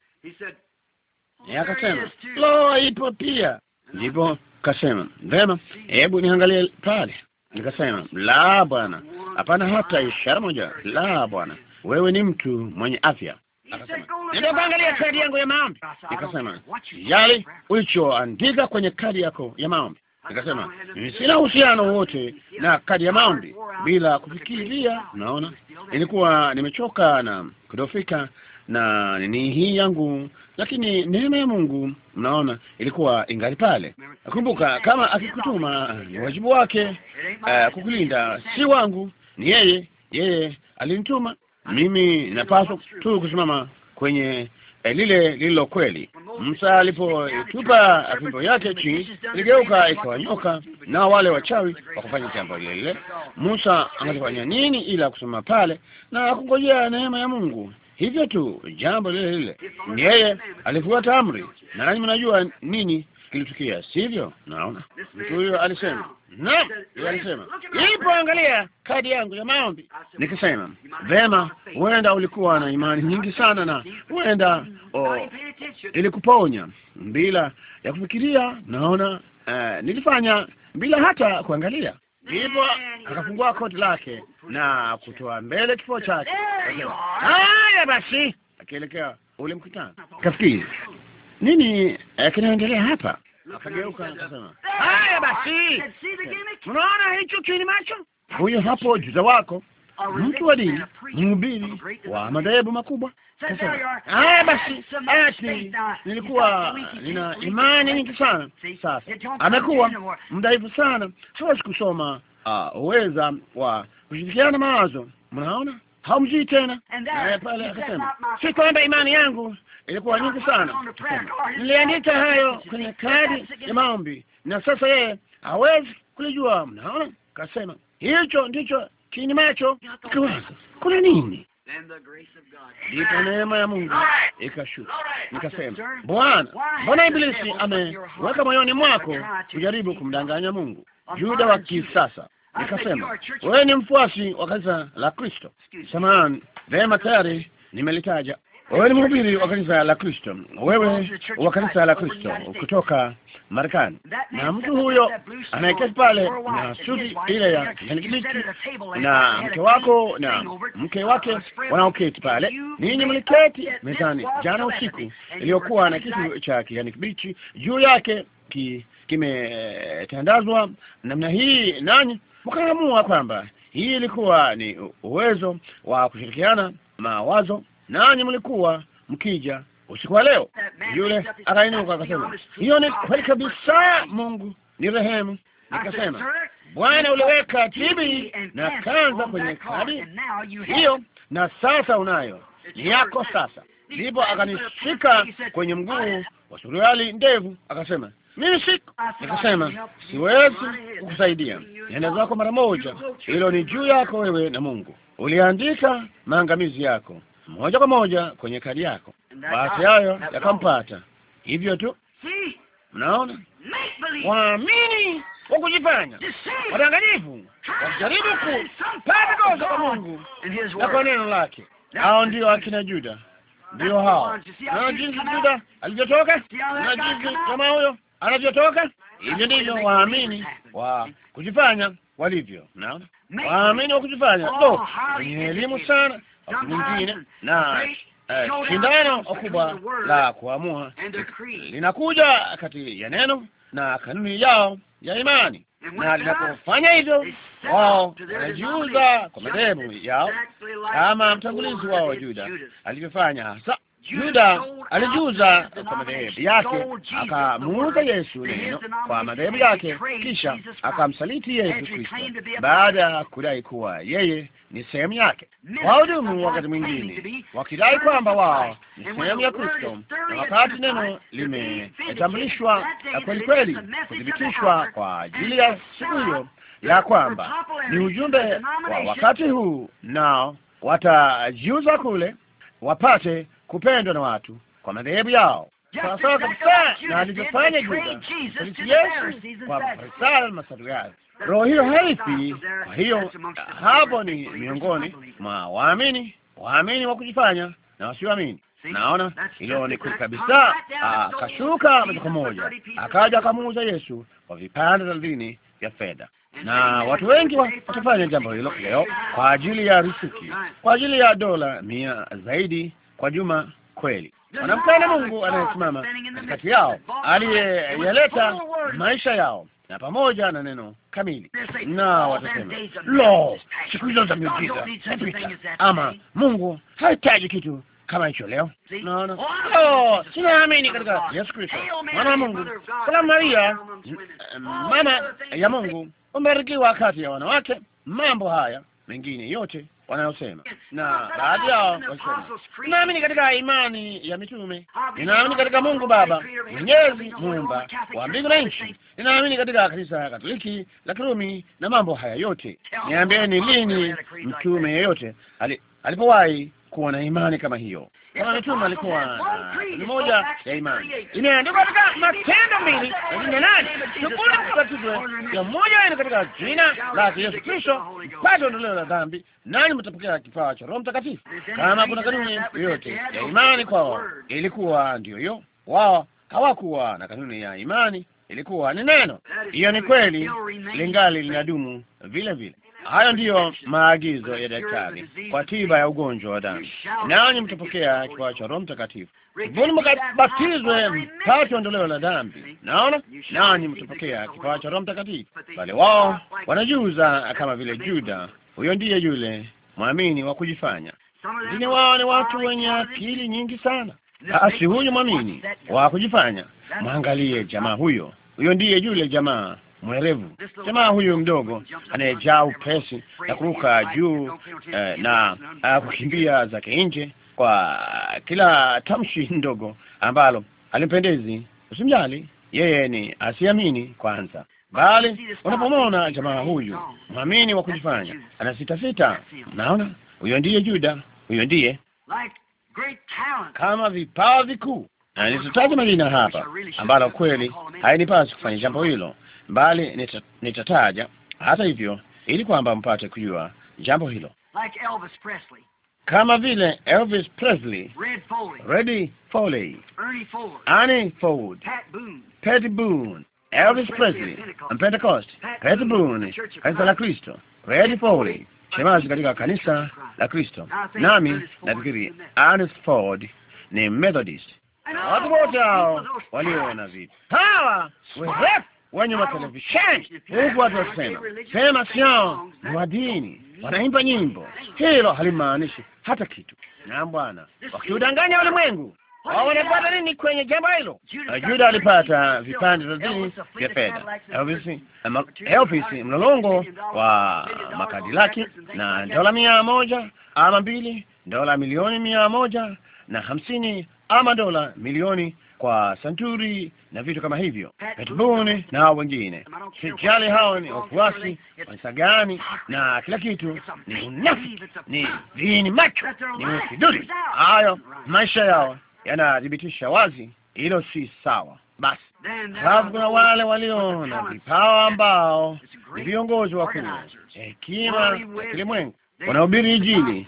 Naye akasema lo, ipo pia. Ndipo kasema vema, hebu niangalie pale. Nikasema la, bwana, hapana hata ishara moja. La, bwana, wewe ni mtu mwenye afya. Akasema nenda kadi yangu ya maombi. Nikasema jali ulichoandika kwenye kadi yako ya maombi Nikasema sina uhusiano wote na kadi ya maombi bila kufikiria. Naona ilikuwa nimechoka na kudofika na nini hii yangu, lakini neema ya Mungu, mnaona, ilikuwa ingali pale. Kumbuka, kama akikutuma ni wajibu wake uh, kukulinda, si wangu, ni yeye. Yeye alinituma mimi, napaswa tu kusimama kwenye Eh, lile lililo kweli. Musa alipotupa fimbo yake chini, iligeuka ikawa nyoka, na wale wachawi wakufanya jambo lile lile. Musa angefanya nini ila kusoma pale na kungojea neema ya Mungu? Hivyo tu, jambo lile lile. Ni yeye alifuata amri, na nanyi mnajua nini kilitukia, sivyo? Naona mtu huyo alisema naam, alisema angalia kadi yangu ya maombi nikisema, vema, huenda ulikuwa na imani nyingi sana na huenda oh, ilikuponya bila ya kufikiria. Naona uh, nilifanya bila hata kuangalia. Ndipo akafungua koti lake na kutoa mbele kifua chake. Haya basi, akielekea ule mkutano, kafikiri nini eh, kinaendelea hapa? Akageuka akasema, haya basi, unaona hicho kiini macho? Huyo hapo juza wako, mtu wa dini, mhubiri wa madhehebu makubwa. haya basi, ati eh, uh, nilikuwa nina imani nyingi sana, sasa amekuwa mdhaifu sana, siwezi kusoma uh, uweza wa kushirikiana mawazo. Mnaona, haumjui tena. Eh, pale akasema si kwamba imani yangu ilikuwa nyingi sana. Niliandika hayo kwenye kadi ya maombi, na sasa yeye hawezi kulijua. Mnaona, kasema hicho ndicho kiini macho kiwaza, kuna nini? Ndipo neema ya Mungu ikashuka. Nikasema, Bwana, mbona ibilisi ameweka moyoni mwako kujaribu kumdanganya Mungu? Yuda wa kisasa. Nikasema, wewe ni mfuasi wa kanisa la Kristo. Samahani, vema, tayari nimelitaja wewe ni mhubiri wa kanisa la Kristo, wewe wa kanisa la Kristo kutoka Marekani, na mtu huyo anayeketi pale na suti ile ya kijani kibichi na mke wako na mke wake uh, wanaoketi pale, ninyi mliketi mezani jana usiku iliyokuwa na kitu cha kijani kibichi juu yake ki, kimetandazwa namna hii, nanyi mkaamua kwamba hii ilikuwa ni uwezo wa kushirikiana mawazo nanyi mlikuwa mkija usiku wa leo. Yule akainuka akasema, hiyo ni kweli kabisa, Mungu ni rehemu. Nikasema, Bwana, uliweka TB na kanza kwenye kadi hiyo, na sasa unayo, ni yako sasa. Ndipo akanishika kwenye mguu wa suruali ndevu, akasema mimi siku. Nikasema, siwezi kukusaidia, nenda zako mara moja, hilo ni juu yako wewe na Mungu. Uliandika maangamizi yako moja kwa moja kwenye kadi yako. Basi hayo yakampata hivyo tu. Mnaona, waamini wa kujifanya wadanganyifu wakijaribu kupata kosa kwa Mungu na kwa neno lake. Hao ndio akina Juda, ndio hao. Na jinsi Juda alivyotoka na jinsi kama huyo anavyotoka, hivyo ndivyo waamini wa kujifanya walivyo. Naona waamini wa kujifanya oh, oh, wenye elimu sana wakati mwingine na eh, shindano kubwa la kuamua linakuja kati ya neno na kanuni yao ya imani, na linapofanya hivyo, wao wanajiuza kwa madhehebu yao, kama mtangulizi wao Juda alivyofanya hasa Yuda alijuza kwa madhehebu yake, akamuuza Yesu neno kwa madhehebu yake, kisha akamsaliti Yesu Kristo baada ya kudai kuwa yeye ni sehemu yake. Wahudumu wakati mwingine wakidai kwamba wao ni sehemu ya Kristo, na wakati neno limetambulishwa kweli kweli, kuthibitishwa kwa ajili ya siku hiyo, ya kwamba ni ujumbe wa wakati huu, nao watajiuza kule wapate kupendwa na watu kwa madhehebu yao sawasawa kabisa na alivyofanya Juda msaliti Yesu kwa Farisayo na Masadukayo. Roho hiyo haifi. Kwa hiyo ah, hapo ni miongoni mwa waamini waamini wa kujifanya na wasioamini. Naona hilo ni kweli kabisa. Ah, akashuka moja kwa moja akaja akamuuza Yesu kwa vipande thelathini vya fedha, na watu wengi watafanya jambo hilo leo kwa ajili ya rusuki, kwa ajili ya dola mia zaidi kwa Juma kweli. Wanamtana Mungu anayesimama katikati yao, aliyeyaleta maisha yao na pamoja na neno kamili, na watasema lo, siku hizo za miujiza zimepita, ama Mungu hahitaji kitu kama hicho leo. Naona sinaamini katika Yesu Kristo mwana wa Mungu. Salamu Maria, eh, mama ya Mungu, umebarikiwa kati ya wanawake. Mambo haya mengine yote wanayosema na baadhi yao wasema, naamini katika imani ya mitume, ninaamini katika Mungu Baba Mwenyezi, muumba wa mbingu na nchi, ninaamini katika kanisa Katoliki la Kirumi na mambo haya yote. Niambieni lini mtume yeyote alipowahi kuwa na imani kama hiyo. Bwana tu alikuwa mmoja ya imani, imeandikwa katika Matendo mbili na nane ya mmoja wenu katika jina la Yesu Kristo mpate ondoleo la dhambi, nani mtapokea kifaa cha Roho Mtakatifu. Kama kuna kanuni yoyote ya imani kwao, ilikuwa ndio hiyo. Wao hawakuwa na kanuni ya imani, ilikuwa ni neno. Hiyo ni kweli, lingali linadumu vile vile. Hayo ndiyo maagizo ya daktari kwa tiba ya ugonjwa wa damu, nanyi mtapokea kwa cha Roho Mtakatifu, tubuni mkabatizwe mpate ondoleo la dhambi. Naona nanyi mtapokea kipawa cha Roho Mtakatifu. Bali wao wanajiuza kama vile Juda, huyo ndiye yule mwamini wa kujifanya. Wengine wao ni watu wenye akili nyingi sana. Basi huyu mwamini wa kujifanya, mwangalie jamaa huyo, huyo ndiye yule jamaa mwerevu, jamaa huyu mdogo anayejaa upesi eh, na kuruka juu eh, na uh, kukimbia zake nje kwa kila tamshi ndogo ambalo alimpendezi. Usimjali yeye, ni asiamini kwanza, bali unapomwona jamaa huyu mwamini wa kujifanya anasitasita, naona huyo ndiye Juda, huyo ndiye kama vipaa vikuu. Nisitaje majina hapa, ambalo kweli hainipasi kufanya jambo hilo bali nita, nitataja hata hivyo, ili kwamba mpate kujua jambo hilo, like Elvis Presley, kama vile Elvis Presley, Red Foley, Reddy Foley, Ernie Ford, Annie Ford, Pat Boone, Pat Boone, Elvis Presley, Pentecost, Pat Boone, kanisa la Kristo, Reddy Foley, shemazi katika kanisa la Kristo. Nami nafikiri Ernest Ford ni Methodist. Watu wote hao waliona vipi hawa wewe wenye matelevisheni huku watu wasema sema sio ni wa dini, wanaimba nyimbo. Hilo halimaanishi hata kitu. Na Bwana wakiudanganya ulimwengu wao wanapata nini kwenye jambo hilo? Juda alipata vipande dini vya fedha, mlolongo wa makadilaki na dola mia moja ama mbili, dola milioni mia moja na hamsini ama dola milioni kwa santuri na vitu kama hivyo, Petbuni na wengine. Sijali hao ni wafuasi kanisa gani na kila kitu, ni unafiki, ni viini macho, ni usiduri. Hayo maisha yao yanathibitisha wazi hilo si sawa. Basi sababu kuna wale walio na vipawa ambao ni viongozi wakuu, hekima ya kilimwengu wanahubiri Injili,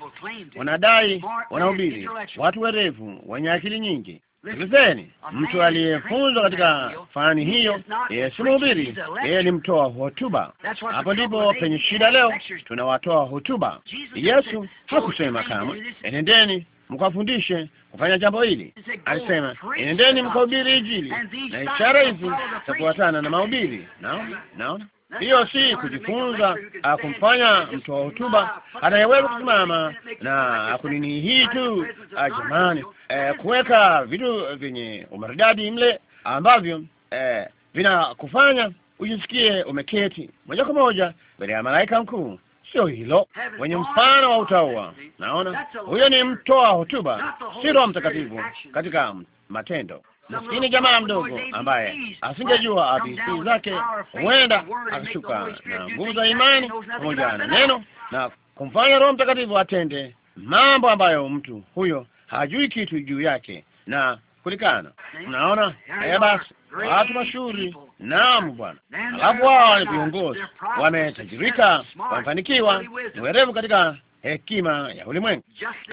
wanadai wanahubiri, watu werevu wenye akili nyingi, Sikilizeni, mtu aliyefunzwa katika fani hiyo, yeye si mhubiri, yeye ni mtoa hotuba. Hapo ndipo penye shida leo, tunawatoa hotuba. Yesu hakusema kama enendeni mkafundishe kufanya jambo hili, alisema enendeni mkahubiri Injili na ishara hizi zitafuatana na mahubiri. Naona, naona hiyo si kujifunza kumfanya mtoa hotuba anayeweza kusimama na kunini hii tu ah, jamani, e, kuweka vitu vyenye umaridadi mle ambavyo e, vinakufanya ujisikie umeketi moja kwa moja mbele ya malaika mkuu. Sio hilo, wenye mfano wa utaua. Naona huyo ni mtoa hotuba, si Roho Mtakatifu katika matendo maskini jamaa mdogo ambaye asingejua abisi zake, huenda akashuka na nguvu za imani pamoja na neno na kumfanya Roho Mtakatifu atende mambo ambayo mtu huyo hajui kitu juu yake na kulikana. Unaona, haya basi, watu mashuhuri, naam bwana, alafu wao ni viongozi, wametajirika, wamefanikiwa, ni werevu katika hekima ya ulimwengu,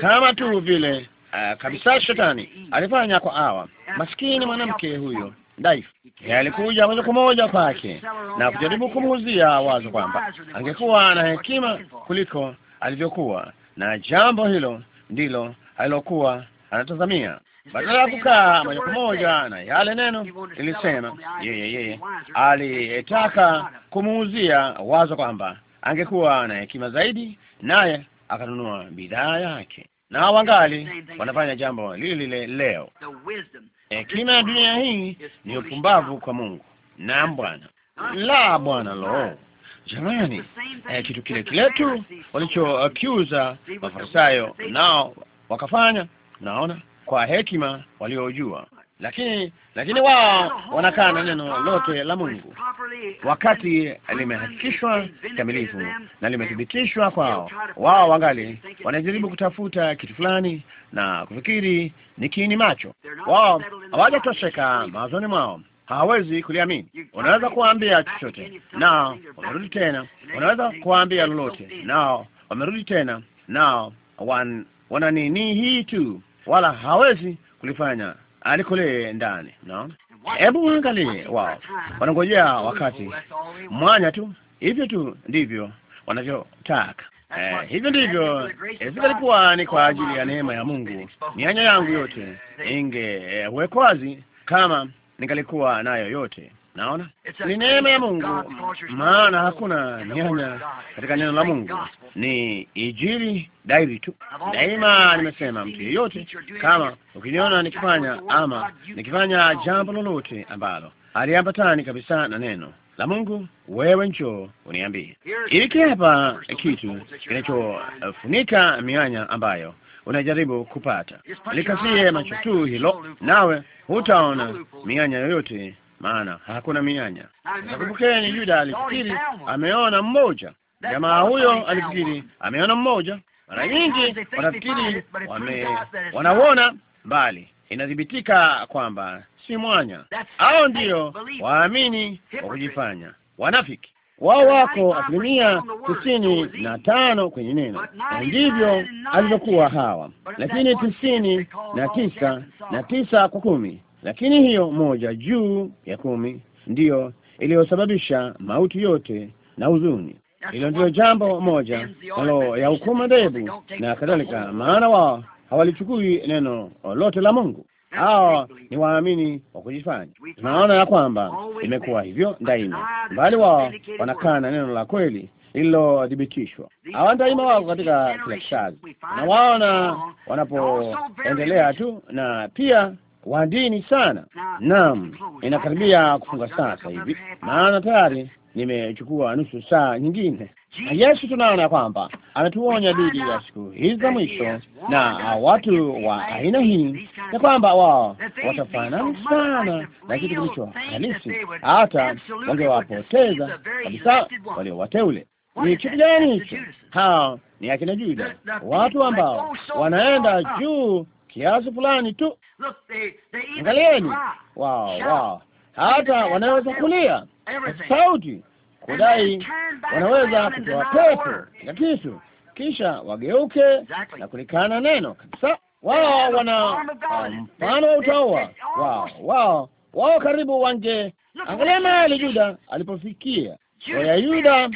kama tu vile uh, kabisa shetani alifanya kwa awa maskini mwanamke huyo dhaifu. Alikuja moja kwa moja kwake na kujaribu kumuuzia wazo kwamba angekuwa na hekima kuliko alivyokuwa, na jambo hilo ndilo alilokuwa anatazamia. Badala ya kukaa moja kwa moja na yale neno lilisema yeye, yeye alitaka kumuuzia wazo kwamba angekuwa na hekima zaidi, naye akanunua bidhaa yake na wangali wanafanya jambo lile lile leo. Hekima eh, ya dunia hii ni upumbavu kwa Mungu. Naam Bwana, la Bwana, lo jamani, eh, kitu kile kile tu walichoakiuza Mafarisayo nao wakafanya. Naona kwa hekima waliojua lakini lakini wao wanakaa na neno lote la Mungu wakati limehakikishwa kikamilifu na limethibitishwa kwao. Wao wangali wanajaribu kutafuta kitu fulani na kufikiri ni kiini macho. Wao hawajatosheka mawazoni mwao, hawawezi kuliamini. Unaweza kuwaambia chochote, nao wamerudi tena. Unaweza kuwaambia lolote, nao wamerudi tena, nao wan, nini hii tu, wala hawezi kulifanya alikule ndani. Naona, hebu waangalie, wao wanangojea wakati mwanya tu. Hivyo tu ndivyo wanavyotaka. Eh, hivyo ndivyo ilikuwa ni kwa ajili ya neema ya Mungu, mianya yangu yote ingewekwa eh, wazi kama ningalikuwa nayo yote. Naona ni neema ya Mungu, maana hakuna nyanya katika neno la Mungu, ni ijili dairi tu. Daima nimesema mtu yeyote, kama ukiniona nikifanya ama nikifanya jambo lolote ambalo haliambatani kabisa na neno la Mungu, wewe njoo uniambie. Hiki hapa kitu kinachofunika mianya ambayo unajaribu kupata. Likasie macho tu hilo, nawe hutaona mianya yoyote maana hakuna mianya. Kumbukeni, Yuda alifikiri ameona mmoja, jamaa huyo alifikiri ameona mmoja. Mara nyingi wanafikiri wanauona mbali, inathibitika kwamba si mwanya. Hao ndiyo waamini wa kujifanya wanafiki. Wao wako asilimia tisini na tano kwenye neno, na ndivyo alivyokuwa Hawa, lakini tisini na tisa na tisa kwa kumi lakini hiyo moja juu ya kumi ndiyo iliyosababisha mauti yote na huzuni. Hilo ndio jambo moja nalo ya hukumu dhehebu na kadhalika, maana wao hawalichukui neno lote la Mungu. Hawa ni waamini wa kujifanya. Tunaona ya kwamba imekuwa hivyo daima, mbali wao wanakana neno la kweli lililothibitishwa. Hawa daima wako katika kila kizazi, na waona wanapoendelea tu, na pia wa dini sana. Naam, inakaribia kufunga sasa hivi, maana tayari nimechukua nusu saa nyingine. Yesu tunaona kwamba ametuonya dhidi ya siku hizi za mwisho na watu wa aina hii, ya kwamba wao watafanana sana na kitu kilicho halisi, hata wangewapoteza kabisa walio wateule. Ni kitu gani hicho? Hao ni akina Juda, watu ambao wanaenda juu kiasi fulani tu. Angalieni wao wao, hata wanaweza kulia sauti, kudai wanaweza kutoa pepo, na kitu, kisha wageuke na kulikana neno kabisa. Wao wana mfano wa utaua wao wao wao, karibu wange. Angalia mahali Yuda alipofikia ya Yuda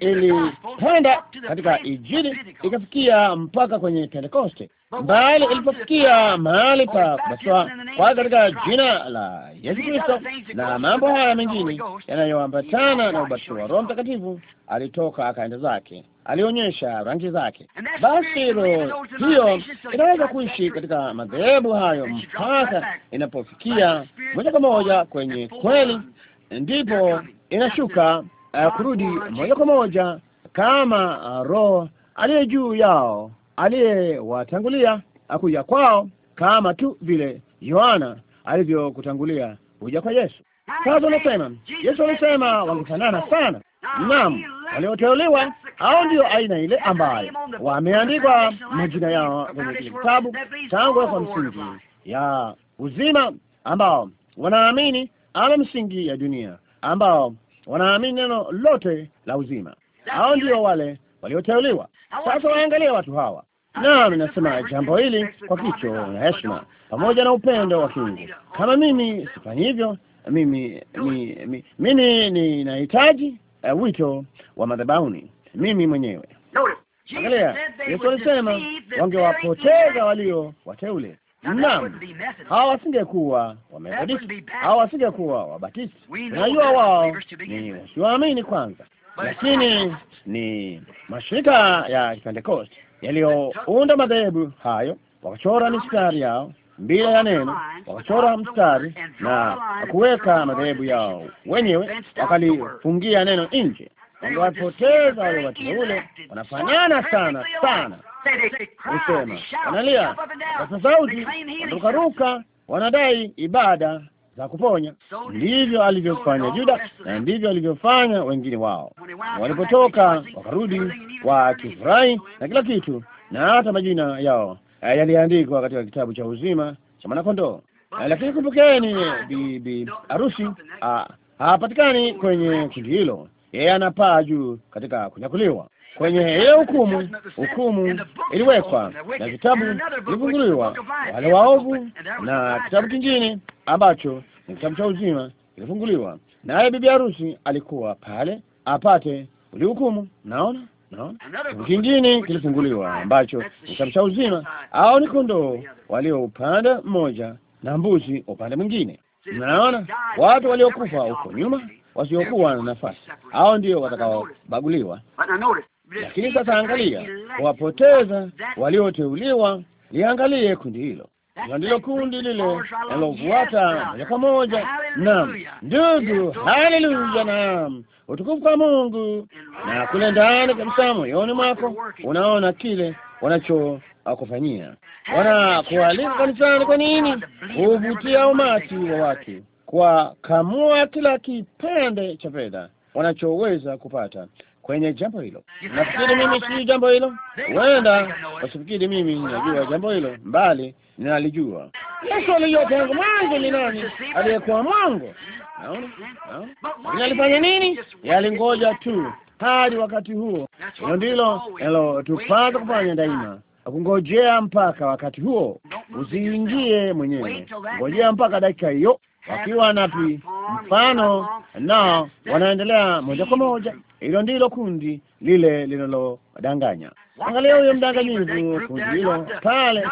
ilipanda ili katika Injili ikafikia mpaka kwenye Pentekoste bali ilipofikia mahali pa kupaswa kwa katika jina la Yesu Kristo na mambo haya mengine yanayoambatana na ubatizo wa Roho Mtakatifu, alitoka akaenda zake, alionyesha rangi zake. Basi roho hiyo inaweza kuishi katika madhehebu hayo mpaka inapofikia uh, moja kwa moja kwenye kweli, ndipo inashuka kurudi moja kwa moja kama uh, roho aliye juu yao aliyewatangulia akuja kwao kama tu vile Yohana alivyokutangulia kuja kwa Yesu. Sasa unasema Yesu alisema wangefanana sana. Naam, walioteuliwa au ndio aina ile ambayo wameandikwa majina yao kwenye kitabu tangu kwa msingi ya uzima, ambao wanaamini ama msingi ya dunia, ambao wanaamini neno lote la uzima. Hao ndio wale walioteuliwa. Sasa waangalia watu hawa, nami nasema jambo hili kwa kicho na heshima pamoja na upendo wa kiungu. Kama mimi sifanyi hivyo, mimi mi, mimi ninahitaji uh, wito wa madhabahuni mimi mwenyewe. Angalia, Yesu alisema wangewapoteza walio wateule. Naam, hawa wasingekuwa Wamethodisti, hawa wasingekuwa wabatisi. Tunajua wao ni wasiwaamini kwanza, lakini ni mashirika ya Pentecost yaliyounda madhehebu hayo, wakachora mistari yao bila ya neno, wakachora mstari na kuweka madhehebu yao wenyewe, wakalifungia neno nje. Wangewapoteza wale watu wule, wanafanana sana sana, usema wanalia kwa sauti, wanarukaruka, wanadai ibada za kuponya. Ndivyo alivyofanya Juda na ndivyo alivyofanya wengine wao. Walipotoka wakarudi wakifurahi na kila kitu, na hata majina yao eh, yaliandikwa katika kitabu cha uzima cha mwanakondoo. Eh, lakini kumbukeni, bibi harusi ah, hapatikani kwenye kundi hilo, yeye anapaa juu katika kunyakuliwa kwenye hiyo hukumu, hukumu iliwekwa na vitabu vilifunguliwa, wale waovu, na kitabu kingine ambacho ni kitabu cha uzima kilifunguliwa, naye bibi harusi alikuwa pale apate ulihukumu. Naona, naona kitabu kingine kilifunguliwa ambacho ni kitabu cha uzima, au ni kondoo walio upande mmoja na mbuzi upande mwingine. Naona watu waliokufa huko nyuma wasiokuwa na nafasi, hao ndio watakaobaguliwa. Lakini sasa angalia, wapoteza walioteuliwa. Liangalie kundi hilo, na ndilo kundi lile linalofuata moja kwa moja. Naam ndugu, haleluya! Naam, utukufu kwa Mungu. Na kule ndani kabisa moyoni mwako unaona kile wanachokufanyia, wanakualika kanisani. Kwa nini? kuvutia umati wa watu kwa kamua kila kipande cha fedha wanachoweza kupata kwenye jambo hilo. Nafikiri mimi sijui jambo hilo, huenda wasifikiri mimi najua jambo hilo, mbali ninalijua. Yesu alijua tangu mwanzo ni nani aliyekuwa mwangu. Naona naona alifanya nini? Yalingoja tu hadi wakati huo. Hilo ndilo nalotupasa kufanya daima, kungojea mpaka wakati huo. Usiingie mwenyewe, ngojea mpaka dakika hiyo, wakiwa napi mfano nao wanaendelea moja kwa moja. Hilo ndilo kundi lile linalodanganya Angalia huyo mdanganyivu, kundi hilo pale,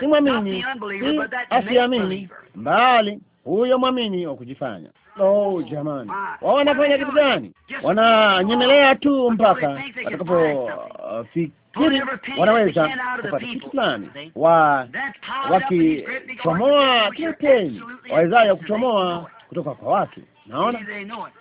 si mwamini, si asiamini, mbali huyo mwamini wa kujifanya. Oh, jamani, wao wanafanya kitu gani? Wananyemelea tu mpaka watakapofikiri fikiri wanaweza kupata kitu fulani, wa wakichomoa kitu wawezayo kuchomoa kutoka kwa watu, naona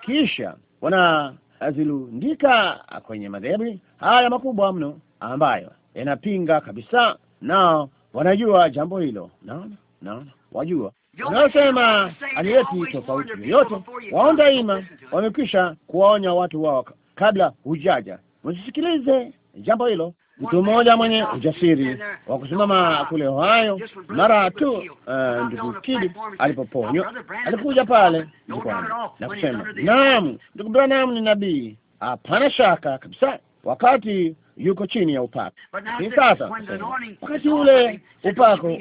kisha wanazilundika kwenye madhehebu haya makubwa mno ambayo yanapinga kabisa, nao wanajua jambo hilo. Naona, naona wajua unaosema aliyeti tofauti yoyote, wao daima wamekwisha kuwaonya watu wao kabla hujaja. Msisikilize jambo hilo mtu mmoja mwenye ujasiri wa kusimama kule Ohio mara tu eh, ndugu Kidi alipoponywa, alikuja pale jukwani na kusema, naam, ndugu Branham ni nabii, hapana shaka kabisa, wakati yuko chini ya upako. Ni sasa wakati ule upako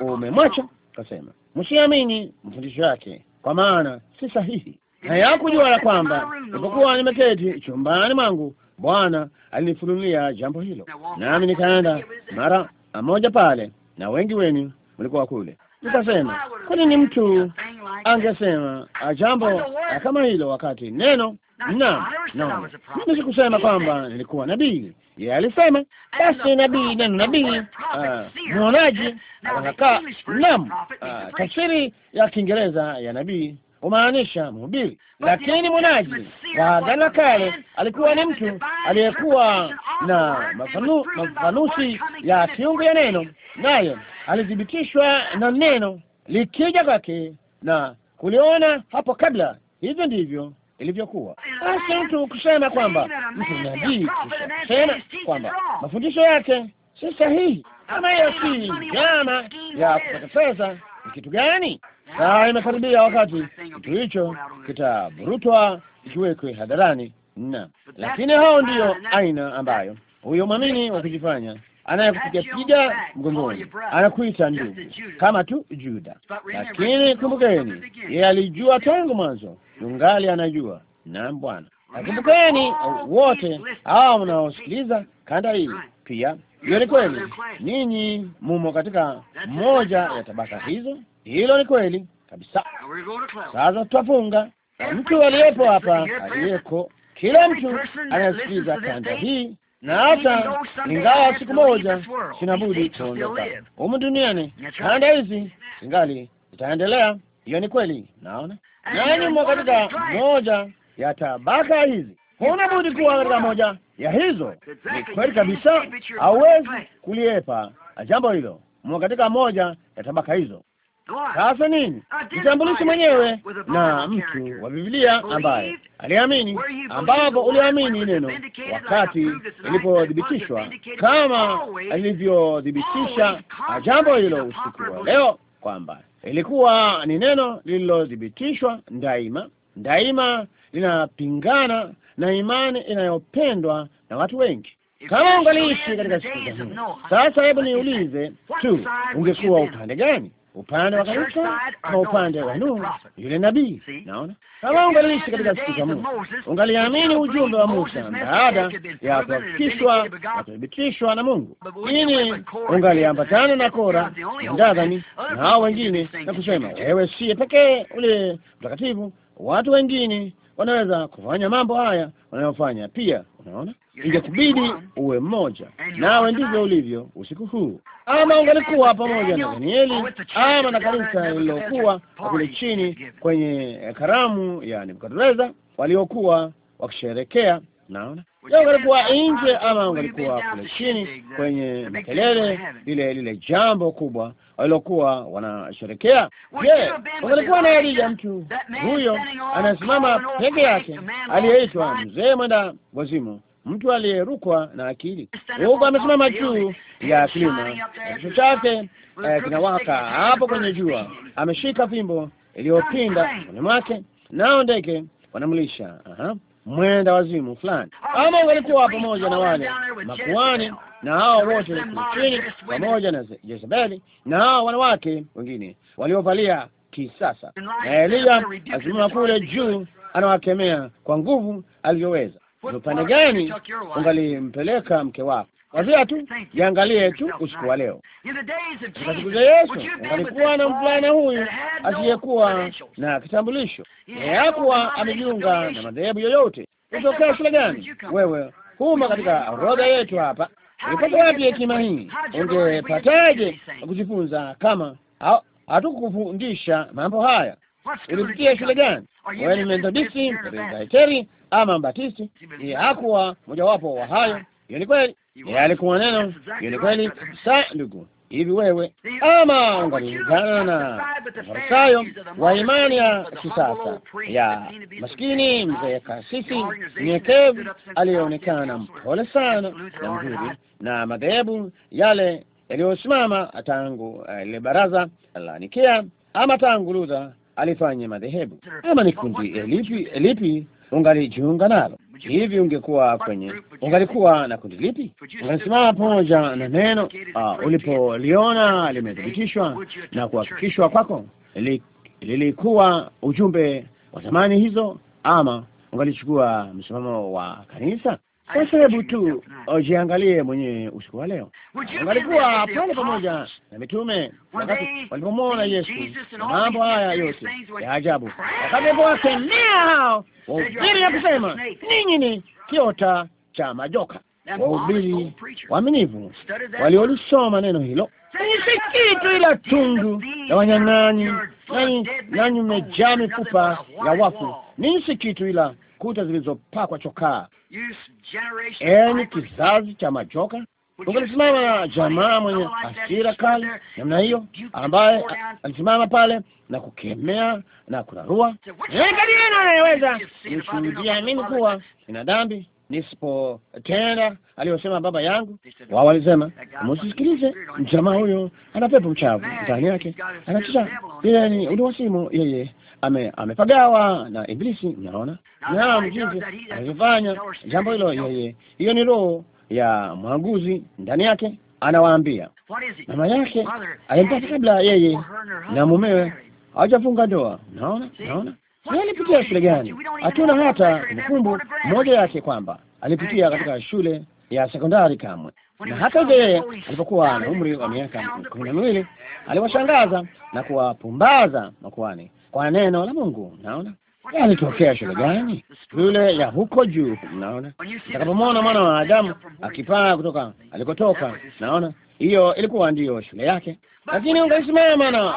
umemwacha, kasema, msiamini mfundisho yake, kwa maana si sahihi. Na yakujua ya kwamba nilipokuwa nimeketi chumbani mwangu Bwana alinifunulia jambo hilo, nami nikaenda mara moja pale, na wengi wenu mlikuwa kule. Nikasema, kwa nini mtu angesema ah, jambo ah, kama hilo wakati neno na na mimi sikusema kwamba nilikuwa nabii. Yeye alisema basi nabii, neno nabii, ah, mwonaji. Naam, tafsiri ya Kiingereza ya nabii kumaanisha mhubiri, lakini mwonaji wa Agano la Kale alikuwa ni mtu aliyekuwa na mafanusi ya kiungu ya neno, naye alithibitishwa na neno likija kwake na kuliona hapo kabla. Hivyo ndivyo ilivyokuwa. Basi mtu kusema kwamba mtu nabii, kusema kwamba mafundisho yake si sahihi, ama hiyo si njama ya kupata pesa, ni kitu gani? na imekaribia wakati kitu hicho kitavurutwa ikiwekwe hadharani. na lakini hao ndiyo aina ambayo huyo mwamini wa kujifanya piga mgongoni anakuita ndugu, kama tu Juda. Lakini kumbukeni, yeye alijua tangu mwanzo, yungali anajua. na Bwana, kumbukeni wote hawa mnaosikiliza kanda hii pia, hiyo ni kweli, ninyi mumo katika moja ya tabaka hizo. Hilo ni kweli kabisa. Sasa tutafunga mtu aliyepo hapa, aliyeko, kila mtu anayesikiza kanda hii na hata ingawa siku moja sinabudi kuondoka humu duniani, kanda hizi singali zitaendelea. Hiyo ni kweli. Naona nani mwa katika moja ya tabaka hizi, huna budi kuwa katika moja ya hizo. Ni kweli kabisa, hauwezi kuliepa jambo hilo, mwa katika moja ya tabaka hizo. Sasa nini? Jitambulishe mwenyewe na mtu wa Biblia ambaye aliamini, ambapo uliamini neno wakati ilipothibitishwa, kama alivyothibitisha jambo hilo usiku wa leo, kwamba ilikuwa ni neno lililothibitishwa daima. Daima linapingana na imani inayopendwa na watu wengi. Kama ungaliishi katika siku za Nuhu, sasa hebu niulize tu, ungekuwa upande gani? upande wa kanisa na upande wa nuru, yule nabii. Naona kama ungaliishi katika siku za Musa, ungaliamini ujumbe wa Musa baada ya kuhakikishwa na kuthibitishwa na Mungu, lakini ungaliambatana na Kora na Dathani na hao wengine na kusema, wewe siye pekee ule mtakatifu, watu wengine wanaweza kufanya mambo haya wanayofanya pia. Unaona, ingekubidi uwe mmoja nawe, ndivyo ulivyo usiku huu ama ungalikuwa pamoja na Danieli ama na kanisa lililokuwa kule chini kwenye eh, karamu ya Nebukadreza waliokuwa wakisherekea. Naona ungalikuwa nje ama ungalikuwa kule chini kwenye makelele, lile lile jambo kubwa walilokuwa wanasherekea. Je, ungalikuwa na Adija, mtu huyo anasimama peke yake, aliyeitwa mzee mwenda wazimu mtu aliyerukwa na akili. Mungu amesimama juu ya kilima, kichwa chake eh, kinawaka hapo kwenye jua, ameshika fimbo iliyopinda kwenye mwake, nao ndege wanamlisha mwenda wazimu fulani. Oh, Ama walikuwa pamoja na wale makuani na hao wote chini, pamoja na Jezebeli na hao wanawake wengine waliovalia kisasa, na Eliya asimama kule juu, anawakemea kwa nguvu alivyoweza ni upande gani ungalimpeleka mke wako? Wazia tu, jiangalie tu usiku wa leo. Katika siku za Yesu alikuwa na mvulana huyu asiyekuwa na kitambulisho, hakuwa amejiunga na madhehebu yoyote. Utokea shule gani wewe? Huma katika orodha yetu hapa. Ulipata wapi hekima hii? Ungepataje kujifunza kama hatukufundisha mambo haya? Ulipitia shule gani? wewe ni Methodisti, Presbiteri ama Mbatisti. Yeye hakuwa mojawapo wa hayo. Hiyo ni kweli, yeye alikuwa neno. Hiyo ni kweli sa ndugu hivi wewe ama ungalingana na Farisayo wa imani ya kisasa ya maskini mzee kasisi nyekevu aliyeonekana mpole sana na mzuri, na madhehebu yale yaliyosimama tangu eh, ile baraza la Nikea ama tangu Luther alifanya madhehebu. Ama ni kundi eh, lipi eh, lipi ungalijiunga nalo? Hivi ungekuwa kwenye, ungalikuwa na kundi lipi? Ungalisimama pamoja na neno uh, ulipoliona limethibitishwa na kuhakikishwa kwako, lilikuwa ujumbe wa zamani hizo, ama ungalichukua msimamo wa kanisa? Sasa hebu tu uh, jiangalie mwenyewe usiku wa leo. Angalikuwa pale pamoja na mitume wakati walipomwona Yesu mambo haya yote ya ajabu, wakati alipowakemea hao wahubiri na kusema, ninyi ni kiota cha majoka. Wahubiri waaminivu waliolisoma neno hilo si kitu ila tundu la wanyang'anyi, nani, mmejaa mifupa ya wafu. ni si kitu ila kuta zilizopakwa chokaa Eni yaani kizazi cha machoka, ungalisimama na jamaa mwenye hasira kali namna hiyo, ambaye alisimama pale na kukemea na kurarua, angalia, anayeweza kushuhudia mimi kuwa nina dhambi nisipotenda aliyosema baba yangu. Wao walisema msisikilize, jamaa huyo ana pepo mchavu ndani yake, anacheza ile ni uliwasimu yeye ame- amepagawa na Iblisi. Mnaona naam, jinsi alivyofanya jambo hilo yeye. Hiyo ni roho ya mwaguzi ndani yake, anawaambia mama yake alimpata kabla yeye na mumewe hawajafunga ndoa. Naona, naona alipitia shule gani? Hatuna hata kumbukumbu moja yake kwamba alipitia katika shule ya sekondari kamwe. Na hata yeye alipokuwa na umri wa miaka kumi na miwili aliwashangaza na kuwapumbaza makuani kwa neno la Mungu. Naona alitokea shule gani? Yule ya huko juu. Naona atakapomwona mwana wa Adamu akipaa kutoka alikotoka, naona hiyo ilikuwa ndiyo shule yake. Lakini ungaisimama na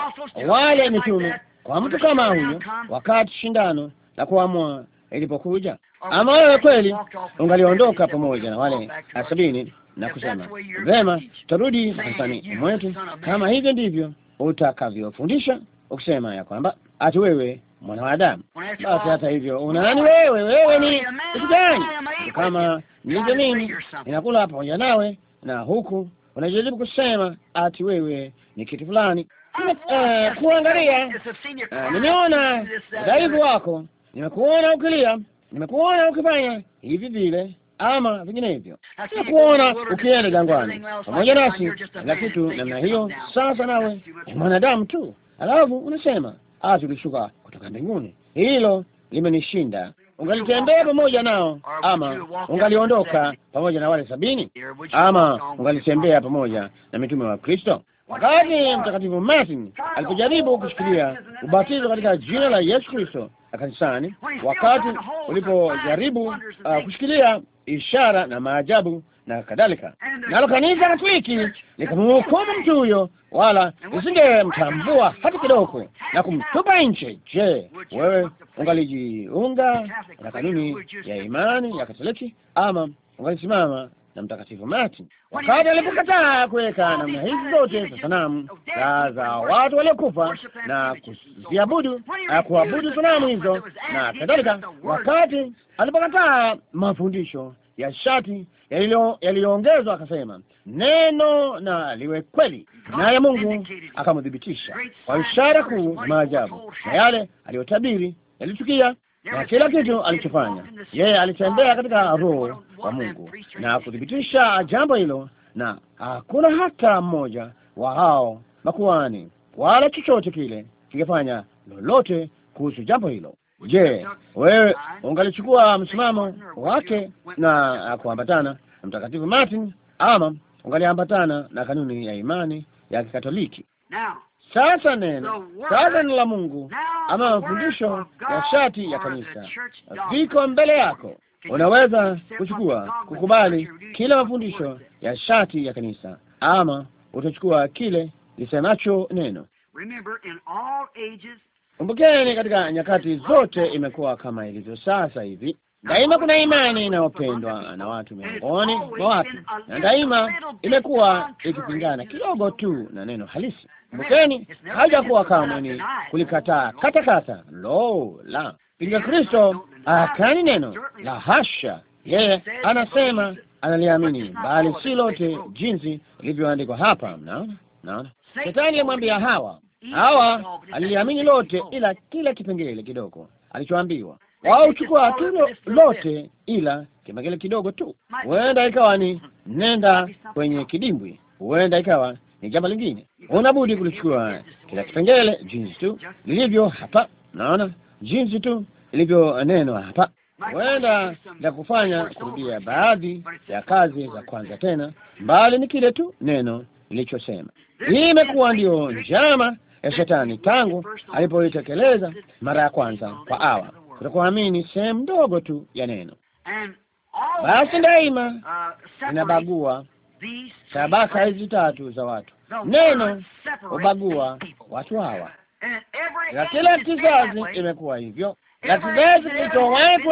wale mitume kwa mtu kama huyo, wakati shindano la kuamua ilipokuja, ama wewe kweli ungaliondoka pamoja na wale sabini na kusema vema, tutarudi kanisani mwetu, kama hivyo ndivyo utakavyofundisha ukisema ya kwamba ati wewe mwana wa Basi hata hivyo una nani wewe? Wewe ni kitu gani? Kama nilivyo mimi, inakula hapa pamoja nawe, na huku unajaribu kusema ati wewe ni kitu fulani. Eh, kuangalia, eh, nimeona uh, udhaifu wako, nimekuona ukilia, nimekuona ukifanya hivi vile ama vinginevyo, kuona ukienda jangwani pamoja nasi, na kitu namna hiyo. Sasa nawe mwanadamu tu, alafu unasema hata ah, ulishuka kutoka mbinguni. Hilo limenishinda. Ungalitembea pamoja nao, ama ungaliondoka pamoja na wale sabini, ama ungalitembea pamoja na mitume wa Kristo. Wakati Mtakatifu Martin alipojaribu kushikilia ubatizo katika jina la Yesu Kristo na kanisani, wakati ulipojaribu uh, kushikilia ishara na maajabu na kadhalika. Nalo kanisa Katoliki likamhukumu mtu huyo, wala mtambua hata kidogo na kumtupa nje. Je, wewe ungalijiunga na kanuni ya imani ya Katoliki ama ungalisimama na Mtakatifu Martin wakati alipokataa kuweka namna hizi zote za sanamu za watu waliokufa na kuziabudu na kuabudu sanamu hizo na kadhalika, wakati alipokataa mafundisho ya shati yaliyoongezwa, akasema neno na liwe kweli, naye Mungu akamthibitisha kwa ishara kuu na maajabu na yale aliyotabiri yalitukia na kila kitu alichofanya yeye, alitembea katika roho wa Mungu na kuthibitisha jambo hilo, na hakuna hata mmoja wa hao makuhani wala chochote kile kingefanya lolote kuhusu jambo hilo. Je, wewe ungalichukua msimamo wake na kuambatana na Mtakatifu Martin ama ungaliambatana na kanuni ya imani ya Kikatoliki? Sasa neno sasa ni la Mungu ama mafundisho ya shati ya kanisa viko mbele yako. Unaweza kuchukua kukubali kila mafundisho ya shati ya kanisa ama utachukua kile lisemacho neno. Kumbukeni, katika nyakati zote imekuwa kama ilivyo sasa hivi. Daima kuna imani inayopendwa na watu miongoni mwa watu, na daima imekuwa ikipingana kidogo tu na neno halisi. Kumbukeni, haijakuwa kama ni kulikataa katakata. Lo la pinga Kristo akani neno la hasha. Yeye anasema analiamini, bali si lote jinsi ilivyoandikwa hapa. Mnaona, naona Shetani alimwambia Hawa Mm. hawa aliliamini lote ila kila kipengele kidogo alichoambiwa. Wao uchukua tu lote ila kipengele kidogo tu. Huenda ikawa ni nenda kwenye kidimbwi, huenda ikawa ni jambo lingine. Unabudi kulichukua kila kipengele jinsi tu lilivyo hapa. Naona jinsi tu ilivyo neno hapa. Huenda na kufanya kurudia baadhi ya kazi za kwanza tena, mbali ni kile tu neno lilichosema. Hii imekuwa ndiyo njama ya shetani tangu alipoitekeleza mara ya kwanza kwa awa kutokuamini sehemu ndogo tu ya neno. Basi daima uh, inabagua tabaka hizi tatu za watu, neno hubagua watu hawa, na kila kizazi imekuwa hivyo na kizazi kilichowahi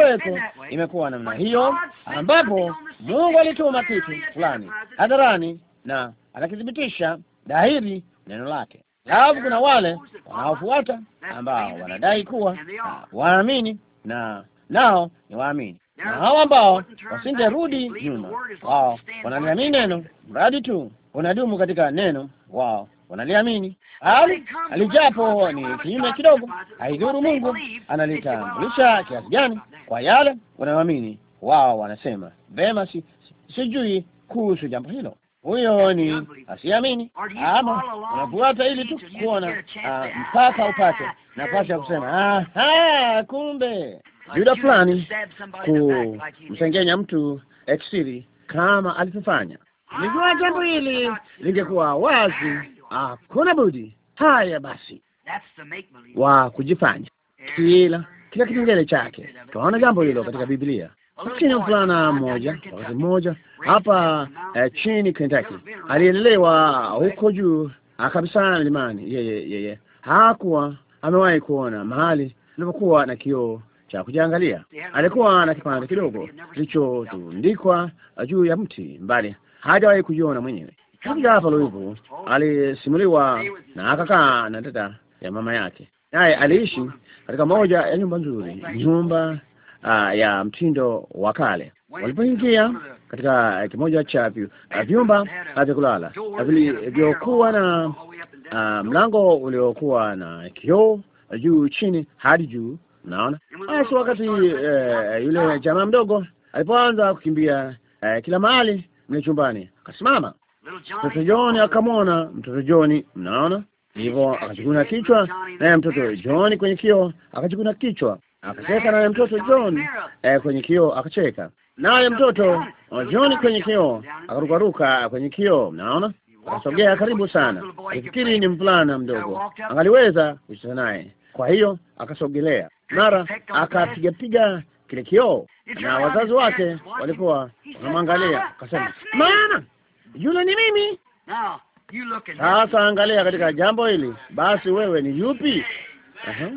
imekuwa namna hiyo, ambapo Mungu alituma kitu fulani hadharani na atakithibitisha dhahiri neno lake. Halafu kuna wale wanaofuata ambao wanadai kuwa ah, waamini na nao ni waamini, na hao ambao wasingerudi nyuma, wao wanaliamini neno, mradi tu unadumu katika neno, wao wanaliamini hali alijapo ni kinyume kidogo, haidhuru Mungu analitambulisha kiasi gani kwa yale wanaoamini. Wao wanasema vema, si sijui kuhusu jambo hilo, huyo ni asiamini, ama unafuata ili tu kuona ah, mpaka upate nafasi ya kusema ah, kumbe Yuda fulani kumsengenya mtu eksiri kama alivyofanya. Nijua oh, jambo hili lingekuwa wazi, hakuna budi. Haya basi, wa kujifanya kila kila kipengele chake. Tunaona jambo hilo katika Biblia Sikina mvulana mmoja wakati mmoja hapa eh, chini Kentucky, alielelewa huko juu ah, kabisa milimani. Yeye yeye hakuwa amewahi kuona mahali alipokuwa na kioo cha kujiangalia. Alikuwa na kipande kidogo kilichotundikwa juu ya mti mbali, hajawahi kujiona mwenyewe. Kabla hapa Louisville, alisimuliwa na akakaa na dada ya mama yake, naye aliishi katika moja ya nyumba nzuri, nyumba uh, ya mtindo wa kale. Walipoingia katika eh, kimoja cha eh, vyumba vya kulala vilivyokuwa na uh, mlango uliokuwa na kioo juu chini hadi juu, naona basi. Wakati uh, yule jamaa mdogo alipoanza kukimbia uh, kila mahali mle chumbani, akasimama mtoto John akamwona mtoto John, mnaona hivyo, akachukuna kichwa naye mtoto John kwenye kioo akachukuna kichwa akacheka naye mtoto John eh, kwenye kioo akacheka naye mtoto oh, John kwenye kioo akarukaruka kwenye kioo. Mnaona, akasogea karibu sana, alifikiri ni mvulana mdogo, angaliweza kucheza naye, kwa hiyo akasogelea, mara akapigapiga kile kioo, na wazazi wake walikuwa wanamwangalia, akasema maana yule ni mimi. Sasa angalia katika jambo hili, basi wewe ni yupi? uh -huh.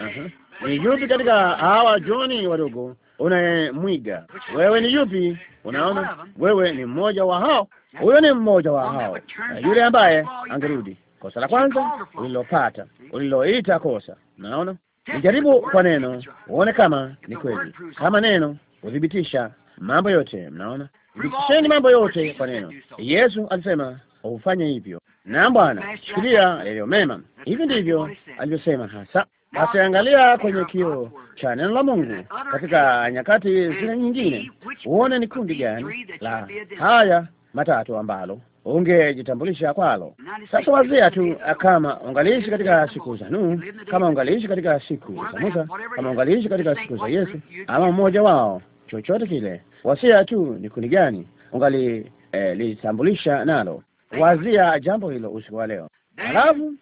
Uh -huh ni yupi katika hawa joni wadogo unayemwiga wewe? Ni yupi? Unaona, wewe ni mmoja wa hao. Huyo ni mmoja wa hao, eh, yule ambaye angerudi. Kosa la kwanza ulilopata, uliloita kosa, unaona Nijaribu kwa neno uone kama ni kweli. Kama neno udhibitisha mambo yote, mnaona. Thibitisheni mambo yote kwa neno. Yesu alisema ufanye hivyo, na Bwana shikilia yaliyo mema. Hivi ndivyo alivyosema hasa. Asiangalia kwenye kio cha neno la Mungu katika nyakati zile nyingine, uone ni kundi gani la haya matatu ambalo ungejitambulisha kwalo. Sasa wazia tu, kama ungaliishi katika siku za Nuhu, kama ungaliishi katika siku za Musa, kama ungaliishi katika siku za Yesu ama mmoja wao, chochote kile, wasia tu ni kundi gani ungali eh, litambulisha nalo. Wazia jambo hilo usiku wa leo, alafu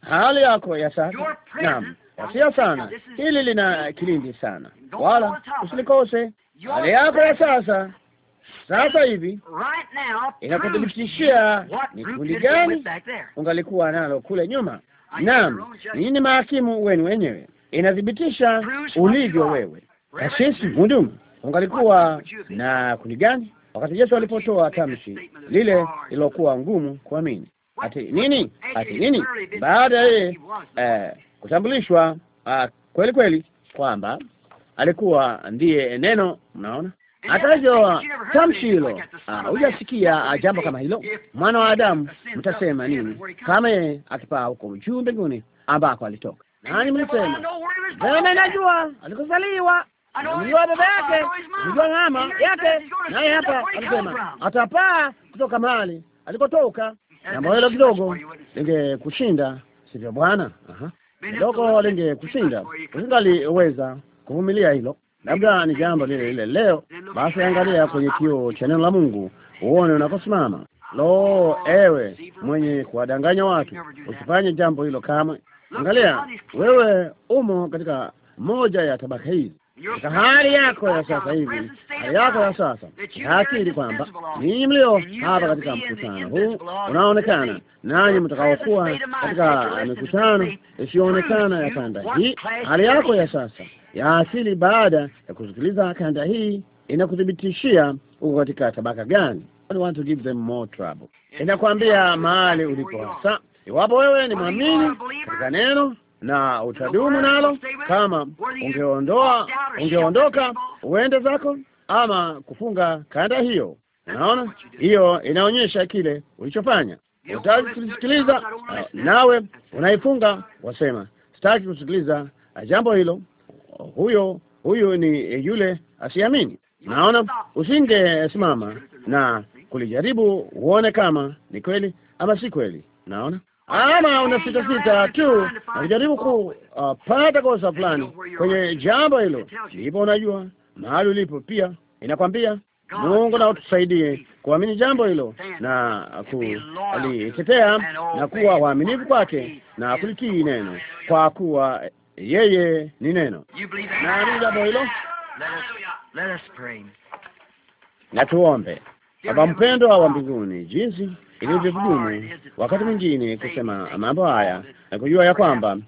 hali yako ya sasa. Naam, asia sana, hili lina kilindi sana, wala usilikose. Hali yako ya sasa sasa hivi inakuthibitishia ni kundi gani ungalikuwa nalo kule nyuma. Naam, nini mahakimu wenu wenyewe, inathibitisha ulivyo wewe. Kasisi mhudumu, ungalikuwa na kundi gani wakati Yesu alipotoa tamshi lile lilokuwa ngumu kuamini? Ati nini? Ati nini? baada ya eh, kutambulishwa uh, kweli kweli kwamba alikuwa ndiye neno. Mnaona hata hivyo tamshi hilo ah, hujasikia jambo kama hilo, mwana wa Adamu mtasema nini kama yeye akipaa huko juu mbinguni ambako alitoka? Nani mlisema mimi najua alikozaliwa, najua baba yake, najua mama yake, naye hapa alisema atapaa kutoka mahali alikotoka. Jambo hilo kidogo lingekushinda, sivyo bwana? kidogo kushinda, usingaliweza kuvumilia hilo. Labda ni jambo lile lile leo. Basi angalia kwenye kioo cha neno la Mungu uone unakosimama. Lo, ewe mwenye kuwadanganya watu, usifanye jambo hilo kamwe. Angalia wewe, umo katika moja ya tabaka hizi katika hali yako ya sasa hivi, hali yako ya sasa, yaakili kwamba ninyi mlio hapa katika mkutano huu unaonekana, nanyi mtakaokuwa katika mikutano isiyoonekana ya kanda hii, hali yako ya sasa ya asili baada ya kusikiliza kanda hii inakuthibitishia uko katika tabaka gani. I want to give them more trouble. Inakwambia mahali ulipo hasa, iwapo wewe ni mwamini katika neno na utadumu nalo. Kama ungeondoa ungeondoka uende zako ama kufunga kanda hiyo, naona hiyo inaonyesha kile ulichofanya. Utaki kusikiliza eh, nawe unaifunga, wasema sitaki kusikiliza eh, jambo hilo. Huyo huyu ni yule asiamini. Naona usingesimama na kulijaribu uone kama ni kweli ama si kweli. Naona ama unasitasita tu na kupata uh, kosa fulani kwenye jambo hilo, ndipo unajua mahali ulipo. Pia inakwambia Mungu na utusaidie kuamini jambo hilo na kulitetea na kuwa waaminifu kwake na kulitii neno, kwa kuwa yeye ni neno. Naamini jambo hilo. Na tuombe. Baba mpendwa wa mbinguni, jinsi ilivyogumu wakati mwingine kusema mambo haya na kujua ya kwamba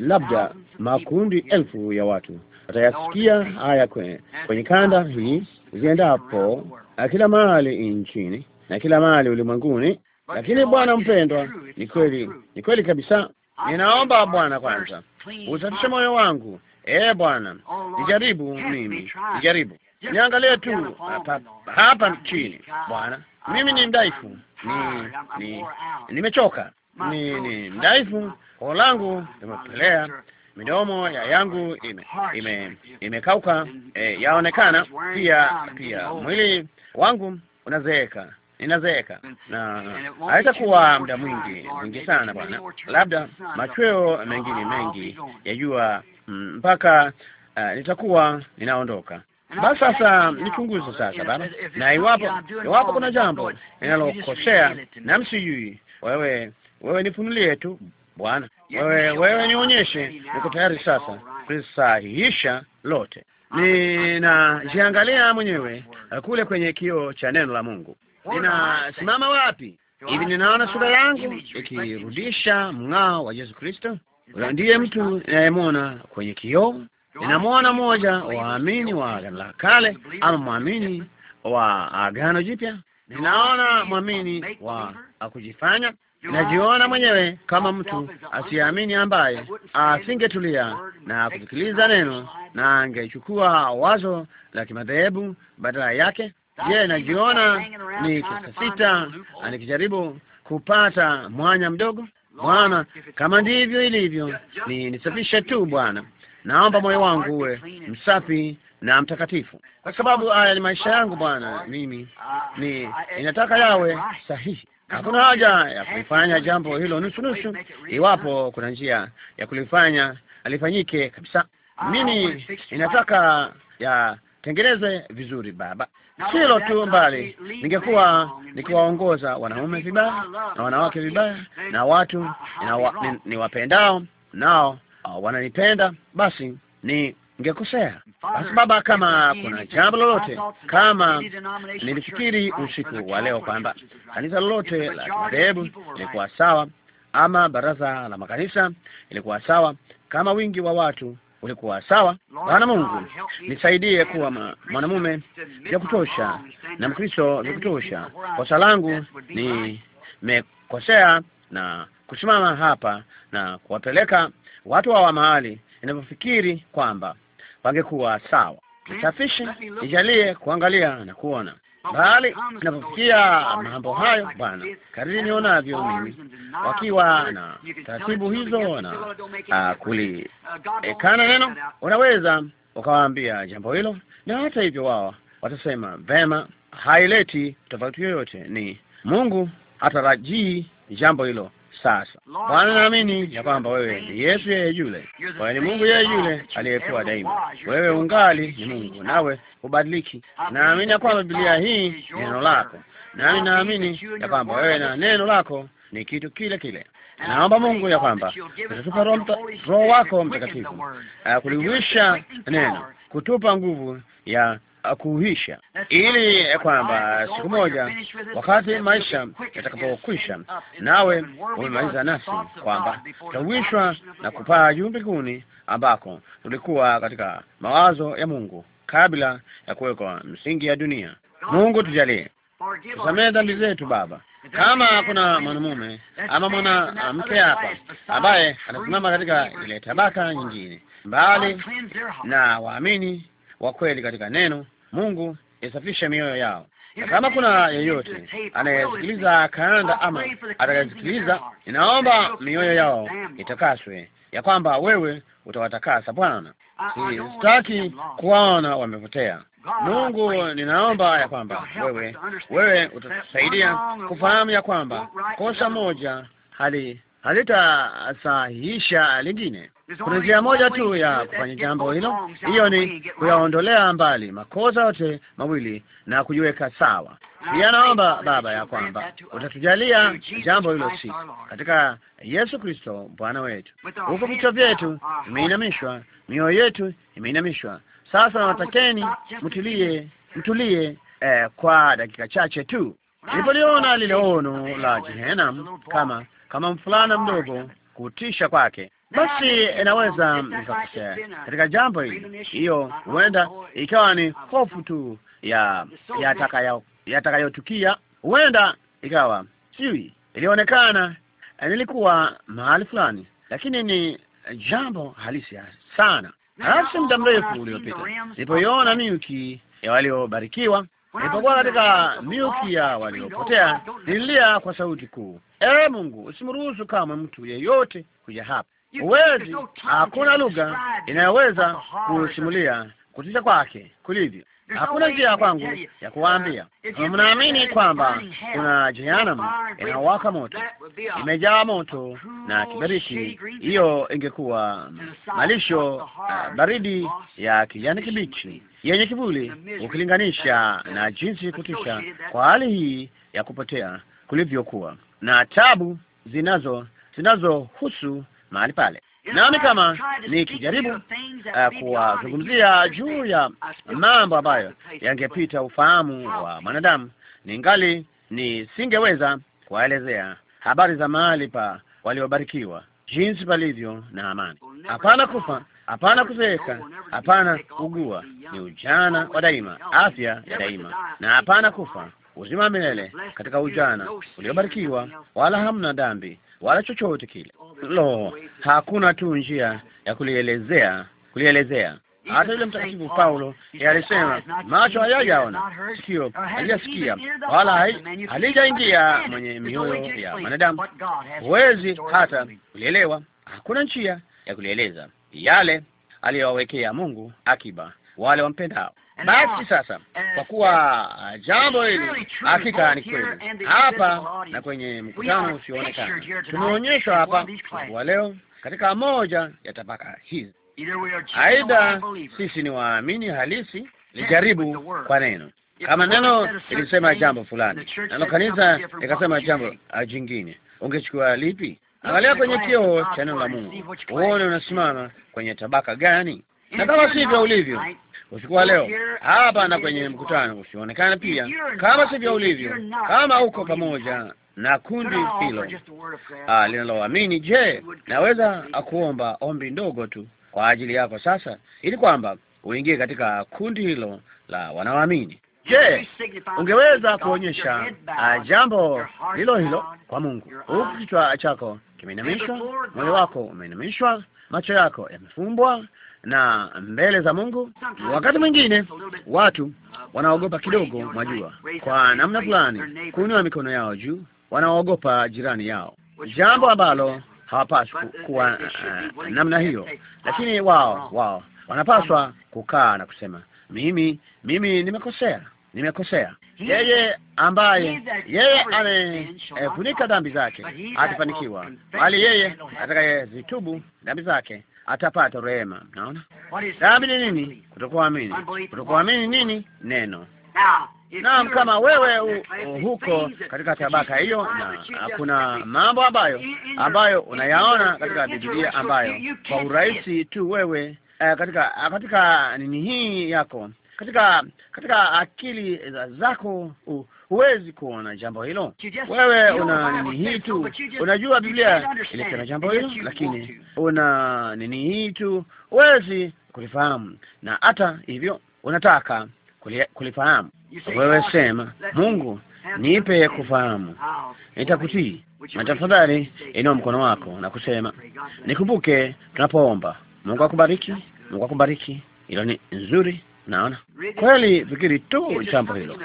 labda makundi elfu ya watu watayasikia haya kwenye, kwenye kanda hii ziendapo na kila mahali nchini na kila mahali ulimwenguni. Lakini Bwana mpendwa, ni kweli, ni kweli kabisa. Ninaomba Bwana kwanza usafishe moyo wangu. e Bwana, nijaribu mimi, nijaribu niangalie tu hapa, hapa chini. Bwana, mimi ni mdhaifu ni nimechoka, ni ni mdhaifu, koo langu limepelea, midomo ya yangu ime- imekauka, e, yaonekana pia pia mwili wangu unazeeka inazeeka na haitakuwa muda mwingi mwingi sana bwana, labda machweo mengine mengi ya jua mm, mpaka, uh, nitakuwa ninaondoka. Basi sasa nichunguze sasa, Baba, na iwapo iwapo kuna jambo inalokosea na msijui, wewe wewe nifunulie tu Bwana, wewe wewe nionyeshe. Niko tayari sasa kulisahihisha lote. Ninajiangalia mwenyewe kule kwenye kioo cha neno la Mungu, ninasimama wapi hivi? Ninaona sura yangu ikirudisha mng'ao wa Yesu Kristo. Ndiye mtu ninayemwona kwenye kioo ninamwona mmoja waamini wa Agano la Kale ama mwamini wa Agano Jipya. Ninaona mwamini wa akujifanya, najiona mwenyewe kama mtu asiyeamini ambaye asingetulia na kusikiliza neno na angechukua wazo la kimadhehebu badala yake. Je, najiona ni kisasita nikijaribu kupata mwanya mdogo? Bwana, kama ndivyo ilivyo, ni nisafishe tu Bwana, naomba moyo wangu uwe msafi na mtakatifu, kwa sababu haya ni maisha yangu Bwana. Mimi ni inataka yawe sahihi. Hakuna haja ya kulifanya jambo hilo nusunusu, iwapo kuna njia ya kulifanya alifanyike kabisa. Mimi inataka yatengenezwe vizuri, Baba. Silo tu mbali, ningekuwa nikiwaongoza wanaume vibaya na wanawake vibaya na watu niwapendao nao uh, wananipenda basi ningekosea. Basi Baba, kama kuna jambo lolote, kama nilifikiri usiku wa leo kwamba kanisa lolote la kimadhehebu ilikuwa sawa, ama baraza la makanisa ilikuwa sawa, kama wingi wa watu ulikuwa sawa. Bwana Mungu, nisaidie kuwa mwanamume vya kutosha na Mkristo vya kutosha. Kosa langu nimekosea, na kusimama hapa na kuwapeleka watu hawa mahali inavyofikiri kwamba wangekuwa sawa. Nichafishe, nijalie kuangalia na kuona, bali inapofikia mambo hayo, Bwana, kadiri nionavyo mimi, wakiwa na taratibu hizo na ah, kuliekana neno, unaweza ukawaambia jambo hilo, na hata hivyo wao watasema vema, haileti tofauti yoyote, ni Mungu hatarajii jambo hilo sasa. Bwana, naamini ya kwamba wewe ni Yesu yeye yule, wewe ni Mungu yeye yule aliyekuwa daima. Wewe ungali ni Mungu, nawe hubadiliki. Naamini ya kwamba Biblia hii ni neno lako, nami naamini ya kwamba wewe na neno lako ni kitu kile kile. Naomba Mungu ya kwamba utatupa Roho wako Mtakatifu eh, kuliwisha neno, kutupa nguvu ya kuuisha, ili kwamba siku moja wakati maisha yatakapokwisha, nawe umemaliza nasi, kwamba tutauishwa na kupaa juu mbinguni, ambako tulikuwa katika mawazo ya Mungu kabla ya kuwekwa msingi ya dunia. Mungu tujalie, tusamehe dhambi zetu Baba. Kama kuna mwanamume ama mwanamke hapa ambaye anasimama katika ile tabaka nyingine mbali na waamini wa kweli katika neno Mungu isafishe mioyo yao. Na kama kuna yeyote anayesikiliza kaanda ama atakayesikiliza, ninaomba mioyo yao itakaswe, ya kwamba wewe utawatakasa Bwana. Sitaki kuwaona wamepotea. Mungu, ninaomba ya kwamba wewe wewe utatusaidia kufahamu ya kwamba kosa moja hali halitasahihisha lingine, kuna njia moja tu ya kufanya jambo hilo, hiyo ni kuyaondolea mbali makosa yote mawili na kujiweka sawa. Ah, Pia naomba Baba ya kwamba utatujalia jambo hilo siku katika Yesu Kristo Bwana wetu. Huku vichwa vyetu vimeinamishwa, mioyo yetu imeinamishwa. Sasa natakeni mtulie, mtulie eh, kwa dakika chache tu. Nilipoliona lile ono la Jehanam kama kama mfulana mdogo kutisha kwake basi inaweza nikakosea katika jambo hili, hiyo huenda ikawa ni hofu tu ya yatakayotukia ya huenda ikawa siwi. Ilionekana eh, nilikuwa mahali fulani, lakini ni jambo halisi sana. Halafu si muda mrefu uliopita nilipoiona miuki ya waliobarikiwa, nilipokuwa katika miuki ya waliopotea, nililia kwa sauti kuu, ee Mungu, usimruhusu kama mtu yeyote kuja hapa. Huwezi, hakuna lugha inayoweza kusimulia kutisha kwake kulivyo. Hakuna njia kwangu ya kuwaambia. mnaamini kwamba kuna jehanamu inawaka moto, imejaa moto na kiberiti, hiyo ingekuwa malisho uh, baridi ya kijani kibichi yenye kivuli, ukilinganisha na jinsi kutisha kwa hali hii ya kupotea kulivyokuwa na tabu zinazo zinazohusu mahali pale, nami kama nikijaribu uh, kuwazungumzia juu ya mambo ambayo yangepita ufahamu wa mwanadamu, ningali nisingeweza kuwaelezea habari za mahali pa waliobarikiwa, jinsi palivyo na amani. Hapana kufa, hapana kuzeeka, hapana ugua, ni ujana wa daima, afya ya daima, na hapana kufa, uzima milele katika ujana uliobarikiwa, wala hamna dhambi wala chochote kile. Lo, hakuna tu njia ya kulielezea kulielezea. Hata yule mtakatifu Paulo alisema macho hayajaona, sikio halijasikia, wala halijaingia mwenye mioyo ya wanadamu. Huwezi hata kulielewa, hakuna njia ya kulieleza yale aliyowawekea Mungu akiba wale wampendao. Basi sasa, uh, kwa kuwa uh, jambo hili hakika ni kweli hapa na kwenye mkutano usioonekana, tumeonyeshwa hapa wa leo katika moja ya tabaka hizi, aidha sisi ni waamini halisi, lijaribu kwa neno kama neno ilisema jambo fulani, nalo kanisa ikasema jambo jingine, ungechukua lipi? Angalia kwenye kioo cha neno la Mungu uone unasimama kwenye tabaka gani, na kama sivyo ulivyo usiku wa leo hapa na kwenye mkutano usionekana pia, kama sivyo ulivyo, kama uko pamoja na kundi hilo ah, linaloamini. Je, naweza akuomba ombi ndogo tu kwa ajili yako sasa, ili kwamba uingie katika kundi hilo la wanaoamini? Je, ungeweza kuonyesha ah, jambo hilo hilo kwa Mungu, huku kichwa chako kimeinamishwa, moyo wako umeinamishwa, macho yako yamefumbwa na mbele za Mungu. Wakati mwingine watu wanaogopa kidogo, mwajua, kwa namna fulani kuinua mikono yao juu, wanaogopa jirani yao, jambo ambalo hawapaswi kuwa uh, namna hiyo, lakini wao wao wanapaswa kukaa na kusema mimi, mimi nimekosea, nimekosea. Yeye ambaye yeye amefunika dhambi zake atafanikiwa, bali yeye atakayezitubu dhambi zake atapata rehema. Naona dhambi ni nini? Kutokuamini. Kutokuamini nini? Neno. Naam, kama wewe huko katika tabaka hiyo, na kuna mambo ambayo ambayo unayaona katika Biblia ambayo kwa urahisi tu wewe eh, katika ah, katika nini hii yako katika katika akili zako uh, huwezi kuona jambo hilo. Wewe una nini hii tu, unajua Biblia ilisema jambo hilo, lakini una nini hii tu, huwezi kulifahamu, na hata hivyo unataka kulifahamu. Wewe sema, Mungu nipe kufahamu, nitakutii. Na tafadhali inua mkono wako na kusema, nikumbuke tunapoomba. Mungu akubariki, Mungu akubariki. Hilo ni nzuri. Naona kweli, fikiri tu jambo hilo.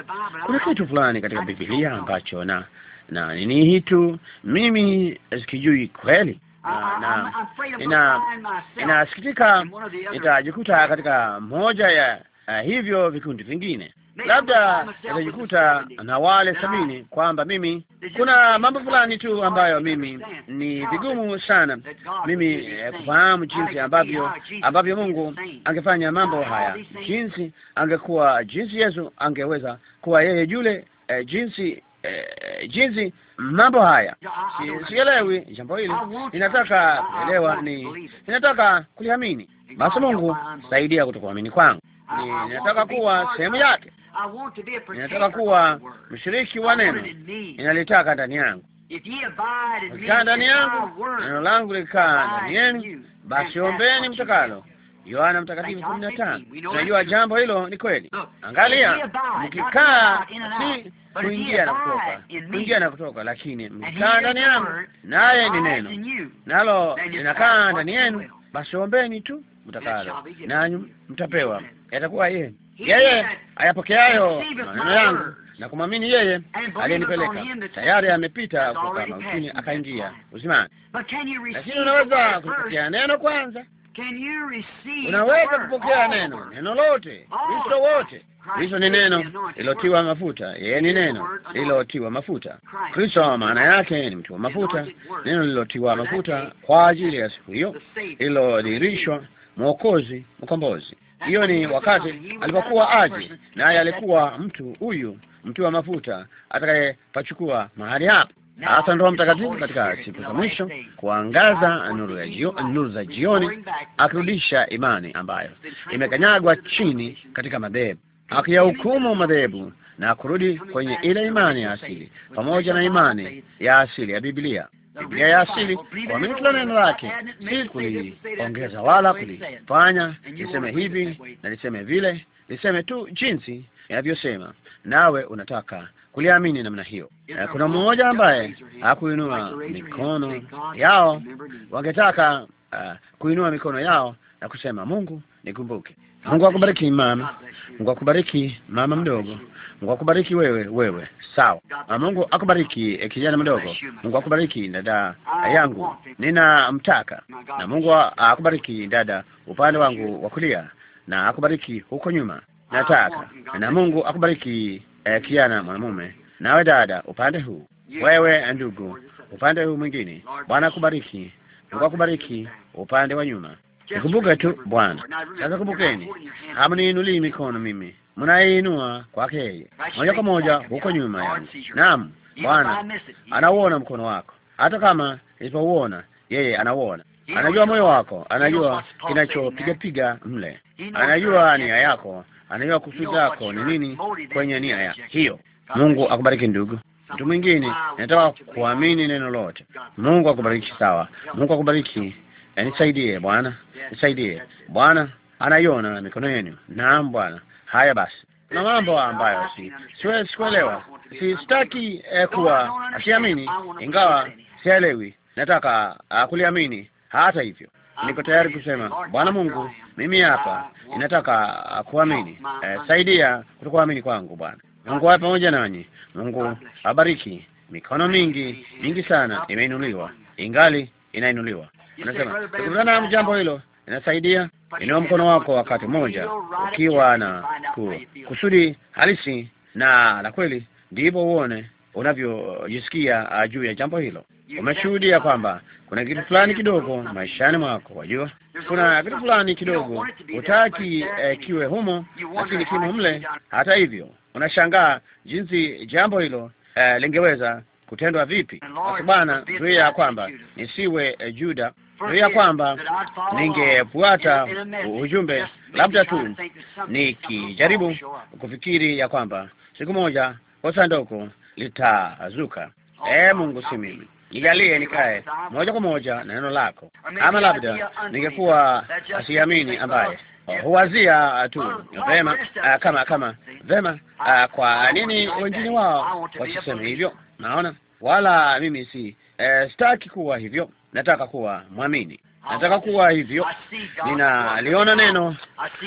Kuna kitu fulani katika Biblia ambacho na na nini hii tu, mimi sikijui kweli, na inasikitika nitajikuta katika moja ya uh, hivyo vikundi vingine labda atajikuta na wale sabini kwamba mimi kuna mambo fulani tu ambayo mimi ni vigumu sana mimi eh, kufahamu jinsi ambavyo ambavyo Mungu angefanya mambo haya, jinsi angekuwa, jinsi Yesu angeweza kuwa yeye yule, eh, jinsi eh, jinsi mambo haya sielewi. Si jambo hili ninataka kuelewa, ni ninataka kuliamini. Basi Mungu saidia kutokuamini kwangu, ninataka kuwa sehemu yake. Ninataka kuwa mshiriki wa neno, ninalitaka ndani yangu ikaa ndani yangu, neno langu likaa ndani yenu, basi ombeni mtakalo. Yohana Mtakatifu kumi na tano. Tunajua jambo hilo ni kweli. Angalia, mkikaa si kuingia na kutoka, kuingia na kutoka, lakini mkikaa ndani yangu, naye ni neno nalo linakaa ndani yenu, basi ombeni tu mtakalo, nanyi mtapewa, yatakuwa yenu. Yeye ayapokeayo maneno yangu na kumwamini yeye aliyenipeleka tayari amepita kutoka mautini akaingia uzimani. Lakini unaweza kupokea neno kwanza, unaweza kupokea neno, neno lote, Kristo wote. Kristo ni neno lilotiwa mafuta, yeye ni neno lilotiwa mafuta. Kristo maana yake ni mtu wa mafuta, neno lilotiwa mafuta kwa ajili ya siku hiyo, ililodhihirishwa, Mwokozi, mkombozi hiyo ni wakati alipokuwa aje, naye alikuwa mtu huyu, mtu wa mafuta atakayepachukua mahali hapo. Hasa ndio Mtakatifu katika siku za mwisho kuangaza nuru ya jio, nuru za jioni, akirudisha imani ambayo imekanyagwa chini katika madhehebu, akiyahukumu madhehebu na kurudi kwenye ile imani ya asili pamoja na imani ya asili ya Biblia. Biblia ya asili, kuamini kila neno lake, si kuliongeza wala kulifanya liseme hivi na liseme vile, liseme tu jinsi inavyosema, nawe unataka kuliamini namna hiyo. Kuna mmoja ambaye hakuinua mikono yao, wangetaka uh, kuinua mikono yao na kusema Mungu nikumbuke. Mungu akubariki mama, Mungu akubariki mama mdogo Mungu akubariki wewe, wewe sawa. Ah, Mungu akubariki eh, kijana mdogo. Mungu akubariki dada ah, yangu, nina mtaka. Na Mungu ah, akubariki dada upande wangu wa kulia, na akubariki huko nyuma, nataka. Na Mungu akubariki eh, kijana mwanamume, nawe dada upande huu, wewe ndugu upande huu mwingine. Bwana akubariki, Mungu akubariki upande wa nyuma. Nikumbuke tu Bwana. Sasa kumbukeni, hamniinulii mikono mimi mnaiinua kwake yeye moja kwa moja huko uh, nyuma yangu. Naam, Bwana anauona mkono wako, hata kama isipouona yeye anauona, anajua moyo wako, anajua kinachopiga piga mle, anajua nia yako, anajua kusudi lako ni nini kwenye nia yako hiyo. Mungu akubariki ndugu. Mtu mwingine nataka kuamini neno lote. Mungu akubariki. Sawa, Mungu akubariki. Nisaidie Bwana, nisaidie Bwana. Anaiona mikono yenu. Naam Bwana. Haya basi, na mambo ambayo si siwezi kuelewa, sistaki eh, kuwa asiamini ingawa sielewi, nataka uh, kuliamini. Hata hivyo niko tayari kusema, Bwana Mungu, mimi hapa ninataka ah, kuamini, eh, saidia kutokuamini kwangu. Bwana Mungu awe pamoja nanyi. Mungu abariki. Mikono mingi mingi sana imeinuliwa, ingali inainuliwa. Unasema kutokana na jambo hilo inasaidia inua mkono wako wakati mmoja ukiwa na ku, kusudi halisi na la kweli, ndipo uone unavyojisikia ah, juu ya jambo hilo. Umeshuhudia kwamba kuna kitu fulani kidogo maishani mwako, wajua, kuna kitu fulani kidogo utaki eh, kiwe humo, lakini kimo mle. Hata hivyo, unashangaa jinsi jambo hilo eh, lingeweza kutendwa vipi. Bwana, zuia ya kwamba nisiwe eh, Juda ya kwamba ningefuata ujumbe labda tu nikijaribu kufikiri ya kwamba siku moja kosa ndogo litazuka. E Mungu, si mimi nijalie nikae moja kwa moja na neno lako, ama labda ningekuwa asiamini ambaye huwazia tu vema. kama kama vema, kwa nini wengine wao wasiseme hivyo? Naona wala mimi si staki e, sitaki kuwa hivyo Nataka kuwa mwamini, nataka kuwa hivyo. Ninaliona neno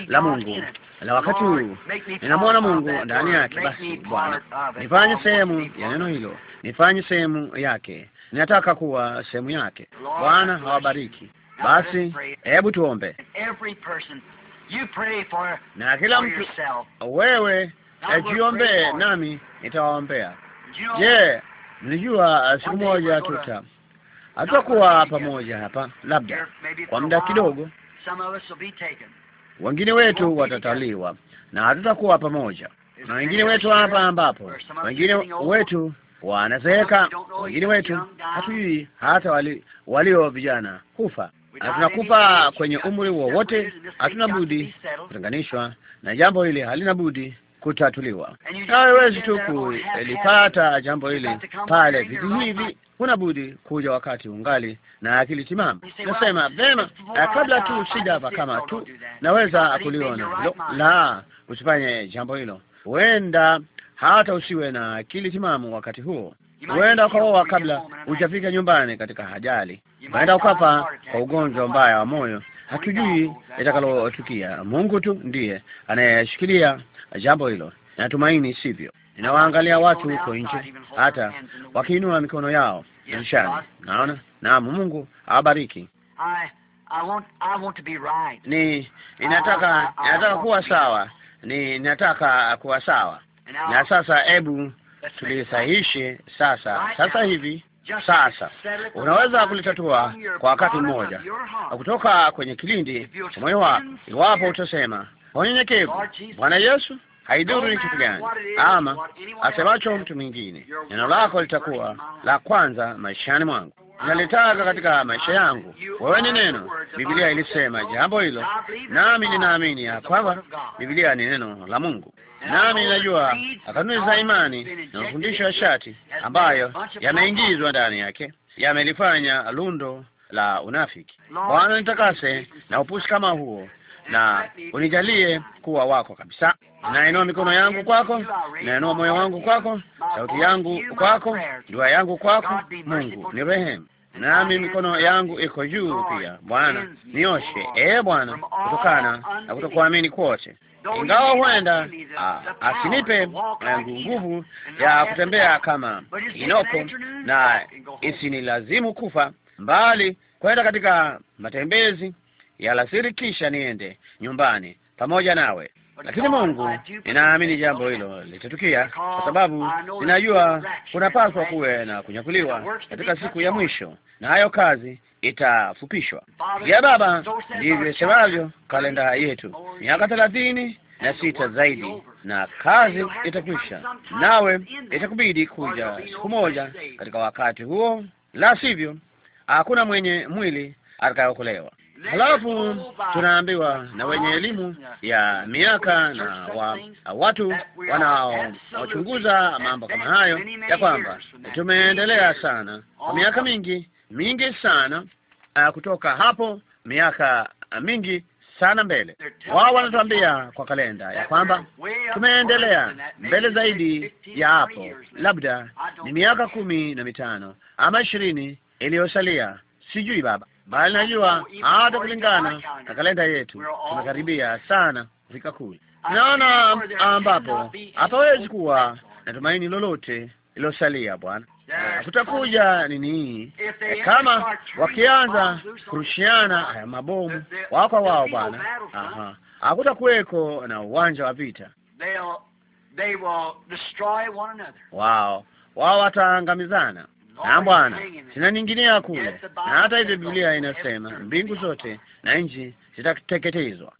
la Mungu la wakati huu, ninamwona Mungu ndani yake. Basi Bwana, nifanye sehemu ya neno hilo, nifanye sehemu yake. Ninataka kuwa sehemu yake. Bwana hawabariki. Basi hebu tuombe. Na kila mtu wewe jiombee, nami nitawaombea. Je, nilijua siku moja tuta Hatakuwa pamoja hapa labda kwa muda kidogo, wengine wetu watataliwa na hatutakuwa pamoja, na wengine wetu hapa ambapo wengine wetu wanazeeka, wengine wetu hatujui hata wali, walio vijana hufa. Hatunakufa kwenye umri wowote, hatuna budi kutenganishwa, na jambo hili halina budi kutatuliwa. Hawezi tu kulipata jambo hili pale vivi hivi, unabudi kuja wakati ungali na akili timamu. Nasema vema, eh, kabla tu shida hapa, kama tu naweza kuliona hilo la, usifanye jambo hilo, huenda hata usiwe na akili timamu wakati huo. Huenda ukaoa kabla hujafika nyumbani katika ajali, huenda ukafa kwa ugonjwa mbaya wa moyo. Hatujui itakalotukia. Mungu tu ndiye anayeshikilia jambo hilo. Natumaini sivyo. Ninawaangalia watu huko nje, hata wakiinua mikono yao dirishani, naona na Mungu awabariki. Ni inataka inataka kuwa sawa, ni inataka kuwa sawa. Na sasa hebu tulisahishe sasa, sasa hivi sasa unaweza kulitatua kwa wakati mmoja kutoka kwenye kilindi cha moyo wako, iwapo utasema unyenyekevu. Bwana Yesu, haidhuru ni kitu gani ama asemacho mtu mwingine, neno lako litakuwa la kwanza maishani mwangu. Nalitaka katika maisha yangu, wewe ni neno. Biblia ilisema jambo hilo, nami ninaamini ya kwamba Biblia ni neno la Mungu, nami ninajua kanuni za imani na mafundisho ya shati ambayo yameingizwa ndani yake yamelifanya lundo la unafiki. Bwana nitakase na upusi kama huo na unijalie kuwa wako kabisa. Nainua mikono yangu kwako, nainua moyo wangu kwako, sauti yangu kwako, dua yangu kwako. Mungu ni rehemu, nami mikono yangu iko juu pia. Bwana nioshe, ee Bwana, kutokana na kutokuamini kwote, ingawa huenda asinipe nguvu ya kutembea kama Inoko na isinilazimu kufa, mbali kwenda katika matembezi ya alasiri, kisha niende nyumbani pamoja nawe. Lakini Mungu, ninaamini jambo hilo litatukia, kwa sababu ninajua kunapaswa kuwe na kunyakuliwa katika siku ya mwisho, na hayo kazi itafupishwa. Ya Baba, ndivyo isemavyo kalenda yetu, miaka thelathini na sita zaidi, na kazi itakwisha, nawe itakubidi kuja siku moja katika wakati huo, la sivyo hakuna mwenye mwili atakayokolewa. Halafu tunaambiwa na wenye elimu ya miaka na wa, watu wanaochunguza mambo kama hayo, ya kwamba tumeendelea sana kwa miaka mingi mingi sana, uh, kutoka hapo miaka ah, mingi sana mbele. Wao wanatuambia kwa kalenda ya kwamba tumeendelea mbele zaidi ya hapo, labda ni miaka kumi na mitano ama ishirini iliyosalia, sijui baba bali najua hata kulingana na kalenda yetu tunakaribia sana kufika kule. Naona ambapo hapawezi kuwa natumaini lolote lilosalia, Bwana eh, kutakuja nini? E, kama wakianza kurushiana uh, haya mabomu wao kwa wao, Bwana, hakutakuweko na uwanja wa vita wao wao wataangamizana na Bwana, sina nyingine ya kule. Na hata hivyo Biblia inasema mbingu zote na nchi zitateketezwa.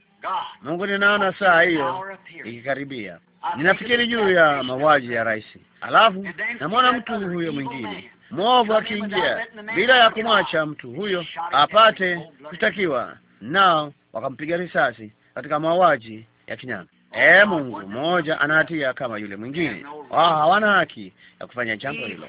Mungu, ninaona saa hiyo ikikaribia. Ninafikiri juu ya mauaji ya rais, alafu namwona mtu huyo mwingine mwovu akiingia bila ya kumwacha mtu huyo apate kushtakiwa, nao wakampiga risasi katika mauaji ya kinyama. E Mungu, mmoja anahatia kama yule mwingine, wao hawana haki ya kufanya jambo hilo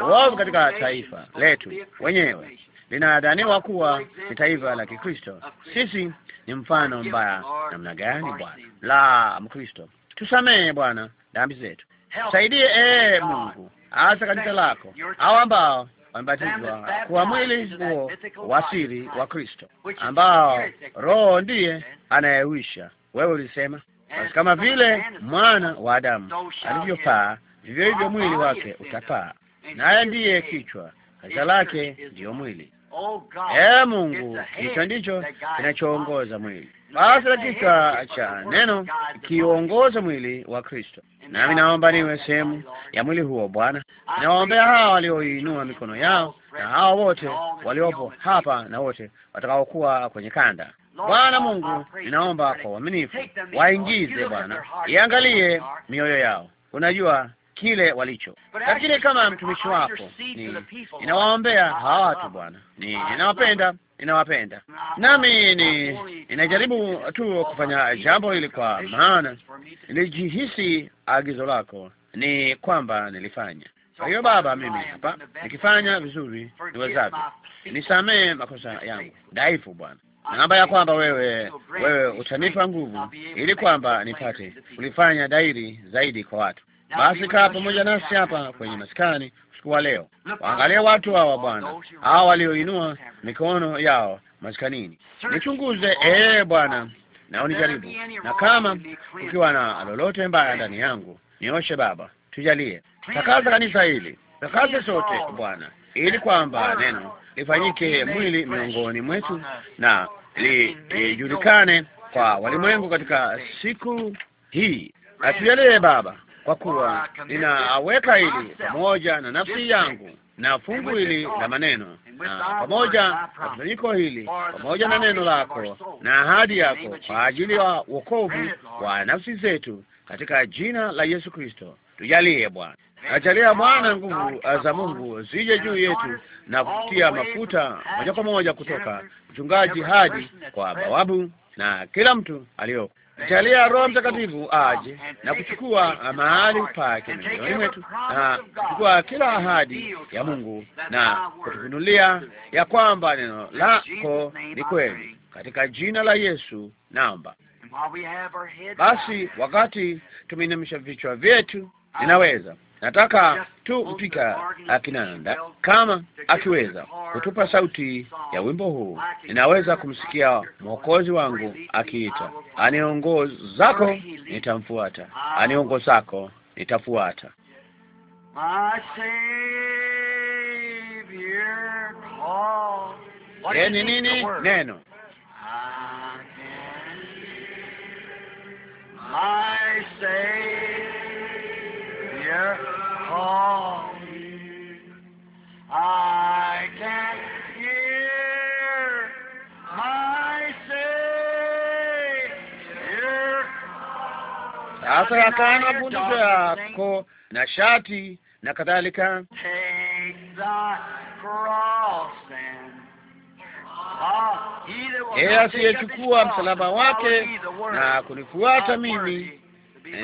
uovu katika taifa letu wenyewe. Linadhaniwa kuwa ni taifa la Kikristo. Sisi ni mfano mbaya namna gani, Bwana, la Mkristo? Tusamehe Bwana dhambi zetu, tusaidie ee Mungu, hasa kanisa lako, hao ambao wamebatizwa kuwa mwili huo wa siri wa Kristo, ambao Roho ndiye anayewisha Wewe ulisema basi, kama vile mwana wa Adamu alivyopaa, vivyo hivyo mwili wake utapaa naye ndiye kichwa, kanisa lake ndiyo mwili. Ee Mungu, kichwa ndicho kinachoongoza mwili. Basi kichwa cha neno kiongoza mwili wa Kristo, nami naomba niwe sehemu ya mwili huo. Bwana, nawaombea hawa walioinua mikono yao na hawa wote waliopo hapa na wote watakaokuwa kwenye kanda. Bwana Mungu, ninaomba kwa uaminifu waingize, Bwana, iangalie mioyo yao. Unajua kile walicho. Lakini kama mtumishi wako, ninawaombea hawa watu Bwana, ninawapenda ninawapenda, nami ni ninajaribu tu kufanya jambo hili kwa maana nilijihisi agizo lako ni kwamba nilifanya. Kwa hiyo Baba, mimi hapa nikifanya vizuri niwezavyo, nisamehe makosa yangu dhaifu Bwana, naomba ya kwamba wewe wewe utanipa nguvu ili kwamba nipate kulifanya dairi zaidi kwa watu basi kaa pamoja nasi hapa kwenye maskani usiku wa leo, waangalie watu hawa Bwana, hawa walioinua mikono yao maskanini. Nichunguze ee Bwana na unijaribu, na kama ukiwa na lolote mbaya ndani yangu nioshe. Baba, tujalie, takaza kanisa hili, takaze sote Bwana, ili kwamba neno lifanyike mwili miongoni mwetu na lijulikane kwa walimwengu katika siku hii. Atujalie Baba, kwa kuwa ninaweka hili pamoja na nafsi yangu na fungu hili la maneno na pamoja na kusanyiko hili pamoja na neno lako na ahadi yako kwa ajili ya wokovu wa nafsi zetu katika jina la Yesu Kristo. Tujalie Bwana, ajalia Bwana nguvu za Mungu zije juu yetu na kutia mafuta moja kwa moja kutoka mchungaji hadi kwa bawabu na kila mtu aliyoko Jalia Roho Mtakatifu aje na kuchukua mahali pake mioyoni mwetu na kuchukua kila ahadi ya Mungu na kutufunulia ya kwamba neno lako ni kweli, katika jina la Yesu naomba. Basi wakati tumeinamisha vichwa vyetu, ninaweza Nataka tu mpika akinanda kama akiweza kutupa sauti ya wimbo huu, ninaweza kumsikia mwokozi wangu akiita, aniongozako nitamfuata, aniongozako nitafuata. Ye eh, ni nini neno My here. Call I can hear my Savior. Sasa yakana bunduki yako na shati na kadhalika. Ah, Yeye asiyechukua msalaba wake na kunifuata mimi,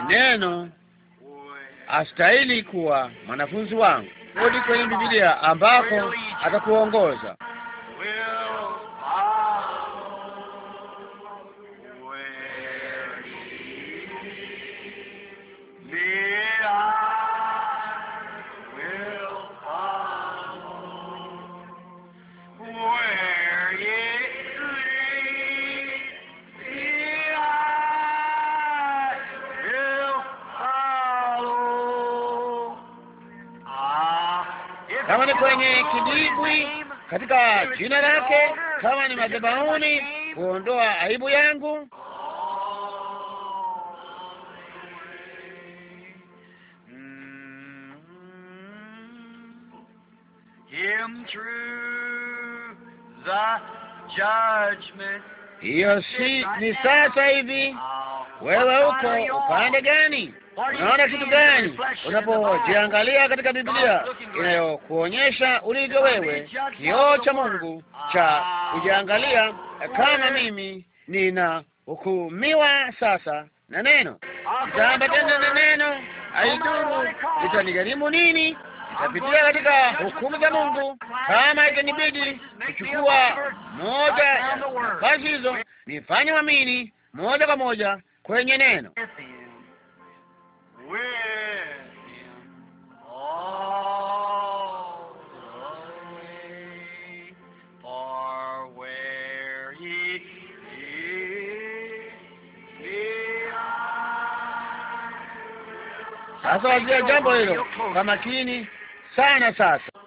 neno astahili kuwa mwanafunzi wangu. Rudi kwenye Biblia ambapo atakuongoza. kwenye kidibwi katika jina lake, kama ni madhabahuni kuondoa aibu yangu. Hiyo si ni sasa hivi. Wewe uko upande gani? Unaona kitu gani unapojiangalia katika Biblia inayokuonyesha ulivyo wewe, kioo cha Mungu cha ah. kujiangalia? kama mimi ninahukumiwa sasa na neno, nitaambatana na neno, haidhuru itanigharimu nini. itapitia katika hukumu za Mungu kama itanibidi kuchukua moja ya hizo, nifanye wamini moja kwa moja kwenye neno. with him all the way far where he is. Sasa wazia jambo hilo kwa makini sana sasa.